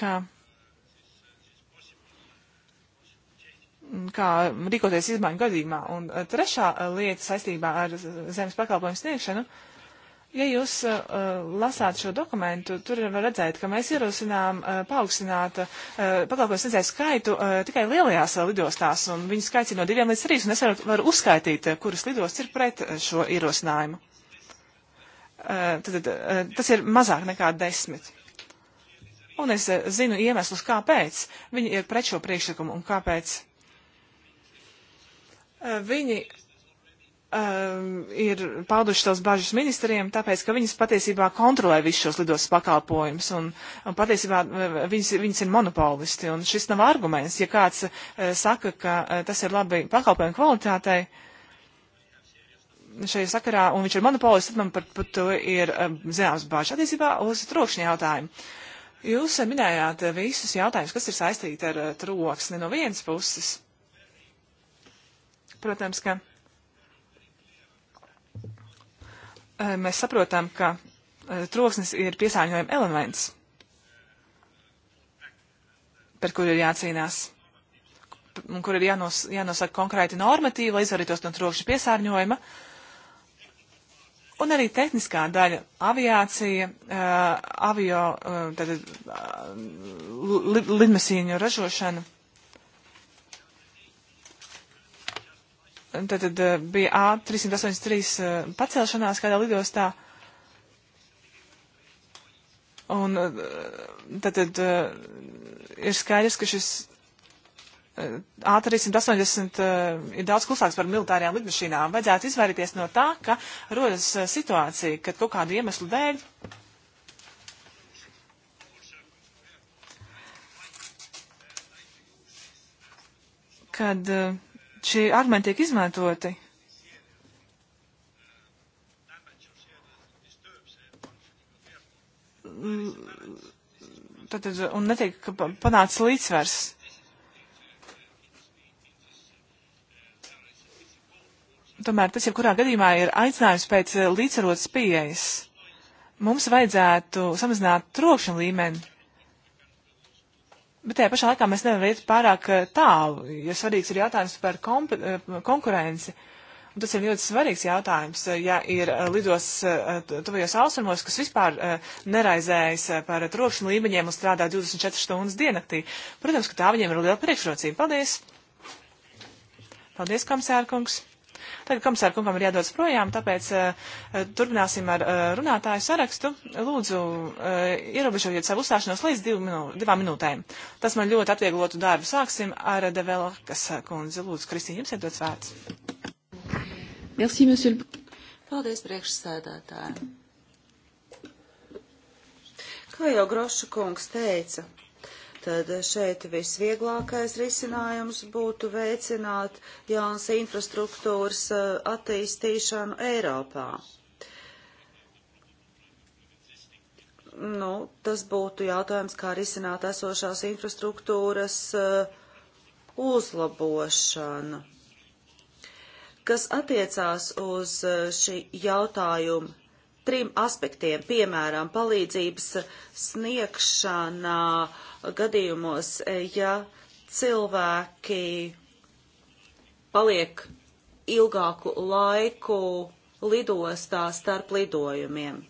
kā, mm, kā rīkoties izmaiņu gadījumā. Un trešā lieta saistībā ar zemes pakalpojumu sniegšanu. Uh, Ja jūs uh, uh, lasāt šo dokumentu, tur var redzēt, ka mēs ierosinām uh, paaugstināt uh, pakalpojumu sniedzēju skaitu uh, tikai lielajās uh, lidostās, un viņu skaits ir no diviem līdz trīs, un es varu, varu uzskaitīt, uh, kuras lidostas ir pret uh, šo ierosinājumu. Uh, tad, uh, tas ir mazāk nekā desmit. Un es uh, zinu iemeslus, kāpēc viņi ir pret šo priekšlikumu un kāpēc uh, viņi um, ir pauduši savus bažas ministriem, tāpēc, ka viņas patiesībā kontrolē visus šos lidos pakalpojumus, un, un patiesībā uh, viņas, viņas ir monopolisti, un šis nav arguments. Ja kāds uh, saka, ka uh, tas ir labi pakalpojumu kvalitātei, šajā sakarā, un viņš ir monopolists, tad man par, par to ir um, uh, zināms bažas attiecībā uz trokšņu jautājumu. Jūs uh, minējāt visus jautājumus, kas ir saistīti ar troksni no vienas puses. Protams, ka Eh, mēs saprotam, ka eh, troksnis ir piesārņojuma elements, par kuru ir jācīnās un kur ir jānos, jānosaka konkrēti normatīvi, lai izvarītos no trokšņa piesārņojuma. Un arī tehniskā daļa - aviācija, uh, avio, uh, tad, uh, lidmasīņu ražošana. tad, tad eh, bija A383 eh, pacelšanās kādā lidostā. Un eh, tad, tad ir skaidrs, ka šis A380 ir daudz klusāks par militārajām lidmašīnām. Vajadzētu izvairīties no tā, ka rodas situācija, kad kaut kādu iemeslu dēļ. Kad uh, šie argumenti tiek izmantoti. Tad, un netiek panāts līdzsvars. Tomēr tas, ja kurā gadījumā ir aicinājums pēc eh, līdzsvarotas pieejas, mums vajadzētu samazināt trokšņa līmeni. Bet tajā pašā laikā mēs nevaram iet pārāk eh, tālu, jo svarīgs ir jautājums par eh, konkurenci. Un tas ir ļoti svarīgs jautājums, eh, ja ir lidos tuvajos austrumos, kas vispār neraizējas par trokšņu līmeņiem un strādā 24 stundas diennaktī. Protams, ka tā viņiem ir liela priekšrocība. Paldies! Paldies, komisārkungs! Tagad komisāra kungam ir jādodas projām, tāpēc eh, turpināsim ar eh, runātāju sarakstu. Lūdzu, eh, ierobežojiet savu uzstāšanos līdz div minū, divām minūtēm. Tas man ļoti atvieglotu darbu. Sāksim ar Develakas kundzi. Lūdzu, Kristīna, jums ir dots vārds. Merci, monsieur. Paldies, priekšsēdētāji. Kā jau Groša kungs teica, Tātad šeit visvieglākais risinājums būtu veicināt jaunas infrastruktūras uh, attīstīšanu Eiropā. Nu, tas būtu jautājums, kā risināt esošās infrastruktūras uh, uzlabošanu kas attiecās uz uh, šī jautājuma trim aspektiem, piemēram, palīdzības sniegšanā gadījumos, e, ja cilvēki paliek ilgāku laiku lidostā starp lidojumiem.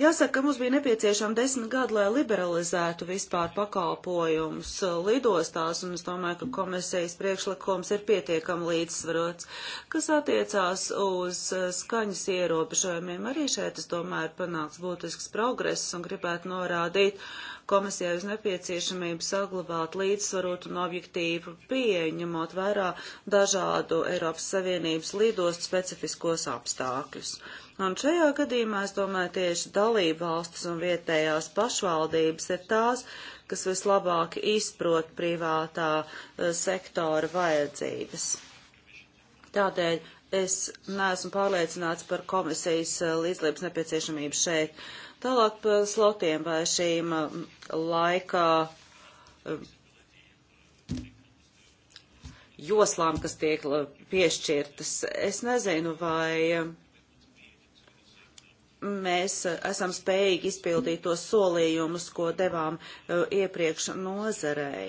Jāsaka, ka mums bija nepieciešama desmit gadi, lai liberalizētu vispār pakalpojumus eh, lidostās, un es domāju, ka komisijas priekšlikums ir pietiekami līdzsvarots. Kas attiecās uz eh, skaņas ierobežojumiem, arī šeit, es domāju, ir panāks būtisks progress un gribētu norādīt komisijai uz nepieciešamību saglabāt līdzsvarotu un objektīvu pieeju, ņemot vērā dažādu Eiropas Savienības lidostu specifiskos apstākļus. Un šajā gadījumā, es domāju, tieši dalība valstis un vietējās pašvaldības ir tās, kas vislabāk izprot privātā e, sektora vajadzības. Tādēļ es neesmu pārliecināts par komisijas e, līdzlības nepieciešamību šeit. Uh, Tālāk par slotiem vai šīm mm, laikā mm, joslām, kas tiek piešķirtas. Es nezinu, vai mm, mēs esam spējīgi izpildīt tos solījumus, ko devām e, iepriekš nozarei.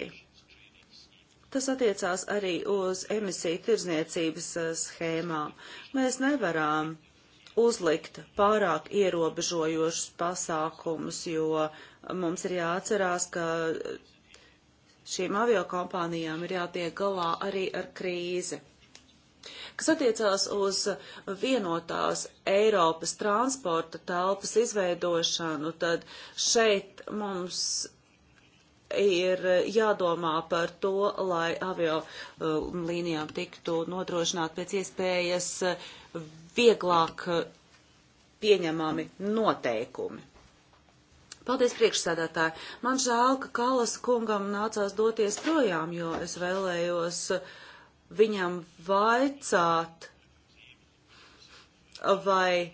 Tas attiecās arī uz emisiju tirzniecības e, schēmām. Mēs nevaram uh, uzlikt pārāk ierobežojošus pasākumus, jo mums ir jāatcerās, ka šīm aviokompānijām ir jātiek galā arī ar krīzi. Kas attiecās uz vienotās Eiropas transporta telpas izveidošanu, tad šeit mums ir jādomā par to, lai avio uh, līnijām tiktu nodrošināt pēc iespējas vieglāk eh, pieņemami noteikumi. Paldies priekšsēdētāji. Man žēl, ka Kalas kungam nācās doties projām, jo es vēlējos eh, viņam vaicāt, vai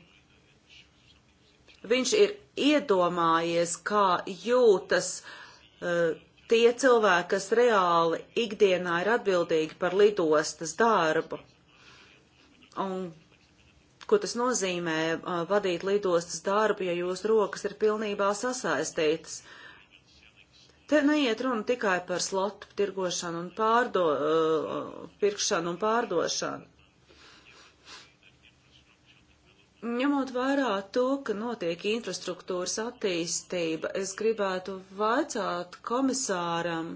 viņš ir iedomājies, kā jūtas uh, tie cilvēki, kas reāli ikdienā ir atbildīgi par lidostas darbu. Un ko tas nozīmē vadīt lidostas darbu, ja jūsu rokas ir pilnībā sasaistītas. Te neiet runa tikai par slotu tirgošanu un pārdo, uh, pirkšanu un pārdošanu. Ņemot vērā to, ka notiek infrastruktūras attīstība, es gribētu vaicāt komisāram,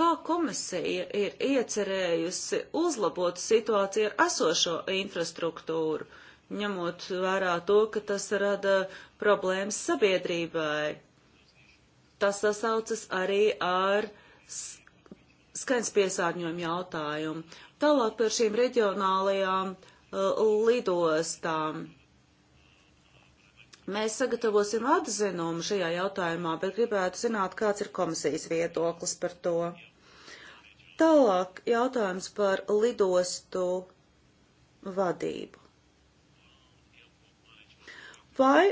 kā komisija ir iecerējusi uzlabot situāciju ar esošo infrastruktūru, ņemot vērā to, ka tas rada problēmas sabiedrībai. Tas sasaucas arī ar skaņas piesārņojumu jautājumu. Tālāk par šīm reģionālajām uh, lidostām. Mēs sagatavosim atzinumu šajā jautājumā, bet gribētu zināt, kāds ir komisijas viedoklis par to. Tālāk jautājums par lidostu vadību. Vai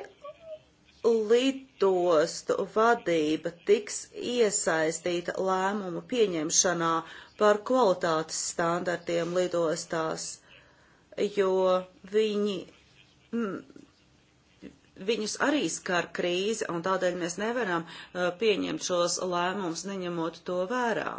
lidostu vadība tiks iesaistīta lēmumu pieņemšanā par kvalitātes standartiem lidostās, jo viņi, mm, viņus arī skar krīze, un tādēļ mēs nevaram uh, pieņemt šos lēmumus, neņemot to vērā.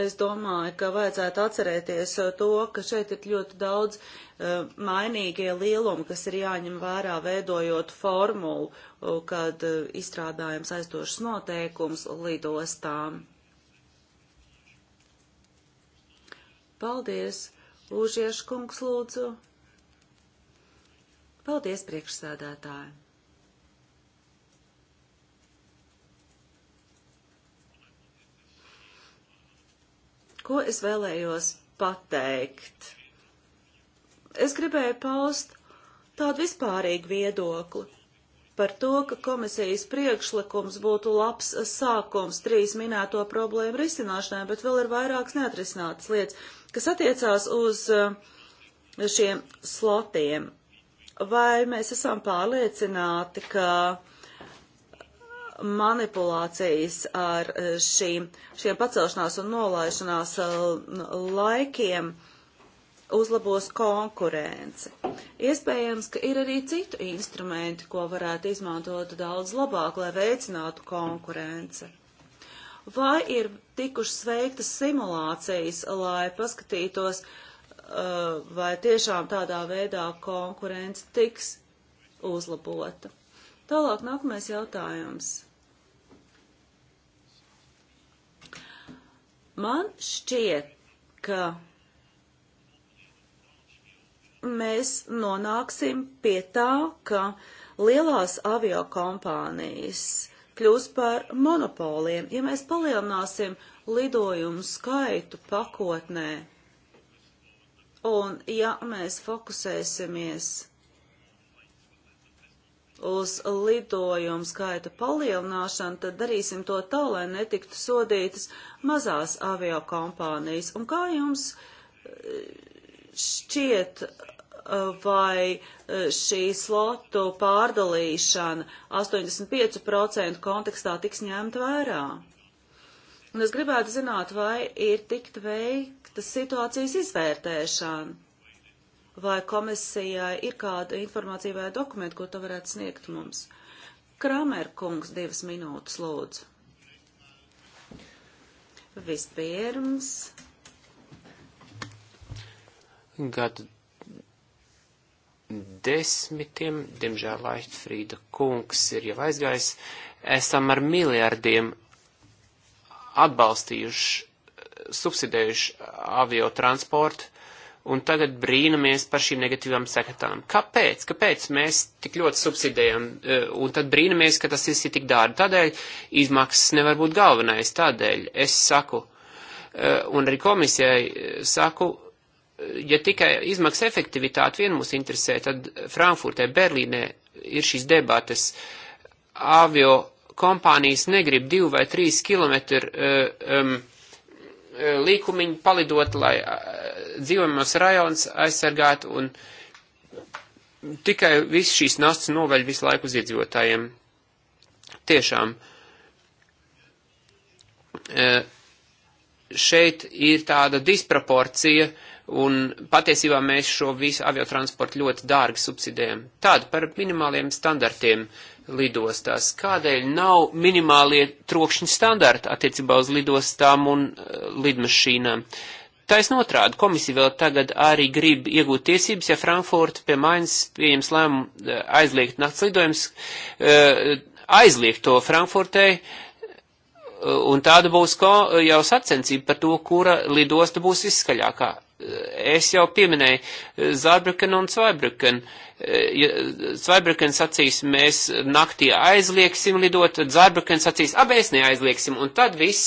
es domāju, ka vajadzētu atcerēties uh, to, ka šeit ir ļoti daudz uh, mainīgie lielumi, kas ir jāņem vērā veidojot formulu, uh, kad uh, izstrādājam saistošas noteikums lidostām. Paldies, Lūžiešu kungs lūdzu. Paldies, priekšsēdētāji. Ko es vēlējos pateikt? Es gribēju paust tādu vispārīgu viedokli par to, ka komisijas priekšlikums būtu labs sākums trīs minēto problēmu risināšanai, bet vēl ir vairākas neatrisinātas lietas, kas attiecās uz eh, šiem slotiem. Vai mēs esam pārliecināti, ka manipulācijas ar eh, šīm, šiem pacelšanās un nolaišanās eh, laikiem uzlabos konkurence. Iespējams, ka ir arī citu instrumenti, ko varētu izmantot daudz labāk, lai veicinātu konkurence. Vai ir tikušas veiktas simulācijas, lai paskatītos, eh, vai tiešām tādā veidā konkurence tiks uzlabota? Tālāk nākamais jautājums. Man šķiet, ka mēs nonāksim pie tā, ka lielās aviokompānijas kļūs par monopoliem, ja mēs palielināsim lidojumu skaitu pakotnē. Un ja mēs fokusēsimies uz lidojumu skaita palielināšanu, tad darīsim to tā, lai netiktu sodītas mazās avio kompānijas. Un kā jums eh, šķiet, eh, vai eh, šī slotu pārdalīšana 85% kontekstā tiks ņemta vērā? Un es gribētu zināt, vai ir tikt veikta situācijas izvērtēšana vai komisijai ir kāda informācija vai dokumenti, ko tu varētu sniegt mums. Kramer kungs divas minūtes lūdzu. Vispirms. Gadu desmitiem, diemžēl Laichtfrīda kungs ir jau aizgājis, esam ar miljardiem atbalstījuši, subsidējuši avio transportu, un tagad brīnamies par šīm negatīvām sekatām. Kāpēc? Kāpēc mēs tik ļoti subsidējam eh, un tad brīnamies, ka tas viss ir tik dārgi? Tādēļ izmaksas nevar būt galvenais. Tādēļ es saku, eh, un arī komisijai eh, saku, ja tikai izmaksa efektivitāte vien mūs interesē, tad Frankfurtē, Berlīnē ir šīs debates. Avio kompānijas negrib divu vai trīs kilometru um, līkumiņu palidot, lai dzīvojamos rajonus aizsargāt un tikai viss šīs nastas noveļ visu laiku uz iedzīvotājiem. Tiešām. E, šeit ir tāda disproporcija, un patiesībā mēs šo visu aviotransportu ļoti dārgi subsidējam. Tāda par minimāliem standartiem lidostās. Kādēļ nav minimālie trokšņa standarti attiecībā uz lidostām un e, lidmašīnām? Uh, Taisnotrādi, komisija vēl tagad arī grib iegūt tiesības, ja Frankfurt pie mainas pieņems lēmumu eh, aizliegt nakts lidojums, eh, aizliegt to Frankfurtei, eh, un tāda būs ko, jau sacensība par to, kura lidosta būs izskaļākā. Es jau pieminēju Zārbrukenu un Cvaibrukenu. Cvaibrukens eh, sacīs, mēs naktī aizlieksim lidot, Zārbrukens sacīs, abēs neaizlieksim, un tad viss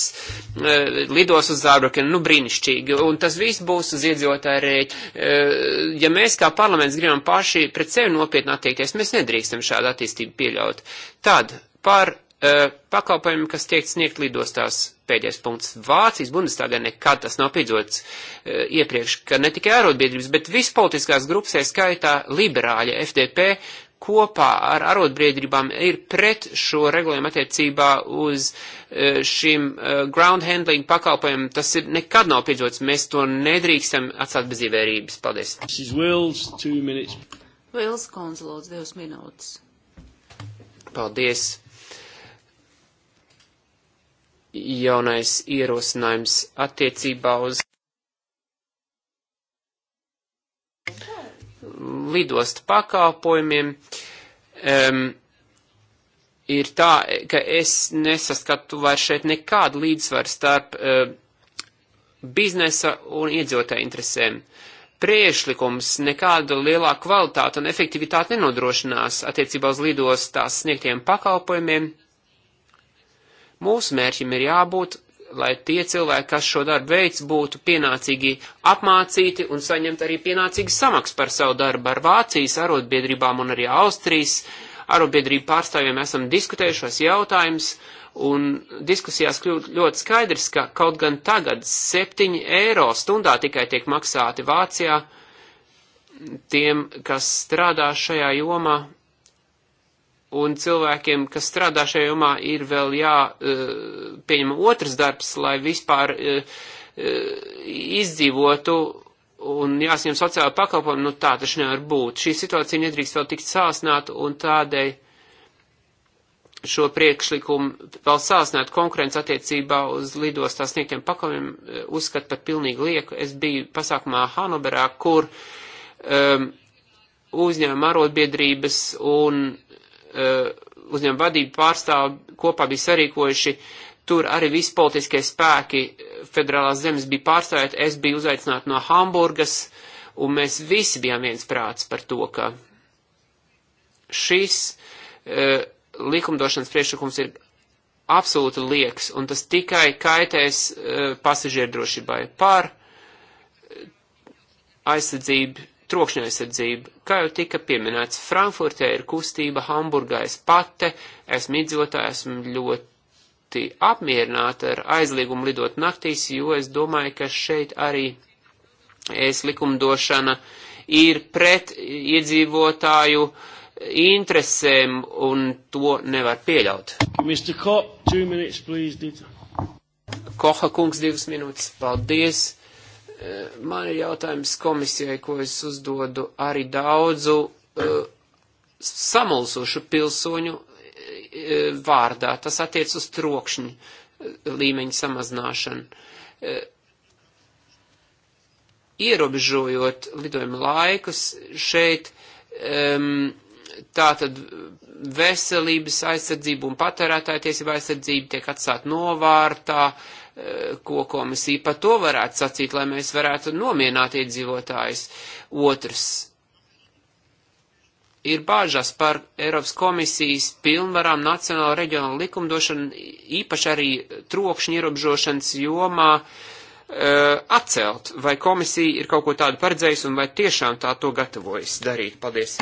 eh, lidos uz Zārbrukenu, nu brīnišķīgi, un tas viss būs uz iedzīvotāju rēķi. Eh, ja mēs kā parlaments gribam paši pret sevi nopietni attiekties, mēs nedrīkstam šādu attīstību pieļaut. Tad par pakalpojumi, kas tiek sniegt lidostās. Pēdējais punkts. Vācijas bundestāgā nekad tas nav piedzots iepriekš, ka ne tikai arotbiedrības, bet visu politiskās grupas, skaitā liberāļa FDP, kopā ar arotbiedrībām ir pret šo regulējumu attiecībā uz šim ground handling pakalpojumam. Tas ir nekad nav piedzots. Mēs to nedrīkstam atstāt bez ievērības. Paldies. Vils, konsults, divas minūtes. Paldies jaunais ierosinājums attiecībā uz lidostu pakalpojumiem. Um, ir tā, ka es nesaskatu vairs šeit nekādu līdzsvaru starp uh, biznesa un iedzīvotāju interesēm. Priešlikums nekādu lielāku kvalitātu un efektivitāti nenodrošinās attiecībā uz lidostās sniegtiem pakalpojumiem, Mūsu mērķim ir jābūt, lai tie cilvēki, kas šo darbu veids, būtu pienācīgi apmācīti un saņemt arī pienācīgi samaks par savu darbu ar Vācijas arotbiedrībām un arī Austrijas arotbiedrību pārstāvjiem esam diskutējušos jautājumus. Un diskusijās kļūst ļoti skaidrs, ka kaut gan tagad 7 eiro stundā tikai tiek maksāti Vācijā tiem, kas strādā šajā jomā, un cilvēkiem, kas strādā šajā jomā, ir vēl jāpieņem e, otrs darbs, lai vispār e, e, izdzīvotu un jāsaņem sociāla pakalpojuma, nu tā taču nevar būt. Šī situācija nedrīkst vēl tikt sāsnāt un tādēļ šo priekšlikumu vēl sāsnāt konkurence attiecībā uz lidostā sniegtiem pakalpojumiem uzskat par pilnīgi lieku. Es biju pasākumā Hanoverā, kur um, uzņēma arotbiedrības un Uh, uzņēmuma vadību pārstāvi kopā bija sarīkojuši, tur arī visi politiskie spēki uh, federālās zemes bija pārstāvēt, es biju uzaicināta no Hamburgas, un mēs visi bijām viens prāts par to, ka šis uh, likumdošanas priekšlikums ir absolūti lieks, un tas tikai kaitēs uh, pasažieru drošībai par uh, aizsardzību trokšņa aizsardzība. Kā jau tika pieminēts, Frankfurtē ir kustība, Hamburgā es pate, esmu iedzīvotāja, esmu ļoti apmierināta ar aizliegumu lidot naktīs, jo es domāju, ka šeit arī es likumdošana ir pret iedzīvotāju interesēm un to nevar pieļaut. Mr. Koch, two minutes, please. Koha kungs, divas minūtes. Paldies. Man ir jautājums komisijai, ko es uzdodu arī daudzu uh, e, samulsušu pilsoņu uh, vārdā. Tas attiec uz trokšņu uh, līmeņu samazināšanu. Ierobežojot lidojumu laikus šeit. Um, tātad veselības aizsardzība un patērētāja tiesība aizsardzība tiek atstāta novārtā, uh, ko komisija par to varētu sacīt, lai mēs varētu nomienāt iedzīvotājus. Otrs ir bāžas par Eiropas komisijas pilnvarām nacionālo reģionālu likumdošanu, īpaši arī trokšņa ierobžošanas jomā uh, atcelt. Vai komisija ir kaut ko tādu paredzējusi un vai tiešām tā to gatavojas darīt? Paldies.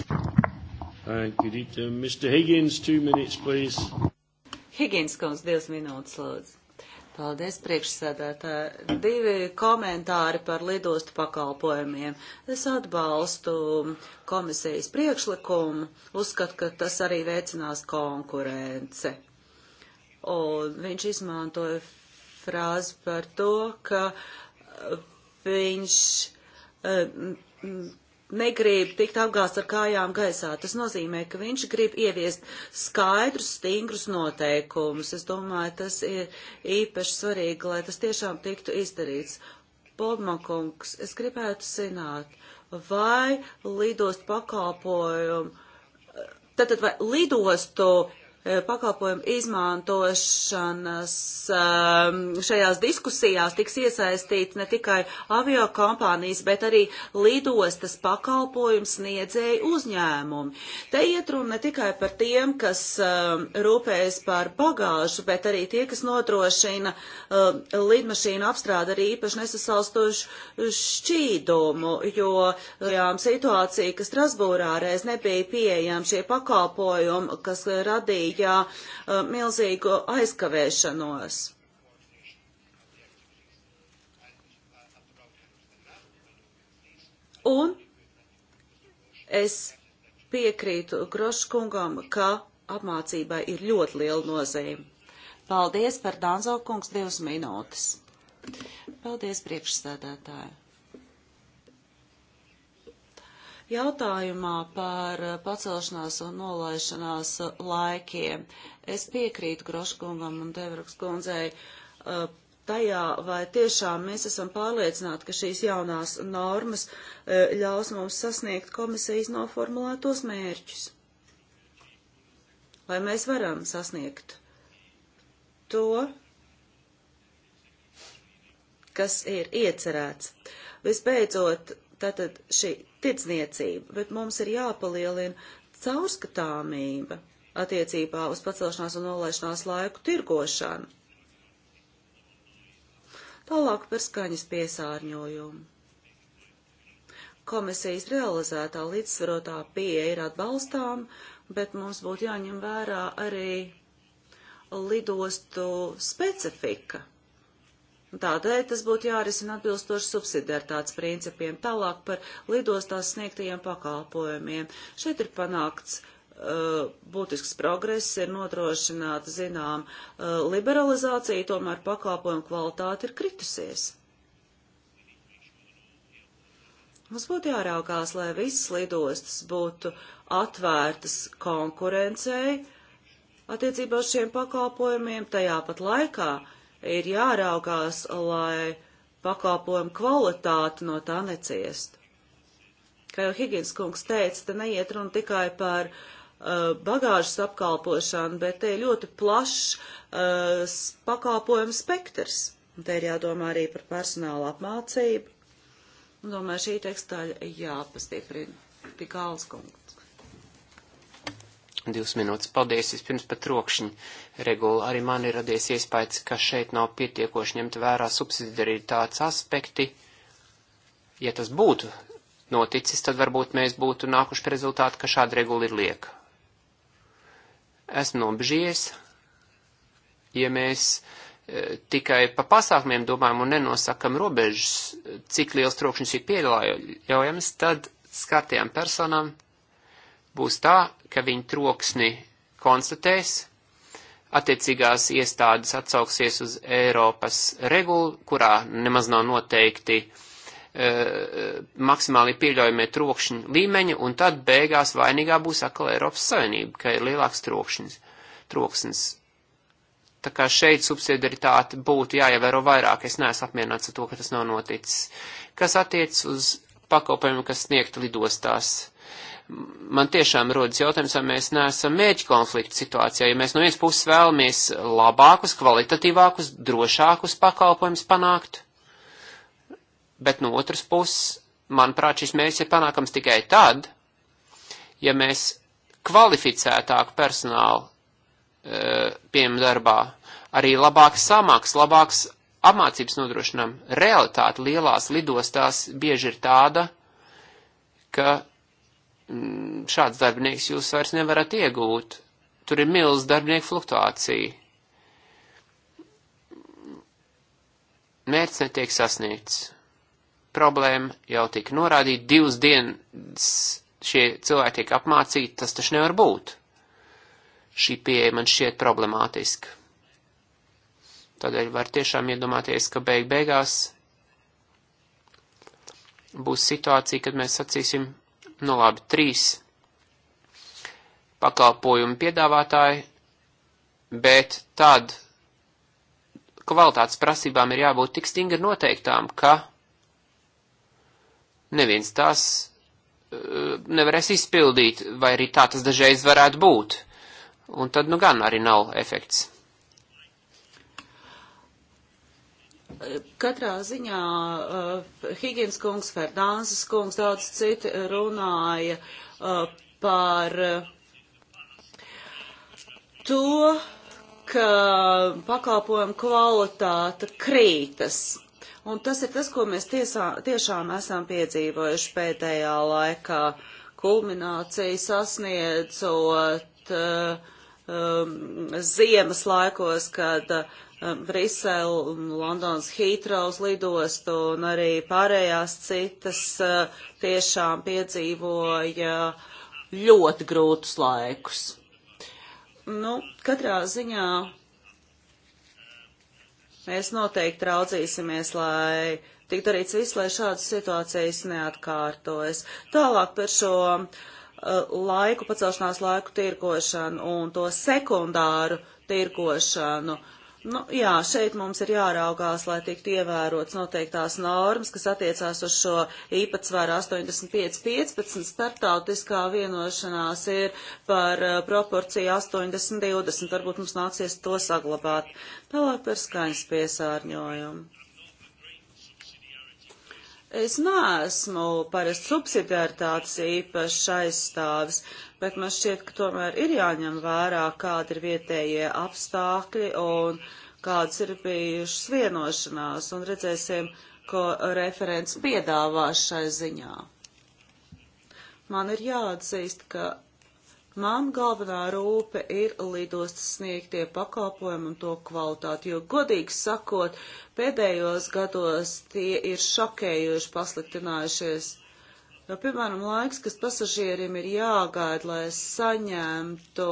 Thank you, Mr. Higgins, two minutes, please. Higgins, kungs, divas minūtes, lūdzu. Paldies, priekšsēdētāji. Divi komentāri par lidostu pakalpojumiem. Es atbalstu komisijas priekšlikumu, uzskatu, ka tas arī veicinās konkurence. Un viņš izmantoja frāzi par to, ka viņš eh, negrib tikt apgāsts ar kājām gaisā. Tas nozīmē, ka viņš grib ieviest skaidrus, stingrus noteikumus. Es domāju, tas ir īpaši svarīgi, lai tas tiešām tiktu izdarīts. Podmakungs, es gribētu zināt, vai lidost pakalpojumu, tātad vai lidostu E, pakalpojumu izmantošanas e, šajās diskusijās tiks iesaistīts ne tikai avio kompānijas, bet arī lidostas pakalpojums sniedzēju uzņēmumi. Te iet runa ne tikai par tiem, kas e, rūpējas par bagāžu, bet arī tie, kas nodrošina lidmašīnu apstrādi ar īpaši nesasalstošu šķīdumu, jo jām situācija, ka Strasbūrā reiz nebija pieejami šie pakalpojumi, kas radīja Grieķijā uh, milzīgu aizkavēšanos. Un es piekrītu Groškungam, ka apmācībai ir ļoti liela nozīme. Paldies par Danzo kungs divas minūtes. Paldies priekšsēdētāju. Jautājumā par eh, pacelšanās un nolaišanās eh, laikiem. Es piekrītu Groškungam un Devruks kundzei eh, tajā, vai tiešām mēs esam pārliecināti, ka šīs jaunās normas ļaus mums sasniegt komisijas noformulētos mērķus. Vai mēs varam sasniegt to, kas ir iecerēts. Visbeidzot, tātad šī ticniecība, bet mums ir jāpalielina caurskatāmība attiecībā uz pacelšanās un nolaišanās laiku tirgošanu. Tālāk par skaņas piesārņojumu. Komisijas realizētā līdzsvarotā pieeja ir atbalstām, bet mums būtu jāņem vērā arī lidostu specifika. Tādēļ tas būtu jārisina atbilstoši subsidiartāts principiem, tālāk par lidostās sniegtajiem pakalpojumiem. Šeit ir panākts uh, būtisks progress, ir nodrošināta, zinām, uh, liberalizācija, tomēr pakalpojumu kvalitāte ir kritusies. Mums būtu jāraukās, lai visas lidostas būtu atvērtas konkurencei attiecībā uz šiem pakalpojumiem, tajā pat laikā ir jāraugās, lai pakalpojumu kvalitāte no tā neciest. Kā jau Higgins kungs teica, te neiet runa tikai par uh, bagāžas apkalpošanu, bet te ir ļoti plašs uh, pakalpojumu spektrs. Un te ir jādomā arī par personāla apmācību. Un domāju, šī teksta daļa jāpastiprina. Tikāls kungs. Divas minūtes. Paldies, vispirms par trokšņu regulu. Arī man ir radies iespējas, ka šeit nav pietiekoši ņemt vērā subsidiaritātes aspekti. Ja tas būtu noticis, tad varbūt mēs būtu nākuši pie rezultāta, ka šāda regula ir lieka. Esmu nobežies, ja mēs e, tikai pa pasākumiem domājam un nenosakam robežas, cik liels trokšņus ir pieļaujams, tad skartajām personām būs tā, ka viņi troksni konstatēs, attiecīgās iestādes atsauksies uz Eiropas regulu, kurā nemaz nav noteikti e, maksimāli pieļaujamie trokšņi līmeņi, un tad beigās vainīgā būs atkal Eiropas Savienība, ka ir lielāks trokšņs. troksnis. Tā kā šeit subsidiaritāte būtu jāievēro vairāk, es neesmu apmierināts ar to, ka tas nav noticis. Kas attiec uz pakalpojumu, kas sniegta lidostās? man tiešām rodas jautājums, vai mēs neesam mērķi konflikta situācijā, ja mēs no vienas puses vēlamies labākus, kvalitatīvākus, drošākus pakalpojumus panākt, bet no otras puses, manuprāt, šis mērķis ir panākams tikai tad, ja mēs kvalificētāku personālu e, pieņem darbā, arī labāks samaks, labāks apmācības nodrošinām. Realitāte lielās lidostās bieži ir tāda, ka Mm, šāds darbinieks jūs vairs nevarat iegūt. Tur ir milz darbinieku fluktuācija. Mērķis netiek sasniegts. Problēma jau tika norādīta, divas dienas šie cilvēki tiek apmācīti, tas taču nevar būt. Šī pieeja man šķiet problemātiska. Tādēļ var tiešām iedomāties, ka beig beigās būs situācija, kad mēs sacīsim, nu labi, trīs pakalpojumu piedāvātāji, bet tad kvalitātes prasībām ir jābūt tik stingri noteiktām, ka neviens tās eh, nevarēs izpildīt, vai arī tā tas dažreiz varētu būt. Un tad nu gan arī nav efekts. Katrā ziņā uh, Higgins kungs, Ferdānses kungs, daudz citi runāja uh, par uh, to, ka pakalpojumu kvalitāte krītas. Un tas ir tas, ko mēs tiesā, tiešām esam piedzīvojuši pēdējā laikā, kulmināciju sasniedzot uh, um, ziemas laikos, kad uh, Um, Brisele, Londons Heathrows lidostu un arī pārējās citas uh, tiešām piedzīvoja ļoti grūtus laikus. Nu, katrā ziņā mēs noteikti raudzīsimies, lai tik darīts viss, lai šādas situācijas neatkārtojas. Tālāk par šo uh, laiku, pacelšanās laiku tirkošanu un to sekundāru tirkošanu. Uh, Nu, jā, šeit mums ir jāraugās, lai tiktu ievērots noteiktās normas, kas attiecās uz šo īpatsvaru 85-15. Startautiskā vienošanās ir par eh, proporciju 80-20. Varbūt mums nāksies to saglabāt. Tālāk par skaņas piesārņojumu. Es neesmu parasti subsidiaritātes īpašs aizstāvis, bet man šķiet, ka tomēr ir jāņem vērā, kādi ir vietējie apstākļi un kādas ir bijušas vienošanās, un redzēsim, ko referents piedāvās šai ziņā. Man ir jāatzīst, ka Man galvenā rūpe ir lidostas sniegtie pakalpojumi un to kvalitāti, jo, godīgi sakot, pēdējos gados tie ir šokējoši pasliktinājušies. Jo, piemēram, laiks, kas pasažieriem ir jāgaida, lai saņemtu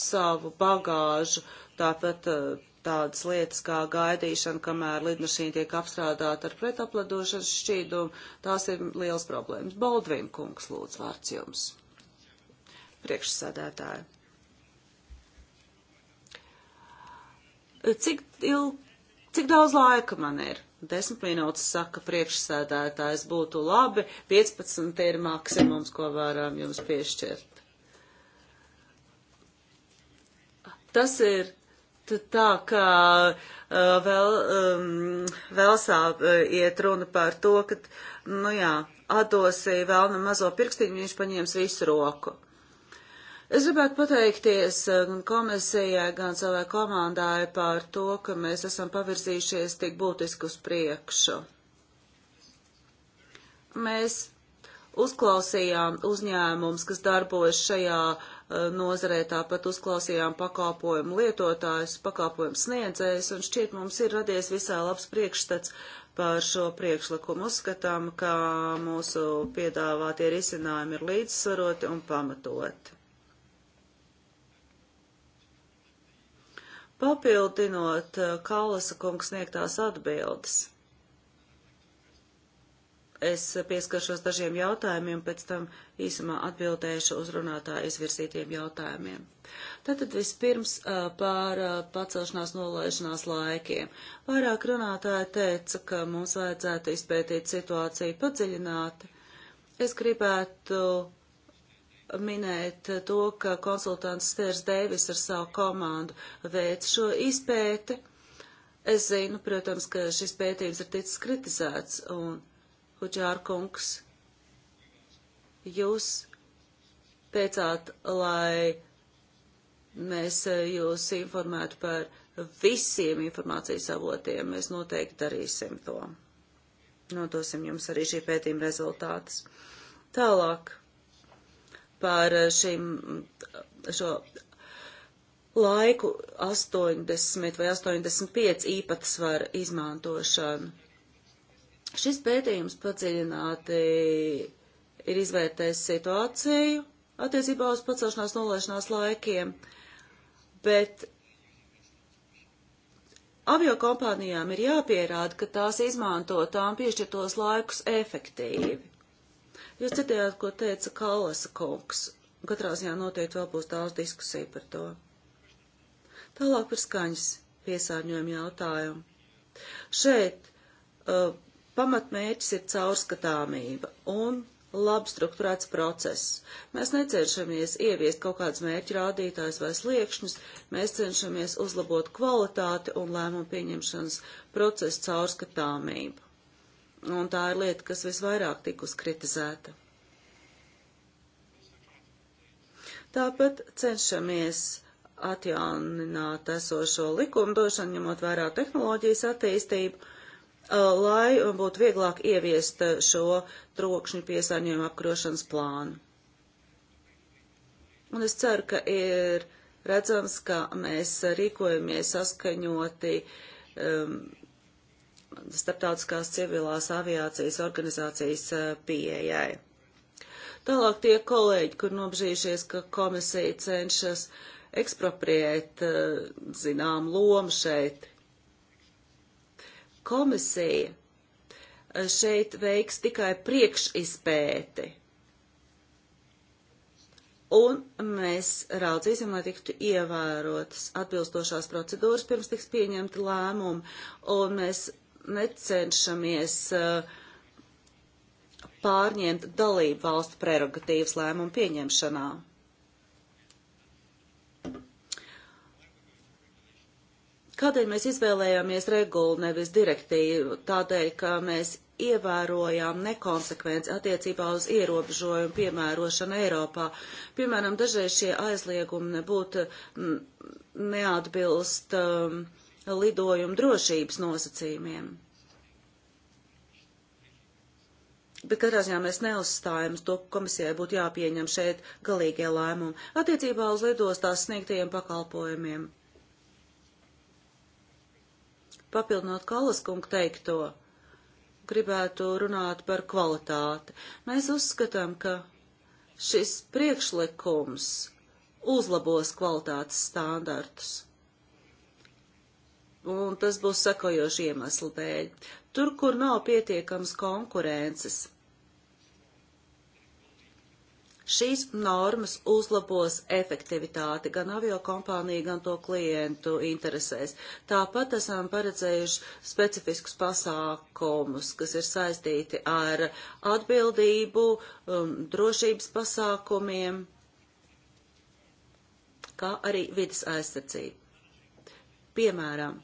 savu bagāžu, tāpat eh, tādas lietas kā gaidīšana, kamēr lidmašīna tiek apstrādāta ar pretapladošanas šķīdumu, tās ir liels problēmas. Baldvin kungs, lūdzu, vārds jums priekšsēdētāja. Cik, il, cik daudz laika man ir? 10 minūtes saka priekšsēdētājs būtu labi, 15 ir maksimums, ko varam jums piešķirt. Tas ir tā, ka uh, vēl, um, vēl sāp uh, iet runa par to, ka, nu jā, atdosīja vēl no mazo pirkstiņu, viņš paņēma visu roku. Es gribētu pateikties eh, gan komisijai, gan savai komandai par to, ka mēs esam pavirzījušies tik būtiski uz priekšu. Mēs uzklausījām uzņēmums, kas darbojas šajā eh, nozarē, tāpat uzklausījām pakalpojumu lietotājus, pakalpojumu sniedzējus, un šķiet mums ir radies visai labs priekšstats par šo priekšlikumu. Uzskatām, ka mūsu piedāvātie risinājumi ir līdzsvaroti un pamatoti. Papildinot eh, Kaulasa kungs sniegtās atbildes, es pieskaršos dažiem jautājumiem, pēc tam īsumā atbildēšu uz runātāju izvirzītiem jautājumiem. Tātad vispirms eh, pār eh, pacelšanās nolaišanās laikiem. Vairāk runātāji teica, ka mums vajadzētu izpētīt situāciju padziļināti. Es gribētu minēt to, ka konsultants Stērs Deivis ar savu komandu veic šo izpēti. Es zinu, protams, ka šis pētījums ir ticis kritizēts, un Huģārkungs, jūs teicāt, lai mēs jūs informētu par visiem informācijas avotiem. Mēs noteikti darīsim to. Nodosim jums arī šī pētījuma rezultātus. Tālāk par eh, šīm, mm, šo laiku 80 vai 85 īpatsvaru izmantošanu. Šis pētījums padziļināti ir izvērtējis situāciju attiecībā uz pacelšanās nolaišanās laikiem, bet avio kompānijām ir jāpierāda, ka tās izmanto tām piešķirtos laikus efektīvi. Jūs citējāt, ko teica Kallasa kungs. Katrā ziņā noteikti vēl būs daudz diskusiju par to. Tālāk par skaņas piesārņojumu jautājumu. Šeit uh, pamatmērķis ir caurskatāmība un labi strukturēts process. Mēs necenšamies ieviest kaut kādus mērķu rādītājus vai sliekšņus, mēs cenšamies uzlabot kvalitāti un lēmumu pieņemšanas procesu caurskatāmību un tā ir lieta, kas visvairāk tikus kritizēta. Tāpat cenšamies atjaunināt esošo likumdošanu, ņemot vērā tehnoloģijas attīstību, lai būtu vieglāk ieviest šo trokšņu piesārņojumu apkrošanas plānu. Un es ceru, ka ir redzams, ka mēs rīkojamies saskaņoti um, starptautiskās civilās aviācijas organizācijas eh, pieejai. Tālāk tie kolēģi, kur nobrīžies, ka komisija cenšas ekspropriēt eh, zinām lomu šeit. Komisija eh, šeit veiks tikai priekšizpēti. Un mēs raudzīsim, lai tiktu ievērotas atbilstošās procedūras, pirms tiks pieņemti lēmumi, un mēs necenšamies uh, pārņemt dalību valstu prerogatīvas lēmumu pieņemšanā. Kādēļ mēs izvēlējāmies regulu nevis direktīvu? Tādēļ, ka mēs ievērojām nekonsekvenci attiecībā uz ierobežojumu piemērošanu Eiropā. Piemēram, dažreiz šie aizliegumi nebūtu mm, neatbilst um, lidojumu drošības nosacījumiem. Bet katrā ziņā mēs neuzstājam to, komisijai būtu jāpieņem šeit galīgie lēmumi attiecībā uz lidostās sniegtajiem pakalpojumiem. Papildinot Kalaskungu teikto, gribētu runāt par kvalitāti. Mēs uzskatām, ka šis priekšlikums uzlabos kvalitātes standartus un tas būs sakojoši iemesli dēļ. Tur, kur nav pietiekams konkurences, Šīs normas uzlabos efektivitāti gan avio kompāniju, gan to klientu interesēs. Tāpat esam paredzējuši specifiskus pasākumus, kas ir saistīti ar atbildību, um, drošības pasākumiem, kā arī vidas aizsardzību. Piemēram,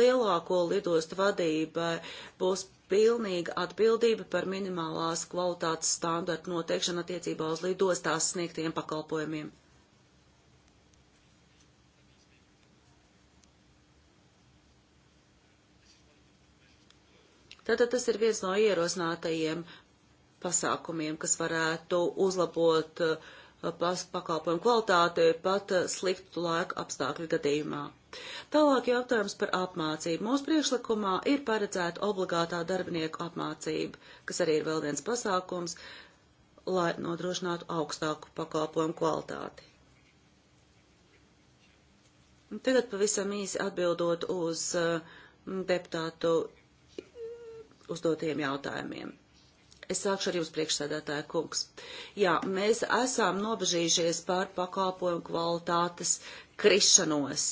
Lielāko lidostu vadībai būs pilnīga atbildība par minimālās kvalitātes standartu noteikšanu attiecībā uz lidostās sniegtiem pakalpojumiem. Tātad tas ir viens no ierosinātajiem pasākumiem, kas varētu uzlabot uh, pakalpojumu kvalitāti pat eh, sliktu laiku apstākļu gadījumā. Tālāk jautājums par apmācību. Mūsu priekšlikumā ir paredzēta obligātā darbinieku apmācība, kas arī ir vēl viens pasākums, lai nodrošinātu augstāku pakalpojumu kvalitāti. Tagad pavisam īsi atbildot uz eh, deputātu uzdotiem jautājumiem. Es sākšu ar jums priekšsēdētāju kungs. Jā, mēs esam nobežījušies pār pakalpojumu kvalitātes krišanos.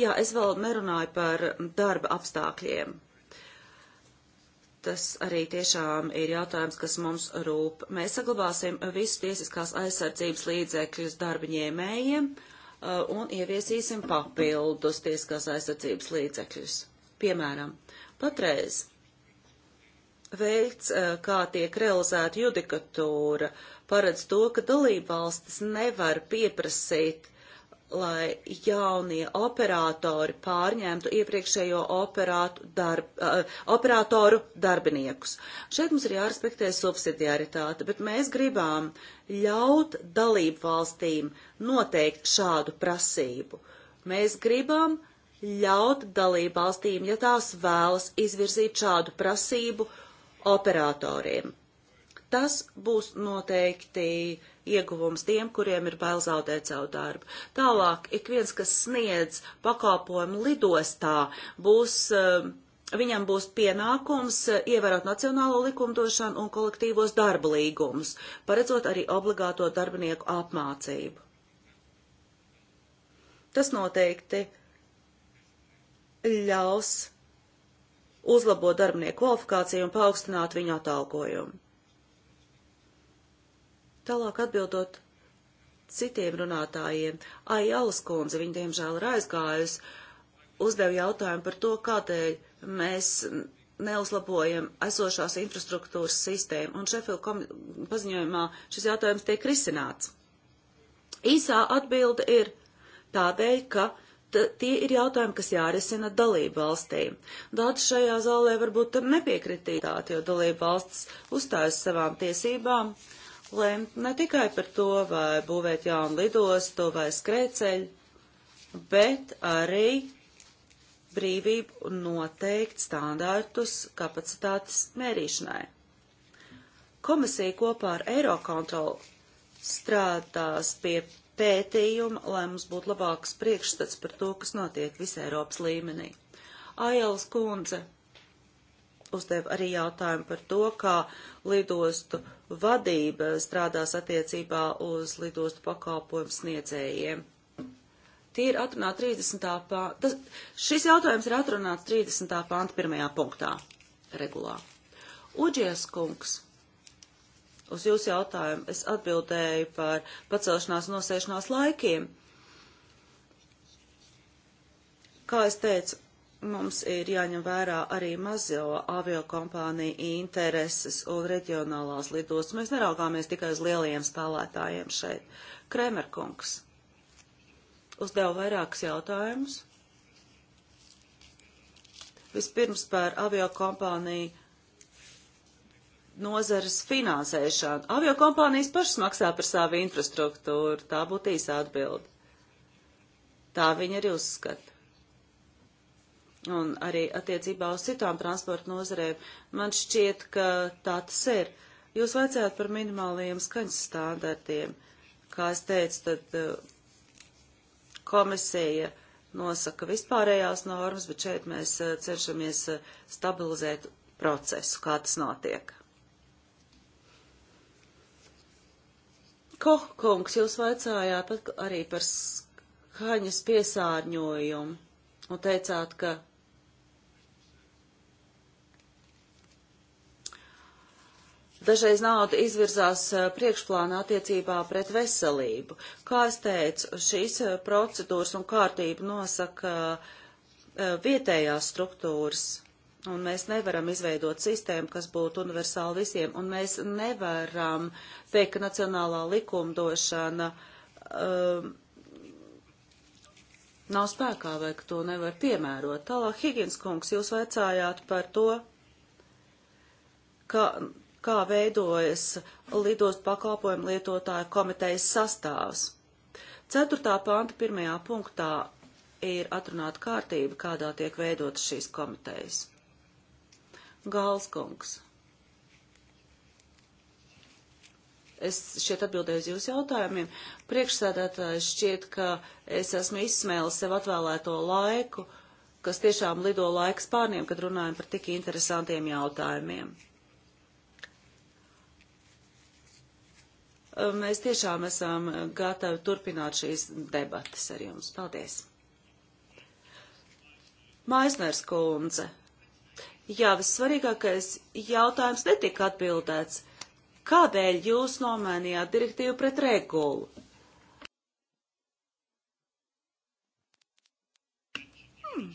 Jā, es vēl nerunāju par darba apstākļiem. Tas arī tiešām ir jautājums, kas mums rūp. Mēs saglabāsim visus tiesiskās aizsardzības līdzekļus darba ņēmējiem uh, un ieviesīsim papildus tiesiskās aizsardzības līdzekļus. Piemēram, patreiz veids, eh, kā tiek realizēta judikatūra, paredz to, ka dalībvalstis nevar pieprasīt, lai jaunie operatori pārņemtu iepriekšējo operātu darb, uh, operatoru darbiniekus. Šeit mums ir jārespektē subsidiaritāte, bet mēs gribām ļaut dalībvalstīm noteikt šādu prasību. Mēs gribam ļaut dalībvalstīm, ja tās vēlas izvirzīt šādu prasību, uh, operatoriem. Tas būs noteikti ieguvums tiem, kuriem ir bail zaudēt savu darbu. Tālāk, ik viens, kas sniedz pakalpojumu lidostā, būs, eh, viņam būs pienākums eh, ievērot nacionālo likumdošanu un kolektīvos darba līgumus, paredzot arī obligāto darbinieku apmācību. Tas noteikti ļaus uzlabot darbinieku kvalifikāciju un paaugstināt viņu atalgojumu. Tālāk atbildot citiem runātājiem, Aijalas kundze, viņa diemžēl ir aizgājusi, uzdev jautājumu par to, kādēļ mēs neuzlabojam esošās infrastruktūras sistēmu, un Šefila paziņojumā šis jautājums tiek risināts. Īsā atbilde ir tādēļ, ka tie ir jautājumi, kas jārisina dalību valstīm. Daudz šajā zālē varbūt nepiekritītāti, jo dalību valsts uzstājas savām tiesībām lemt ne tikai par to, vai būvēt jaunu lidostu vai skrēceļu, bet arī brīvību noteikt standārtus kapacitātes mērīšanai. Komisija kopā ar Eirokontrolu strādās pie pētījumu, lai mums būtu labāks priekšstats par to, kas notiek visā Eiropas līmenī. Ajels kundze uzdev arī jautājumu par to, kā lidostu vadība strādās attiecībā uz lidostu pakalpojumu sniedzējiem. Tie ir atrunāti 30. pā... Tas, šis jautājums ir atrunāts 30. pānta pirmajā punktā regulā. Uģies kungs Uz jūsu jautājumu es atbildēju par pacelšanās un nosēšanās laikiem. Kā es teicu, mums ir jāņem vērā arī mazo aviokompāniju intereses un reģionālās lidostas. Mēs neraugāmies tikai uz lielajiem spēlētājiem šeit. Kremerkungs uzdeva vairākus jautājumus. Vispirms par aviokompāniju nozares finansēšanu. Avio kompānijas pašas maksā par savu infrastruktūru. Tā būtu īsa atbilde. Tā viņi arī uzskata. Un arī attiecībā uz citām transporta nozarēm man šķiet, ka tā tas ir. Jūs vajadzētu par minimālajiem skaņas standartiem. Kā es teicu, tad uh, komisija nosaka vispārējās normas, bet šeit mēs uh, cenšamies uh, stabilizēt procesu, kā tas notiek. Kohkungs, jūs vaicājāt arī par skaņas piesārņojumu un teicāt, ka Dažreiz nauda izvirzās eh, priekšplānā attiecībā pret veselību. Kā es teicu, šīs eh, procedūras un kārtība nosaka eh, vietējās struktūras. Un mēs nevaram izveidot sistēmu, kas būtu universāli visiem, un mēs nevaram teikt, ka nacionālā likumdošana um, nav spēkā vai ka to nevar piemērot. Tālāk, Higgins kungs, jūs vaicājāt par to, ka, kā veidojas lidostu pakalpojumu lietotāju komitejas sastāvs. Ceturtā panta pirmajā punktā ir atrunāta kārtība, kādā tiek veidotas šīs komitejas. Galskungs. Es šeit atbildēju uz jūsu jautājumiem. Priekšsēdētājs šķiet, ka es esmu izsmēlis sev atvēlēto laiku, kas tiešām lido laiks pārniem, kad runājam par tik interesantiem jautājumiem. Mēs tiešām esam gatavi turpināt šīs debatas ar jums. Paldies! Maisners kundze. Jā, vissvarīgākais jautājums netika atbildēts. Kādēļ jūs nomainījāt direktīvu pret regulu? Hmm.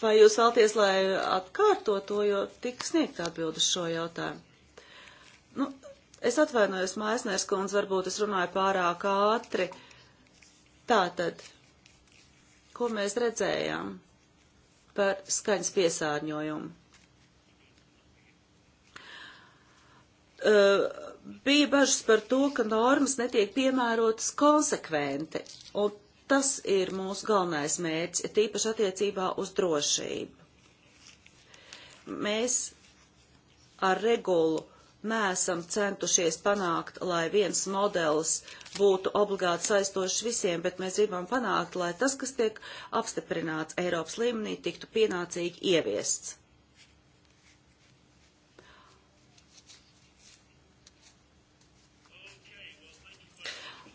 Vai jūs vēlties, lai atkārto to, jo tik sniegt atbildu šo jautājumu? Nu, es atvainojos, Maisnērs kundze, varbūt es runāju pārāk ātri. Tātad, ko mēs redzējām? par skaņas piesārņojumu. Uh, bija bažas par to, ka normas netiek piemērotas konsekventi, un tas ir mūsu galvenais mērķis, tīpaši attiecībā uz drošību. Mēs ar regulu mēsam centušies panākt, lai viens modelis būtu obligāti saistošs visiem, bet mēs gribam panākt, lai tas, kas tiek apstiprināts Eiropas līmenī, tiktu pienācīgi ieviests.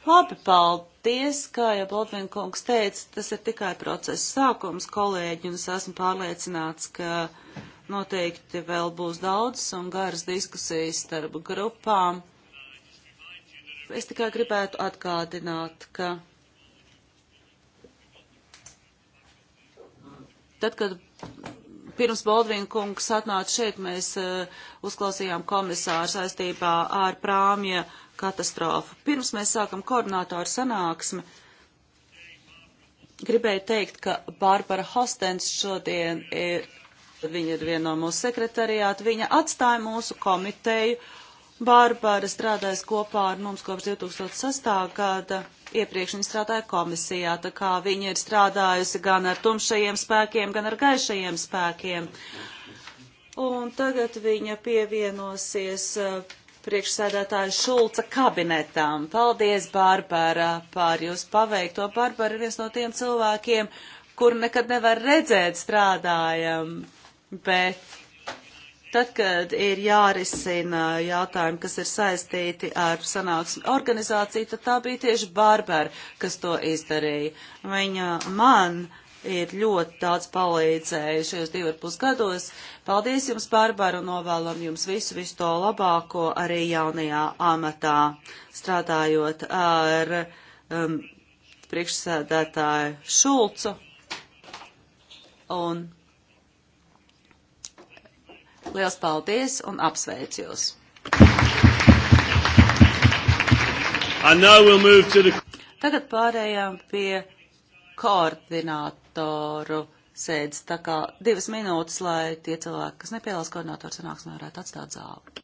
Labi, paldies, kā jau Baldvin kungs teica, tas ir tikai procesa sākums, kolēģi, un es esmu pārliecināts, ka uh, Noteikti vēl būs daudz un garas diskusijas starp grupām. Es tikai gribētu atgādināt, ka tad, kad pirms Baldvīna kungs atnāca šeit, mēs uh, uzklausījām komisāru saistībā ar prāmja katastrofu. Pirms mēs sākam koordinātoru sanāksmi, gribēju teikt, ka Bārbara Hostens šodien ir Viņa ir viena no mūsu sekretariāta. Viņa atstāja mūsu komiteju. Bārbara strādājas kopā ar mums kopš 2006. gada. Iepriekš viņa strādāja komisijā, tā kā viņa ir strādājusi gan ar tumšajiem spēkiem, gan ar gaišajiem spēkiem. Un tagad viņa pievienosies uh, priekšsēdētāja Šulca kabinetam. Paldies, Bārbara, par jūsu paveikto. Bārbara ir viens no tiem cilvēkiem, kur nekad nevar redzēt strādājam bet tad, kad ir jārisina jautājumi, kas ir saistīti ar sanāksmi organizāciju, tad tā bija tieši Barbara, kas to izdarīja. Viņa man ir ļoti daudz palīdzējuši šajos divos pusgados. Paldies jums, Barbara, un novēlam jums visu, visu to labāko arī jaunajā amatā, strādājot ar um, priekšsēdētāju Šulcu. Un Liels paldies un apsveicu jūs! We'll the... Tagad pārējām pie koordinātoru sēdes, tā kā divas minūtes, lai tie cilvēki, kas nepielās koordinātoru sanāksmē, varētu atstāt zāli.